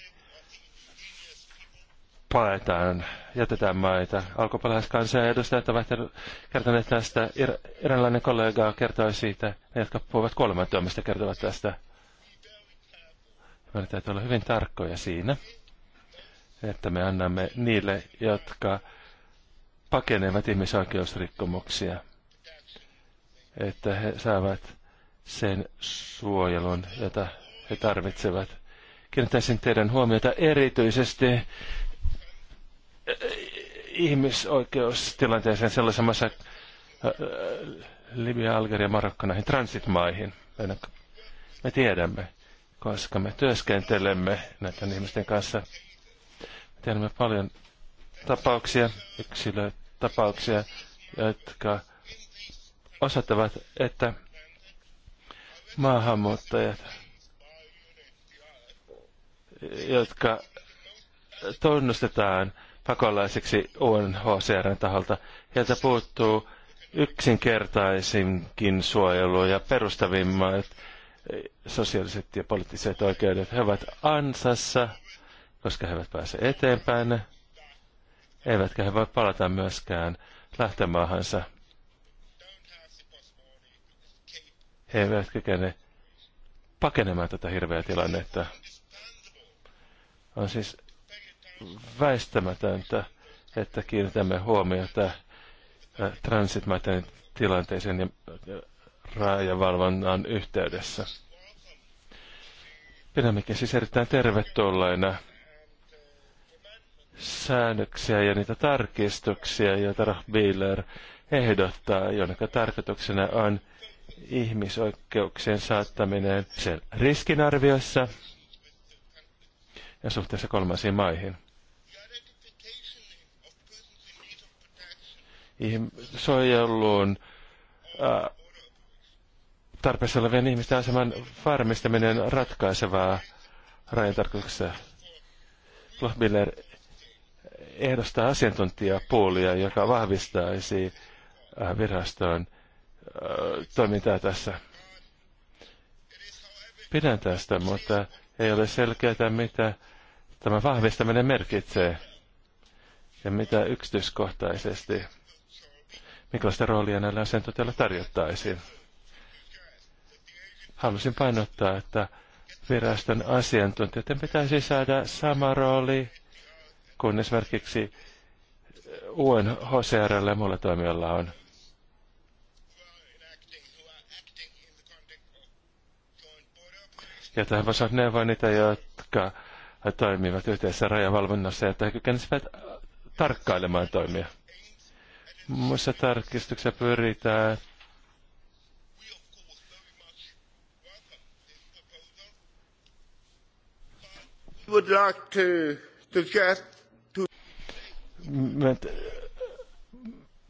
paetaan, jätetään maita. Alkuperäiskansan edustajat ovat kertoneet tästä. Eräänlainen kollega kertoi siitä, ne jotka puhuvat kuolemantuomista kertovat tästä. Meidän täytyy olla hyvin tarkkoja siinä, että me annamme niille, jotka pakenevat ihmisoikeusrikkomuksia, että he saavat sen suojelun, jota he tarvitsevat. Kiinnittäisin teidän huomiota erityisesti eh, ihmisoikeustilanteeseen sellaisessa maassa eh, Libya, Algeria, Marokko, näihin transitmaihin. Me tiedämme, koska me työskentelemme näiden ihmisten kanssa. Tiedämme paljon tapauksia, yksilötapauksia, jotka osoittavat, että maahanmuuttajat, jotka tunnustetaan pakolaisiksi UNHCRn taholta, heiltä puuttuu yksinkertaisinkin suojelu ja perustavimmat sosiaaliset ja poliittiset oikeudet. He ovat ansassa, koska he eivät pääse eteenpäin, eivätkä he voi palata myöskään lähtömaahansa. He eivät kykene pakenemaan tätä hirveää tilannetta. On siis väistämätöntä, että kiinnitämme huomiota äh, transitmaiden tilanteeseen ja rajavalvonnan yhteydessä. Pidämmekin siis erittäin tervetulleina säännöksiä ja niitä tarkistuksia, joita Rahbiller ehdottaa, jonka tarkoituksena on ihmisoikeuksien saattaminen sen riskinarviossa ja suhteessa kolmansiin maihin. Suojeluun äh, tarpeessa olevien ihmisten aseman varmistaminen ratkaisevaa rajan tarkoituksessa. Lohbiller ehdostaa asiantuntijapuolia, joka vahvistaisi äh, viraston äh, toimintaa tässä. Pidän tästä, mutta ei ole selkeää, mitä tämä vahvistaminen merkitsee ja mitä yksityiskohtaisesti, minkälaista roolia näillä asiantuntijoilla tarjottaisiin halusin painottaa, että viraston asiantuntijoiden pitäisi saada sama rooli kuin esimerkiksi UNHCRlle ja muilla toimijoilla on. Ja tähän voisi neuvoa niitä, jotka toimivat yhteisessä rajavalvonnassa, että he kykenisivät tarkkailemaan toimia. Muissa tarkistuksissa pyritään would like to, to get to...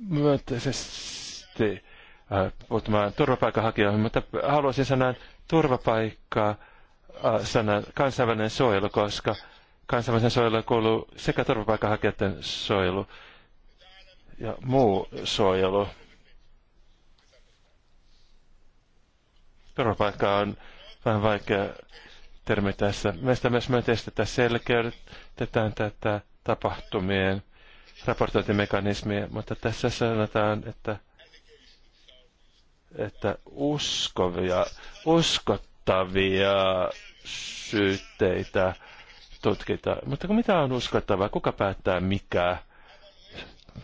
Myönteisesti äh, turvapaikanhakijoihin, mutta haluaisin sanoa turvapaikka äh, sanan kansainvälinen suojelu, koska kansainvälisen suojelu kuuluu sekä turvapaikanhakijoiden suojelu ja muu suojelu. Turvapaikka on vähän vaikea termi tässä. Meistä myös me että selkeytetään tätä tapahtumien raportointimekanismia, mutta tässä sanotaan, että, että uskovia, uskottavia syytteitä tutkitaan. Mutta mitä on uskottavaa? Kuka päättää mikä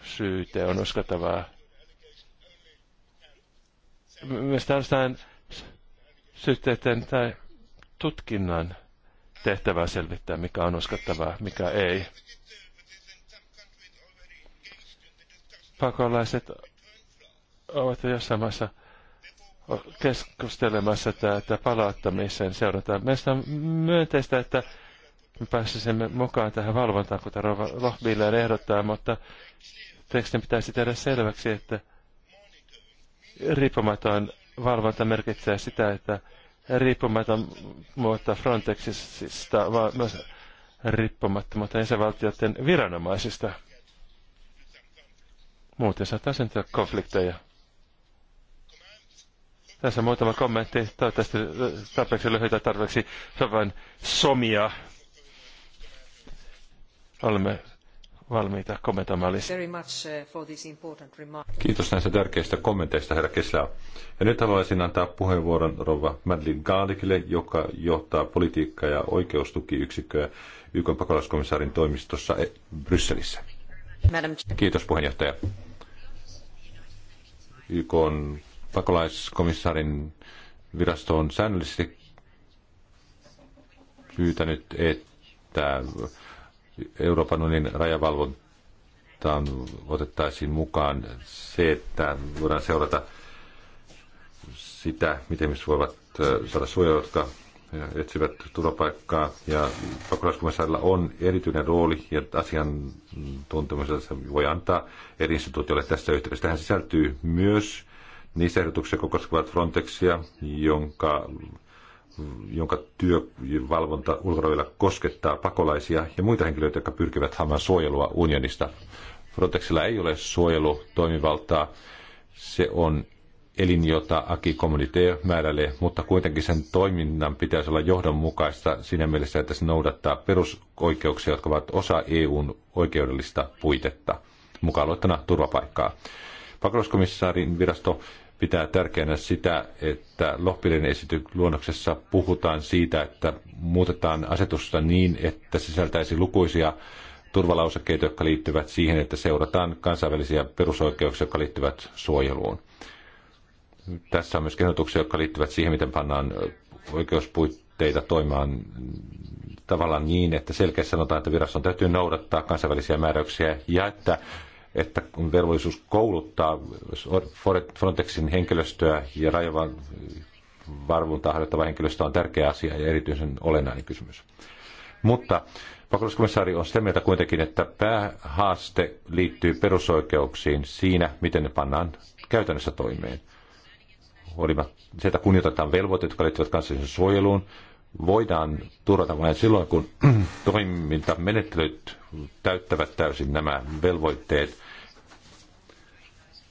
syyte on uskottavaa? Mielestäni tällaisten syytteiden tai tutkinnan tehtävää selvittää, mikä on uskottavaa, mikä ei. Pakolaiset ovat jossain maassa keskustelemassa tätä palauttamisen seurataan. Meistä on myönteistä, että me pääsisimme mukaan tähän valvontaan, kuten Rova Lohbiller ehdottaa, mutta tekstin pitäisi tehdä selväksi, että riippumaton valvonta merkitsee sitä, että riippumaton muuta Frontexista, vaan myös riippumattomuutta jäsenvaltioiden viranomaisista. Muuten saattaa syntyä konflikteja. Tässä muutama kommentti, toivottavasti tarpeeksi lyhyitä tarpeeksi vain somia. Olemme valmiita kommentoimaan lisää. Uh, Kiitos näistä tärkeistä kommenteista, herra Kesla. Ja nyt haluaisin antaa puheenvuoron rouva Madeline Gaalikille, joka johtaa politiikka- ja oikeustukiyksikköä YK pakolaiskomissaarin toimistossa eh, Brysselissä. Kiitos puheenjohtaja. YK pakolaiskomissaarin virasto on säännöllisesti pyytänyt, että Euroopan unionin rajavalvontaan otettaisiin mukaan se, että voidaan seurata sitä, miten ihmiset voivat saada suojaa, jotka etsivät turvapaikkaa. Ja pakolaiskomissaarilla on erityinen rooli ja asiantuntemuksessa voi antaa eri instituutioille tässä yhteydessä. Tähän sisältyy myös niissä ehdotuksissa, jotka koskevat Frontexia, jonka jonka työvalvonta ulkorajoilla koskettaa pakolaisia ja muita henkilöitä, jotka pyrkivät hamaan suojelua unionista. Frontexilla ei ole suojelutoimivaltaa. Se on elin, jota Aki Communitaire määrälee, mutta kuitenkin sen toiminnan pitäisi olla johdonmukaista siinä mielessä, että se noudattaa perusoikeuksia, jotka ovat osa EUn oikeudellista puitetta, mukaan luettuna turvapaikkaa. Pakolaiskomissaarin virasto pitää tärkeänä sitä, että Lohpilin luonnoksessa puhutaan siitä, että muutetaan asetusta niin, että sisältäisi lukuisia turvalausakkeita, jotka liittyvät siihen, että seurataan kansainvälisiä perusoikeuksia, jotka liittyvät suojeluun. Tässä on myös kehotuksia, jotka liittyvät siihen, miten pannaan oikeuspuitteita toimimaan tavallaan niin, että selkeästi sanotaan, että viraston täytyy noudattaa kansainvälisiä määräyksiä ja että että on velvollisuus kouluttaa Frontexin henkilöstöä ja varvuntaa harjoittava henkilöstö on tärkeä asia ja erityisen olennainen kysymys. Mutta pakolaiskomissaari on sitä mieltä kuitenkin, että päähaaste liittyy perusoikeuksiin siinä, miten ne pannaan käytännössä toimeen. Olivat, se, että kunnioitetaan velvoitteet, jotka liittyvät kansalliseen suojeluun, voidaan turvata vain silloin, kun <clears throat> toimintamenettelyt täyttävät täysin nämä velvoitteet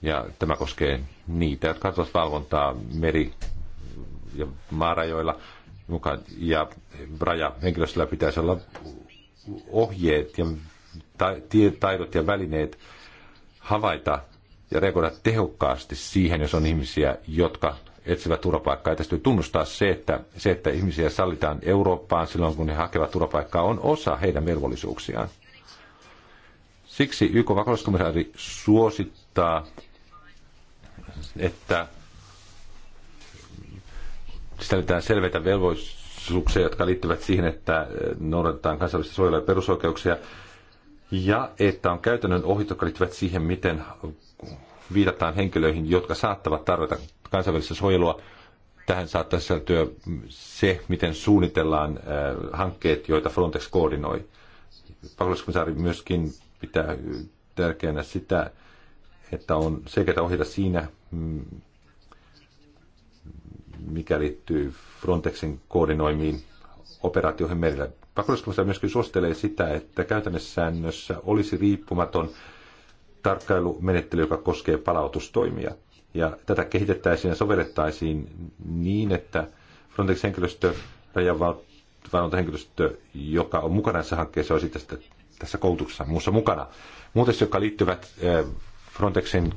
ja tämä koskee niitä, jotka katsovat valvontaa meri- ja maarajoilla mukaan. Ja rajahenkilöstöllä pitäisi olla ohjeet ja taidot ja välineet havaita ja reagoida tehokkaasti siihen, jos on ihmisiä, jotka etsivät turvapaikkaa. Ja täytyy tunnustaa se että, se, että ihmisiä sallitaan Eurooppaan silloin, kun he hakevat turvapaikkaa, on osa heidän velvollisuuksiaan. Siksi YK vakauskomissaari suosittaa että sisällytetään selveitä velvollisuuksia, jotka liittyvät siihen, että äh, noudatetaan kansainvälistä suojelua ja perusoikeuksia, ja että on käytännön ohjeet, jotka liittyvät siihen, miten viitataan henkilöihin, jotka saattavat tarvita kansainvälistä suojelua. Tähän saattaa sisältyä se, miten suunnitellaan äh, hankkeet, joita Frontex koordinoi. Pakolaiskomissaari myöskin pitää äh, tärkeänä sitä, että on selkeää ohjata siinä, mm, mikä liittyy Frontexin koordinoimiin operaatioihin merillä. Pakolliskomissio myöskin suosittelee sitä, että käytännössäännössä olisi riippumaton tarkkailumenettely, joka koskee palautustoimia. Ja tätä kehitettäisiin ja sovellettaisiin niin, että Frontex-henkilöstö, rajavalvontahenkilöstö, joka on mukana tässä hankkeessa, olisi tästä, tässä koulutuksessa muussa mukana. Muutos, joka liittyvät eh, Frontexin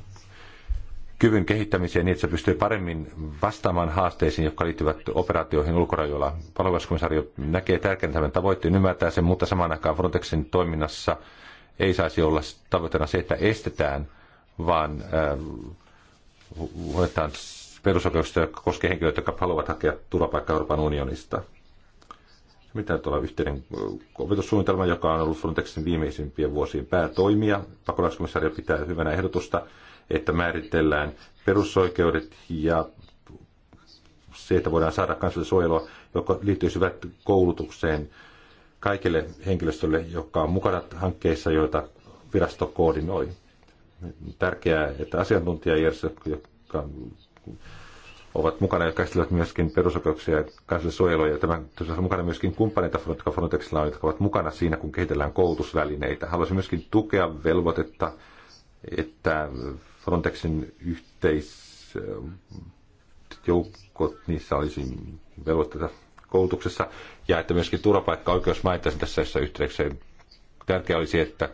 kyvyn kehittämiseen niin, että se pystyy paremmin vastaamaan haasteisiin, jotka liittyvät operaatioihin ulkorajoilla. Palovaskomissaario näkee tärkeänä tämän tavoitteen, ymmärtää sen, mutta samaan aikaan Frontexin toiminnassa ei saisi olla tavoitteena se, että estetään, vaan äh, hoidetaan perusoikeuksista, jotka koskevat henkilöitä, jotka haluavat hakea turvapaikkaa Euroopan unionista. Mitä tuolla yhteinen opetussuunnitelma, joka on ollut Frontexin viimeisimpien vuosien päätoimija. pakolaiskomissario pitää hyvänä ehdotusta, että määritellään perusoikeudet ja se, että voidaan saada kansallista suojelua, joka liittyisivät koulutukseen kaikille henkilöstölle, joka on mukana hankkeissa, joita virasto koordinoi. Tärkeää, että asiantuntijajärjestö, joka ovat mukana ja käsittelevät myöskin perusoikeuksia ja kansallista suojelua. Ja tämän on mukana myöskin kumppaneita, jotka Frontexilla on, jotka ovat mukana siinä, kun kehitellään koulutusvälineitä. Haluaisin myöskin tukea velvoitetta, että Frontexin yhteisjoukot, niissä olisi velvoitteita koulutuksessa, ja että myöskin turvapaikka-oikeus mainittaisiin tässä yhteydessä. Tärkeää olisi, että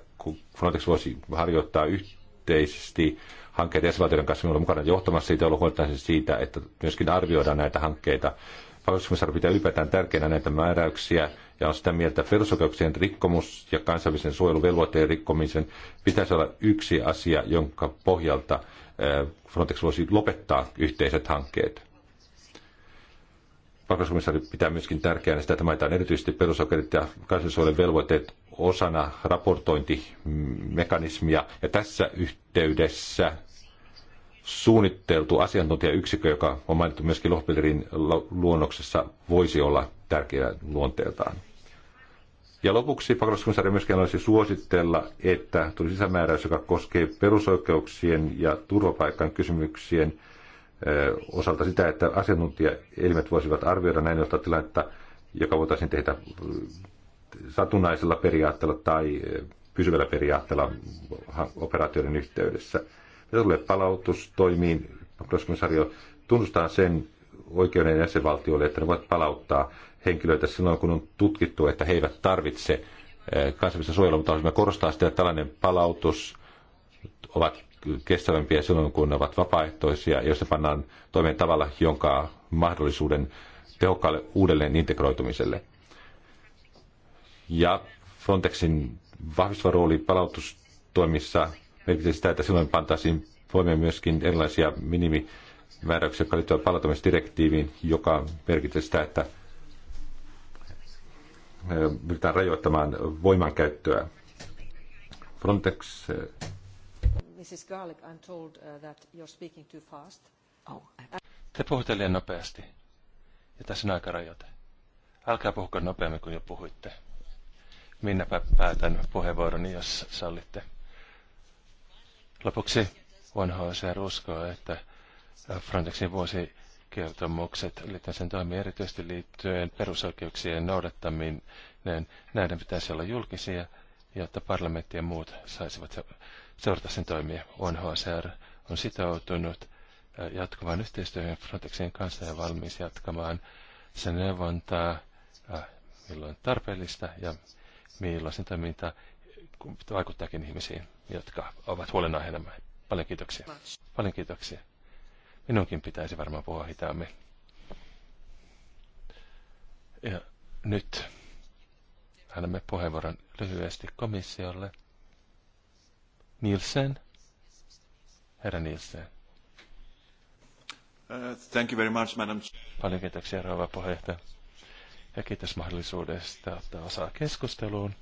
Frontex voisi harjoittaa yhteisesti hankkeita jäsenvaltioiden kanssa minulla mukana johtamassa siitä, ollut huolissani siis siitä, että myöskin arvioidaan näitä hankkeita. Palveluskomissari pitää ylipäätään tärkeänä näitä määräyksiä ja on sitä mieltä, että perusoikeuksien rikkomus ja kansallisen suojeluvelvoitteen rikkomisen pitäisi olla yksi asia, jonka pohjalta eh, Frontex voisi lopettaa yhteiset hankkeet. Pakolaiskomissari pitää myöskin tärkeänä sitä, että mainitaan erityisesti perusoikeudet ja kansallisuuden velvoitteet osana raportointimekanismia. Ja tässä yhteydessä suunniteltu asiantuntijayksikkö, joka on mainittu myöskin Lohpillerin luonnoksessa, voisi olla tärkeä luonteeltaan. Ja lopuksi pakolaiskomissaari myöskin haluaisi suositella, että tuli sisämääräys, joka koskee perusoikeuksien ja turvapaikan kysymyksien osalta sitä, että asiantuntijaelimet voisivat arvioida näin johtaa tilannetta, joka voitaisiin tehdä satunnaisella periaatteella tai pysyvällä periaatteella operaatioiden yhteydessä. Mitä tulee palautustoimiin, komissario tunnustaa sen oikeuden jäsenvaltioille, että ne voivat palauttaa henkilöitä silloin, kun on tutkittu, että he eivät tarvitse eh, kansainvälistä suojelua, mutta haluaisimme korostaa sitä, että tällainen palautus ovat kestävämpiä silloin, kun ne ovat vapaaehtoisia, jos ne pannaan toimeen tavalla, jonka mahdollisuuden tehokkaalle uudelleen integroitumiselle. Ja Frontexin vahvistava rooli palautustoimissa merkitsisi sitä, että silloin pantaisiin voimia myöskin erilaisia minimimääräyksiä, jotka liittyvät palautumisdirektiiviin, joka merkitsee sitä, että pyritään rajoittamaan voimankäyttöä. Frontex... Mrs. Garlic, I'm told that you're speaking too fast. Oh, Te puhutte liian nopeasti. Ja tässä on rajoite. Älkää puhuko nopeammin kuin jo puhuitte. Minäpä päätän puheenvuoroni, jos sallitte. Lopuksi UNHCR uskoo, että Frontexin vuosikertomukset liittyen sen toimii erityisesti liittyen perusoikeuksien noudattaminen, näiden pitäisi olla julkisia, jotta parlamentti ja muut saisivat seurata sen toimia. UNHCR on sitoutunut äh, jatkuvaan yhteistyöhön Frontexin kanssa ja valmis jatkamaan sen neuvontaa, äh, milloin tarpeellista ja milloin sen toiminta vaikuttaakin ihmisiin, jotka ovat huolenaiheena. Paljon kiitoksia. Paljon kiitoksia. Minunkin pitäisi varmaan puhua hitaammin. Ja nyt annamme puheenvuoron lyhyesti komissiolle. Nielsen. Herra Nielsen. Uh, thank you very much, madam. Paljon kiitoksia, rouva puheenjohtaja. Ja kiitos mahdollisuudesta ottaa osaa keskusteluun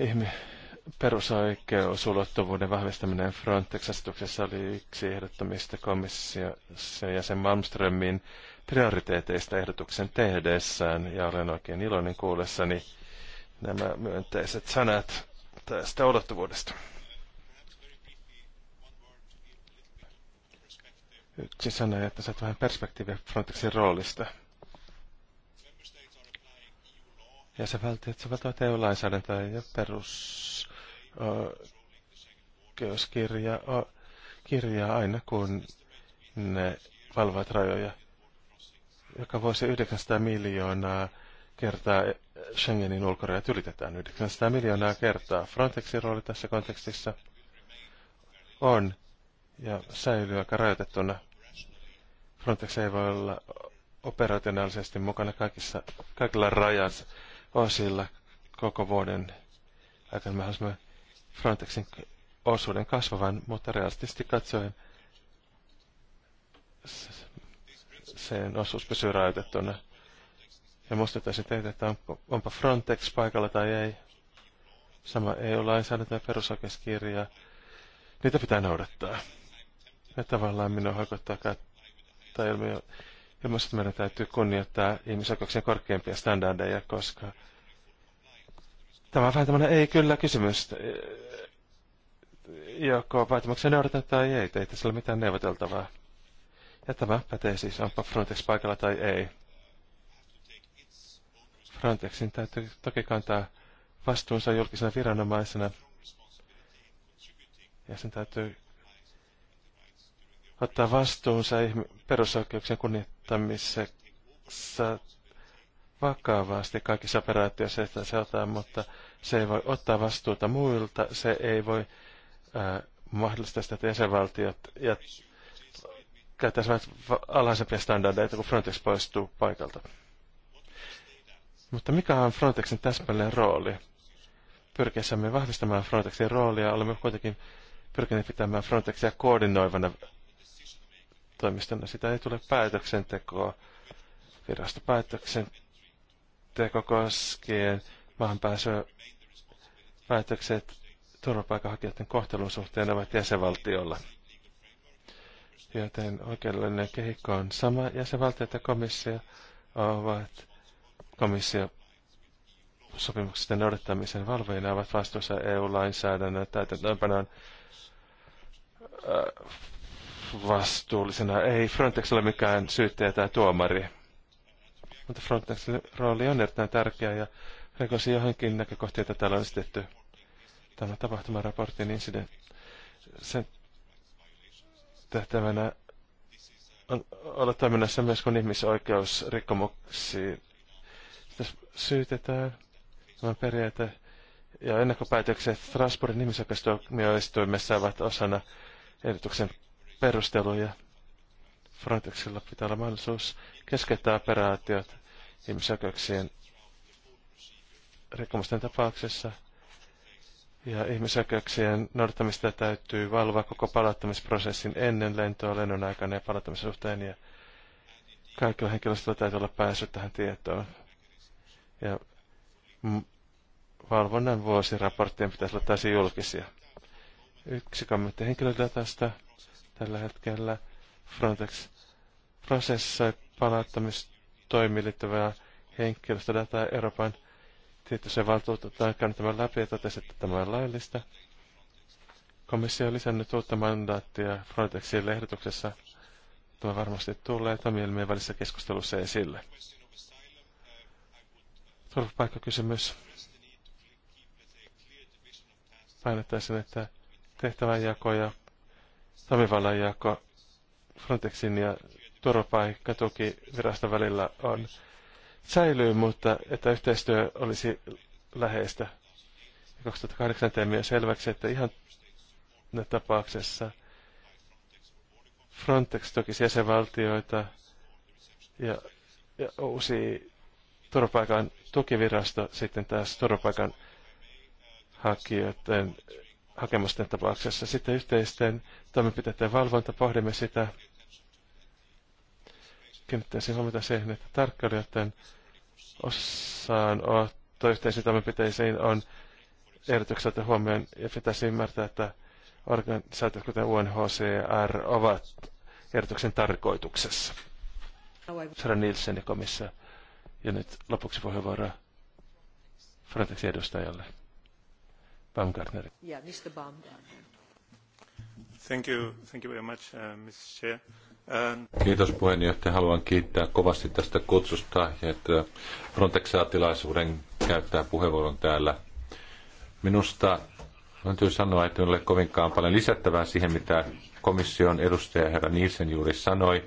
ihme perusoikeusulottuvuuden vahvistaminen Frontex-asetuksessa oli yksi ehdottomista ja sen Malmströmin prioriteeteista ehdotuksen tehdessään, ja olen oikein iloinen kuullessani nämä myönteiset sanat tästä ulottuvuudesta. Yksi sana, että saat vähän perspektiiviä Frontexin roolista. ja se välttämättä soveltavat eu lainsäädäntö ja perus kirja, kirjaa aina, kun ne valvovat rajoja, joka voisi 900 miljoonaa kertaa Schengenin ulkorajat ylitetään 900 miljoonaa kertaa. Frontexin rooli tässä kontekstissa on ja säilyy aika rajoitettuna. Frontex ei voi olla operationaalisesti mukana kaikissa, kaikilla rajansa sillä koko vuoden aikana. mahdollisimman Frontexin osuuden kasvavan, mutta realistisesti katsoen sen osuus pysyy rajoitettuna. Ja muistuttaisin teitä, että onko onpa Frontex paikalla tai ei. Sama EU-lainsäädäntö ja perusoikeuskirja. Niitä pitää noudattaa. Ja tavallaan minua hakottaa kättä ilmiö Ilmaiset meidän täytyy kunnioittaa ihmisoikeuksien korkeimpia standardeja, koska tämä on vähän tämmöinen ei kyllä kysymys. Joko vaatimuksia noudatetaan tai ei, ei tässä ole mitään neuvoteltavaa. Ja tämä pätee siis, onpa Frontex paikalla tai ei. Frontexin täytyy toki kantaa vastuunsa julkisena viranomaisena. Ja sen täytyy ottaa vastuunsa perusoikeuksien kunnioittaa sä vakavasti kaikissa operaatioissa, että se ottaa, mutta se ei voi ottaa vastuuta muilta, se ei voi ää, äh, mahdollistaa sitä, että jäsenvaltiot ja käyttää alhaisempia standardeita, kun Frontex poistuu paikalta. Mutta mikä on Frontexin täsmälleen rooli? Pyrkiessämme vahvistamaan Frontexin roolia olemme kuitenkin pyrkineet pitämään Frontexia koordinoivana toimistona. Sitä ei tule päätöksentekoa. päätöksenteko koskien pääsyä päätökset turvapaikanhakijoiden kohtelun suhteen ovat jäsenvaltiolla. Joten oikeudellinen kehikko on sama. Jäsenvaltiot ja komissio ovat komissio sopimuksista noudattamisen valvojina ovat vastuussa EU-lainsäädännön täytäntöönpanon äh, vastuullisena. Ei Frontex ole mikään syyttäjä tai tuomari. Mutta Frontexin rooli on erittäin tärkeä ja rekosi johonkin näkökohtia, että täällä on esitetty. Tämä tapahtumaraportin incident. Sen tehtävänä on olla toiminnassa myös kun ihmisoikeusrikkomuksiin syytetään. Tämä periaate ja ennakkopäätökset Strasbourgin ihmisoikeustuomioistuimessa ovat osana ehdotuksen perusteluja. Frontexilla pitää olla mahdollisuus keskeyttää operaatiot ihmisoikeuksien rikkomusten tapauksessa. Ja ihmisoikeuksien noudattamista täytyy valvoa koko palauttamisprosessin ennen lentoa, lennon aikana ja palauttamisen suhteen. Ja kaikilla henkilöstöllä täytyy olla pääsy tähän tietoon. Ja valvonnan vuosiraporttien pitäisi olla täysin julkisia. Yksi kommentti henkilödatasta. tästä Tällä hetkellä Frontex prosessoi palauttamistoimiin liittyvää henkilöstödataa Euroopan tietoisen valtuutetaan käynyt läpi ja totesi, että tämä on laillista. Komissio on lisännyt uutta mandaattia Frontexin lehdotuksessa. Tämä varmasti tulee toimielmien välissä keskustelussa esille. Turvapaikkakysymys. Painottaisin, että tehtävänjako ja toimivallan ja Frontexin ja turvapaikkatukiviraston välillä on säilyy, mutta että yhteistyö olisi läheistä. 2008 teemme jo selväksi, että ihan tapauksessa Frontex toki jäsenvaltioita ja, ja uusi turvapaikan tukivirasto sitten taas turvapaikan hakijoiden hakemusten tapauksessa. Sitten yhteisten toimenpiteiden valvonta, pohdimme sitä. Kiinnittäisin huomiota siihen, että tarkkailijoiden osaan yhteisiin toimenpiteisiin on ehdotukselta huomioon ja pitäisi ymmärtää, että organisaatiot kuten UNHCR ovat ehdotuksen tarkoituksessa. Sara Nielsen ja komissa. Ja nyt lopuksi puheenvuoro Frontexin edustajalle. Baumgartner. Yeah, Mr. Baumgartner. Uh, um, Kiitos puheenjohtaja. Haluan kiittää kovasti tästä kutsusta ja että Frontex saa tilaisuuden käyttää puheenvuoron täällä. Minusta täytyy sanoa, että en ole kovinkaan paljon lisättävää siihen, mitä komission edustaja herra Nielsen juuri sanoi.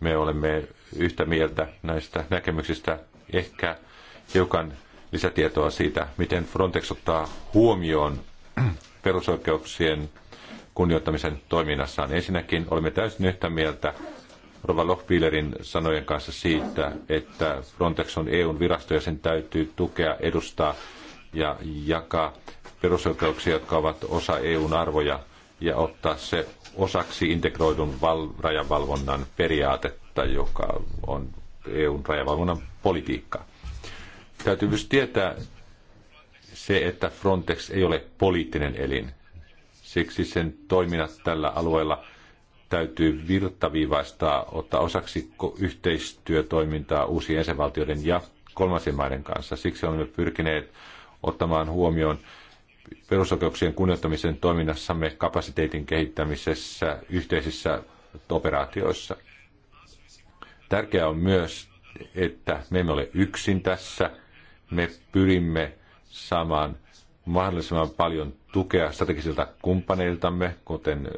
Me olemme yhtä mieltä näistä näkemyksistä. Ehkä hiukan lisätietoa siitä, miten Frontex ottaa huomioon perusoikeuksien kunnioittamisen toiminnassaan. Ensinnäkin olemme täysin yhtä mieltä Rova Lochbielerin sanojen kanssa siitä, että Frontex on EUn virasto ja sen täytyy tukea, edustaa ja jakaa perusoikeuksia, jotka ovat osa EUn arvoja ja ottaa se osaksi integroidun val- rajavalvonnan periaatetta, joka on EUn rajavalvonnan politiikkaa täytyy myös tietää se, että Frontex ei ole poliittinen elin. Siksi sen toiminnat tällä alueella täytyy virtaviivaistaa, ottaa osaksi yhteistyötoimintaa uusien jäsenvaltioiden ja kolmansien maiden kanssa. Siksi olemme pyrkineet ottamaan huomioon perusoikeuksien kunnioittamisen toiminnassamme, kapasiteetin kehittämisessä, yhteisissä operaatioissa. Tärkeää on myös, että me emme ole yksin tässä – me pyrimme saamaan mahdollisimman paljon tukea strategisilta kumppaneiltamme, kuten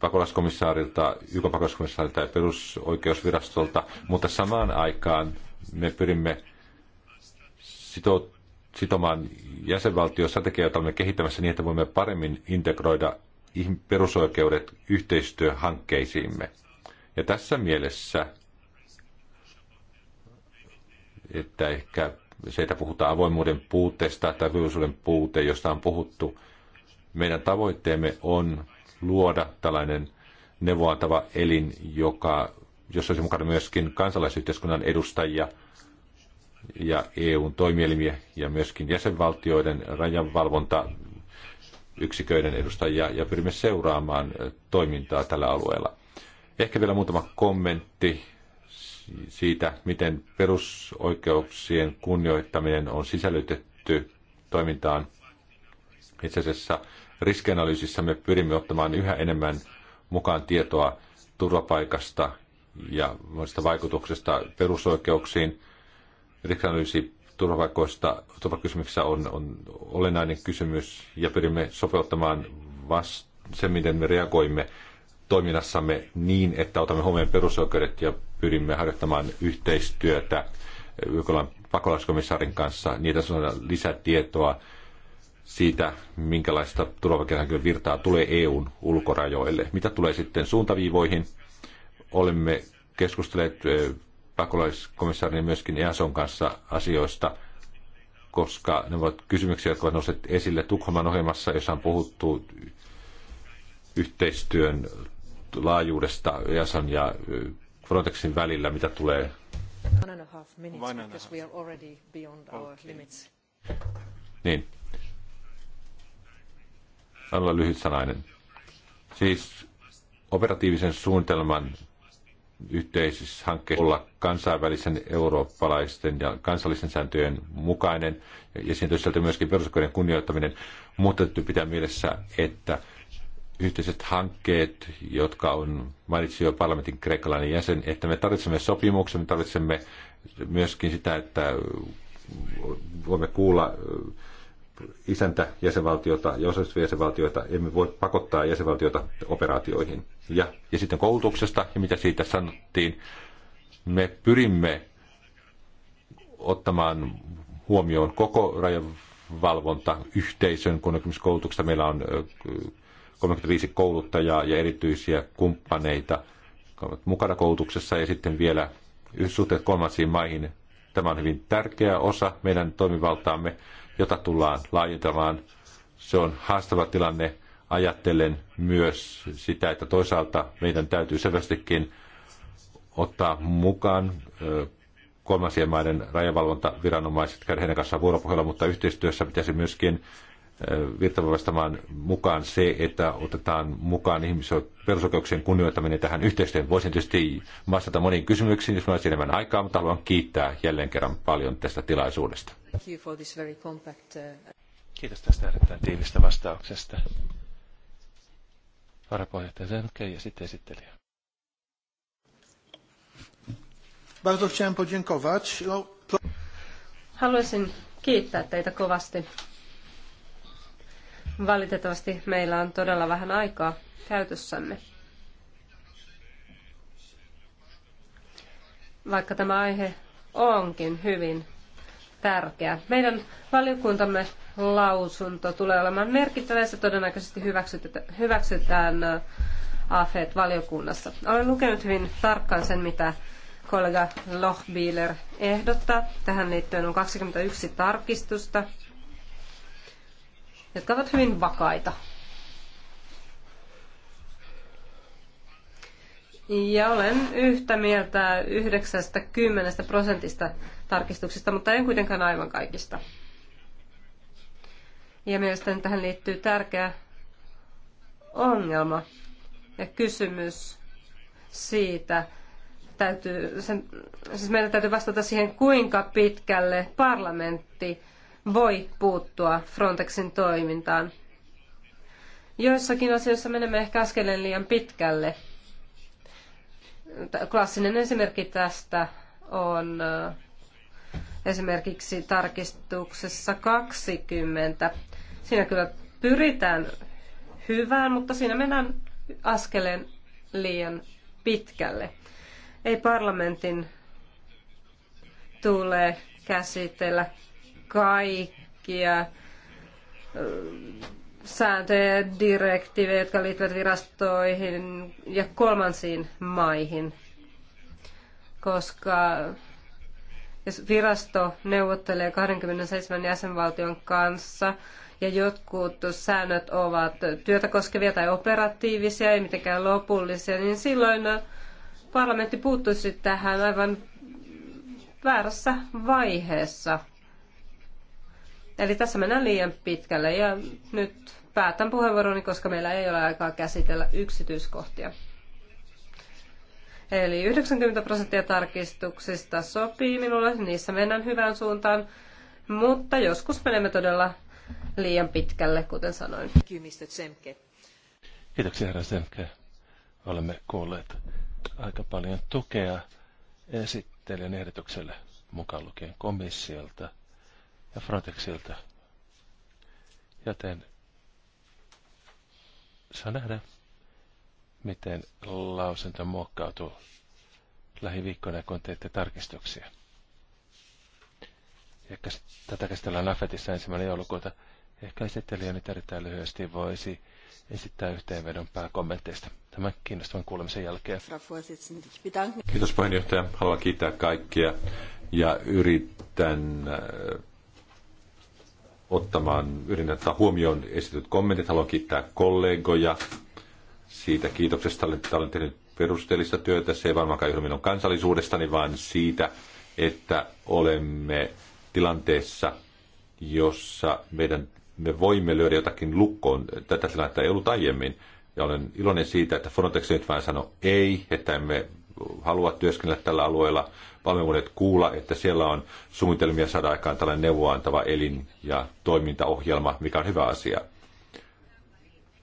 pakolaiskomissaarilta, YK pakolaiskomissaarilta ja perusoikeusvirastolta, mutta samaan aikaan me pyrimme sito, sitomaan jäsenvaltiostrategiaa, jota olemme kehittämässä niin, että voimme paremmin integroida perusoikeudet yhteistyöhankkeisiimme. Ja tässä mielessä, että ehkä siitä puhutaan avoimuuden puutteesta tai velvollisuuden puute, josta on puhuttu. Meidän tavoitteemme on luoda tällainen neuvoantava elin, joka, jossa olisi mukana myöskin kansalaisyhteiskunnan edustajia ja EUn toimielimiä ja myöskin jäsenvaltioiden rajanvalvonta yksiköiden edustajia ja pyrimme seuraamaan toimintaa tällä alueella. Ehkä vielä muutama kommentti siitä, miten perusoikeuksien kunnioittaminen on sisällytetty toimintaan. Itse asiassa riskianalyysissä me pyrimme ottamaan yhä enemmän mukaan tietoa turvapaikasta ja vaikutuksesta perusoikeuksiin. Riskianalyysi turvapaikoista, turvakysymyksissä on, on olennainen kysymys ja pyrimme sopeuttamaan vast, se, miten me reagoimme toiminnassamme niin, että otamme huomioon perusoikeudet ja pyrimme harjoittamaan yhteistyötä YK:n eh, pakolaiskomissaarin kanssa, että saadaan lisätietoa siitä, minkälaista turvapaikanhakijoiden virtaa tulee EUn ulkorajoille. Mitä tulee sitten suuntaviivoihin? Olemme keskustelleet eh, pakolaiskomissaarin ja myöskin EASON kanssa asioista, koska ne ovat kysymyksiä, jotka ovat nousseet esille Tukholman ohjelmassa, jossa on puhuttu yhteistyön laajuudesta EASAN ja Frontexin välillä, mitä tulee? One and a half minutes, One half. we are already beyond okay. our limits. Niin. lyhyt sanainen. Siis operatiivisen suunnitelman yhteisissä hankkeissa olla kansainvälisen eurooppalaisten ja kansallisen sääntöjen mukainen ja siinä myöskin perusoikeuden kunnioittaminen, mutta pitää mielessä, että yhteiset hankkeet, jotka on mainitsi jo parlamentin kreikkalainen jäsen, että me tarvitsemme sopimuksen, me tarvitsemme myöskin sitä, että voimme kuulla isäntä jäsenvaltiota ja osallistuvia jäsenvaltioita, emme voi pakottaa jäsenvaltiota operaatioihin. Ja, ja sitten koulutuksesta ja mitä siitä sanottiin, me pyrimme ottamaan huomioon koko rajavalvonta yhteisön, kun koulutuksesta meillä on 35 kouluttajaa ja erityisiä kumppaneita ovat mukana koulutuksessa ja sitten vielä suhteet kolmansiin maihin. Tämä on hyvin tärkeä osa meidän toimivaltaamme, jota tullaan laajentamaan. Se on haastava tilanne ajattelen myös sitä, että toisaalta meidän täytyy selvästikin ottaa mukaan kolmansien maiden rajavalvontaviranomaiset käydä heidän kanssaan vuoropuhella, mutta yhteistyössä pitäisi myöskin virtavastamaan mukaan se, että otetaan mukaan ihmisoikeuksien kunnioittaminen tähän yhteistyöhön. Voisin tietysti vastata moniin kysymyksiin, jos olisi enemmän aikaa, mutta haluan kiittää jälleen kerran paljon tästä tilaisuudesta. Uh, Kiitos tästä erittäin tiivistä vastauksesta. Varapuheenjohtaja Zenke ja sitten esittelijä. podziękować. No, Haluaisin kiittää teitä kovasti Valitettavasti meillä on todella vähän aikaa käytössämme. Vaikka tämä aihe onkin hyvin tärkeä. Meidän valiokuntamme lausunto tulee olemaan merkittävä ja se todennäköisesti hyväksytään äh, AFET-valiokunnassa. Olen lukenut hyvin tarkkaan sen, mitä kollega Lochbieler ehdottaa. Tähän liittyen on 21 tarkistusta jotka ovat hyvin vakaita. Ja olen yhtä mieltä 90 prosentista tarkistuksista, mutta en kuitenkaan aivan kaikista. Ja mielestäni tähän liittyy tärkeä ongelma ja kysymys siitä, täytyy, sen, siis meidän täytyy vastata siihen, kuinka pitkälle parlamentti voi puuttua Frontexin toimintaan. Joissakin asioissa menemme ehkä askeleen liian pitkälle. Klassinen esimerkki tästä on äh, esimerkiksi tarkistuksessa 20. Siinä kyllä pyritään hyvään, mutta siinä mennään askeleen liian pitkälle. Ei parlamentin tule käsitellä kaikkia sääntöjä ja direktiivejä, jotka liittyvät virastoihin ja kolmansiin maihin. Koska jos virasto neuvottelee 27 jäsenvaltion kanssa ja jotkut säännöt ovat työtä koskevia tai operatiivisia, ei mitenkään lopullisia, niin silloin parlamentti puuttuisi tähän aivan väärässä vaiheessa – Eli tässä mennään liian pitkälle ja nyt päätän puheenvuoroni, koska meillä ei ole aikaa käsitellä yksityiskohtia. Eli 90 prosenttia tarkistuksista sopii minulle, niissä mennään hyvään suuntaan, mutta joskus menemme todella liian pitkälle, kuten sanoin. Kiitoksia, herra Semke. Olemme kuulleet aika paljon tukea esittelijän ehdotukselle mukaan lukien komissiolta ja Frontexilta. Joten saa nähdä, miten lausunto muokkautuu lähiviikkoina, kun teette tarkistuksia. Ehkä tätä käsitellään Afetissa ensimmäinen joulukuuta. Ehkä esittelijä nyt erittäin lyhyesti voisi esittää yhteenvedon pääkommenteista tämän kiinnostavan kuulemisen jälkeen. Kiitos puheenjohtaja. Haluan kiittää kaikkia ja yritän äh, ottamaan, yritän ottaa huomioon esityt kommentit. Haluan kiittää kollegoja siitä kiitoksesta, että olen tehnyt perusteellista työtä. Se ei varmaankaan johdu minun kansallisuudestani, vaan siitä, että olemme tilanteessa, jossa meidän, me voimme lyödä jotakin lukkoon. Tätä tilannetta ei ollut aiemmin. Ja olen iloinen siitä, että Frontex nyt vain sanoi ei, että emme haluavat työskennellä tällä alueella. Olemme voineet kuulla, että siellä on suunnitelmia saada aikaan tällainen neuvoantava elin- ja toimintaohjelma, mikä on hyvä asia.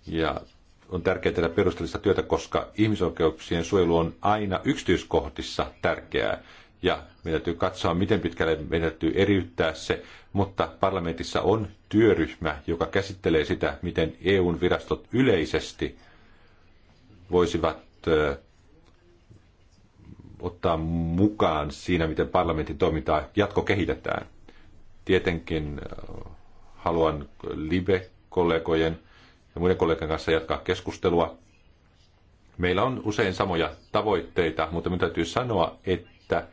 Ja on tärkeää tehdä perusteellista työtä, koska ihmisoikeuksien suojelu on aina yksityiskohdissa tärkeää. Ja meidän täytyy katsoa, miten pitkälle meidän täytyy eriyttää se, mutta parlamentissa on työryhmä, joka käsittelee sitä, miten EUn virastot yleisesti voisivat ottaa mukaan siinä, miten parlamentin toimintaa kehitetään. Tietenkin äh, haluan Libe-kollegojen ja muiden kollegojen kanssa jatkaa keskustelua. Meillä on usein samoja tavoitteita, mutta minun täytyy sanoa, että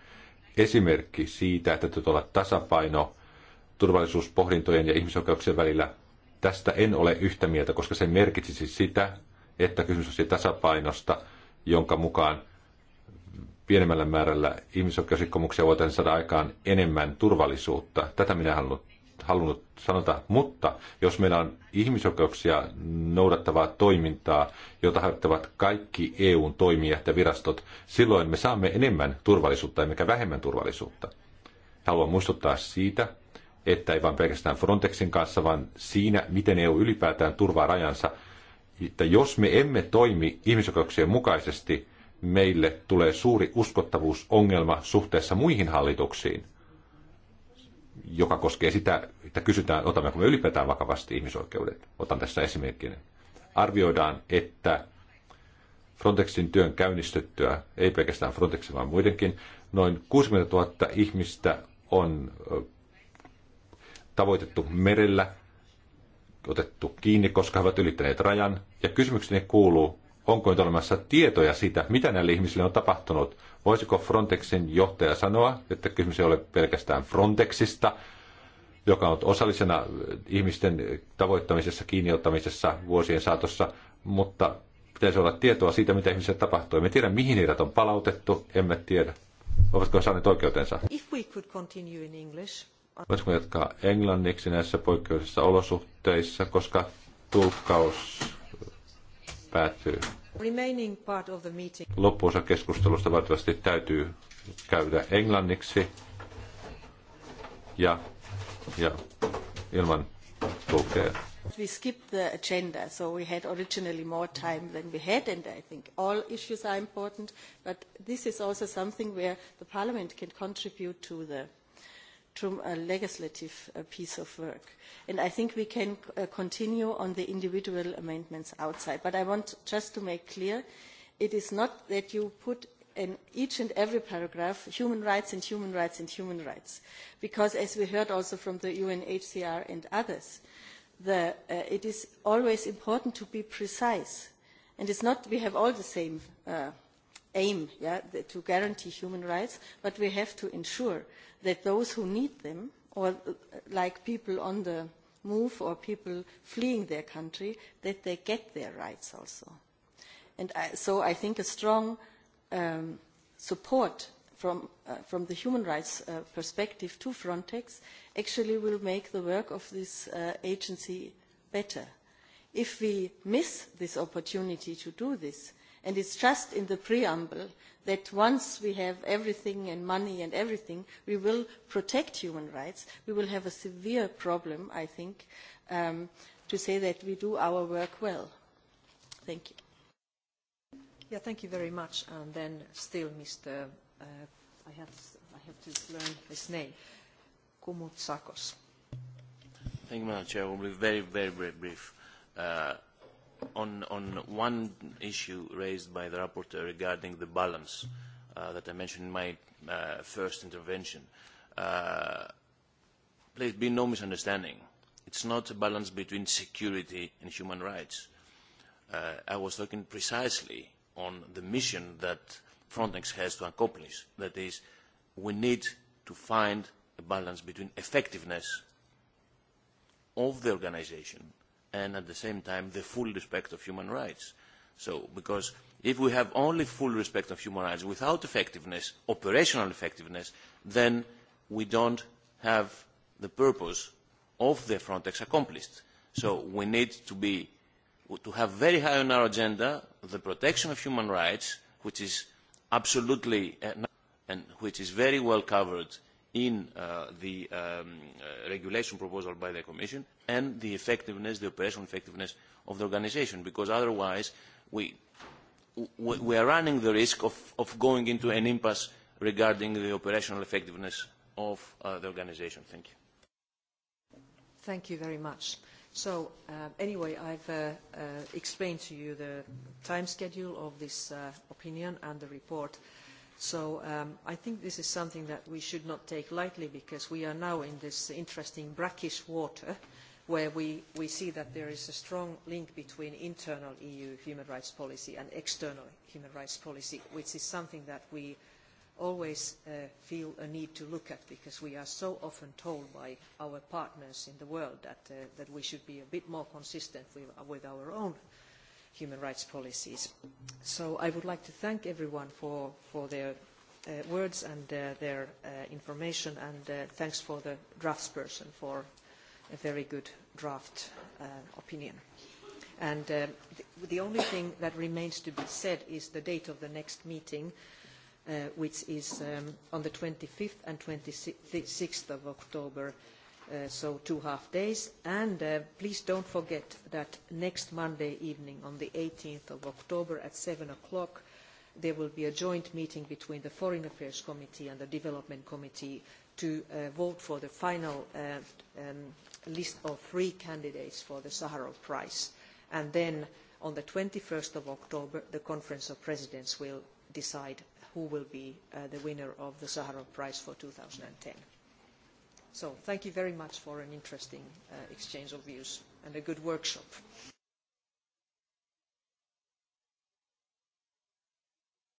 esimerkki siitä, että täytyy olla tasapaino turvallisuuspohdintojen ja ihmisoikeuksien välillä, tästä en ole yhtä mieltä, koska se merkitsisi sitä, että kysymys on tasapainosta, jonka mukaan pienemmällä määrällä ihmisoikeusrikkomuksia voitaisiin saada aikaan enemmän turvallisuutta. Tätä minä halunnut, halunnut sanota, mutta jos meillä on ihmisoikeuksia noudattavaa toimintaa, jota harjoittavat kaikki EUn toimijat ja virastot, silloin me saamme enemmän turvallisuutta emmekä vähemmän turvallisuutta. Haluan muistuttaa siitä, että ei vain pelkästään Frontexin kanssa, vaan siinä, miten EU ylipäätään turvaa rajansa, että jos me emme toimi ihmisoikeuksien mukaisesti – meille tulee suuri uskottavuusongelma suhteessa muihin hallituksiin, joka koskee sitä, että kysytään, otammeko me ylipäätään vakavasti ihmisoikeudet. Otan tässä esimerkkinä. Arvioidaan, että Frontexin työn käynnistettyä ei pelkästään Frontexin, vaan muidenkin, noin 60 000 ihmistä on tavoitettu merellä, otettu kiinni, koska he ovat ylittäneet rajan. Ja kysymykseni kuuluu, onko nyt olemassa tietoja siitä, mitä näille ihmisille on tapahtunut. Voisiko Frontexin johtaja sanoa, että kysymys ei ole pelkästään Frontexista, joka on osallisena äh, ihmisten tavoittamisessa, kiinniottamisessa vuosien saatossa, mutta pitäisi olla tietoa siitä, mitä ihmisille tapahtuu. Emme tiedä, mihin heidät on palautettu, emme tiedä. Ovatko he saaneet oikeutensa? If we could continue in English. Voisiko jatkaa englanniksi näissä poikkeuksissa olosuhteissa, koska tulkkaus päättyy. Loppuosa keskustelusta valitettavasti täytyy käydä englanniksi ja, ja ilman tulkkeja. We skipped the agenda, so we had originally more time than we had, and I think all issues are important, but this is also something where the Parliament can contribute to the to a legislative uh, piece of work. And I think we can uh, continue on the individual amendments outside. But I want just to make clear, it is not that you put in each and every paragraph human rights and human rights and human rights. Because as we heard also from the UNHCR and others, the, uh, it is always important to be precise. And it's not we have all the same uh, aim yeah, the, to guarantee human rights, but we have to ensure that those who need them, or like people on the move or people fleeing their country, that they get their rights also. And I, so I think a strong um, support from, uh, from the human rights uh, perspective to Frontex actually will make the work of this uh, agency better. If we miss this opportunity to do this, and it's just in the preamble that once we have everything and money and everything, we will protect human rights. We will have a severe problem, I think, um, to say that we do our work well. Thank you. Yeah, thank you very much. And then still, Mr. Uh, I, have, I have to learn his name. Kumut Sakos. Thank you, Madam Chair. I will be very, very, very brief. Uh, on, on one issue raised by the rapporteur regarding the balance uh, that I mentioned in my uh, first intervention. Uh, please be no misunderstanding. It's not a balance between security and human rights. Uh, I was talking precisely on the mission that Frontex has to accomplish. That is, we need to find a balance between effectiveness of the organization and at the same time the full respect of human rights. So, because if we have only full respect of human rights without effectiveness, operational effectiveness, then we don't have the purpose of the Frontex accomplished. So we need to, be, to have very high on our agenda the protection of human rights, which is absolutely uh, and which is very well covered in uh, the um, uh, regulation proposal by the Commission, and the effectiveness, the operational effectiveness of the organisation, because otherwise we, we are running the risk of, of going into an impasse regarding the operational effectiveness of uh, the organisation. Thank you. Thank you very much. So uh, anyway, I've uh, uh, explained to you the time schedule of this uh, opinion and the report. So um, I think this is something that we should not take lightly because we are now in this interesting brackish water where we, we see that there is a strong link between internal EU human rights policy and external human rights policy, which is something that we always uh, feel a need to look at because we are so often told by our partners in the world that, uh, that we should be a bit more consistent with, with, our own human rights policies. So I would like to thank everyone for, for their uh, words and uh, their uh, information and uh, thanks for the draftsperson for a very good draft uh, opinion. And uh, the, the only thing that remains to be said is the date of the next meeting, uh, which is um, on the 25th and 26th of October, uh, so two half days. And uh, please don't forget that next Monday evening, on the 18th of October at 7 o'clock, there will be a joint meeting between the Foreign Affairs Committee and the Development Committee to uh, vote for the final uh, um, list of three candidates for the Sakharov Prize. And then on the 21st of October, the Conference of Presidents will decide who will be uh, the winner of the Sakharov Prize for 2010. So thank you very much for an interesting uh, exchange of views and a good workshop.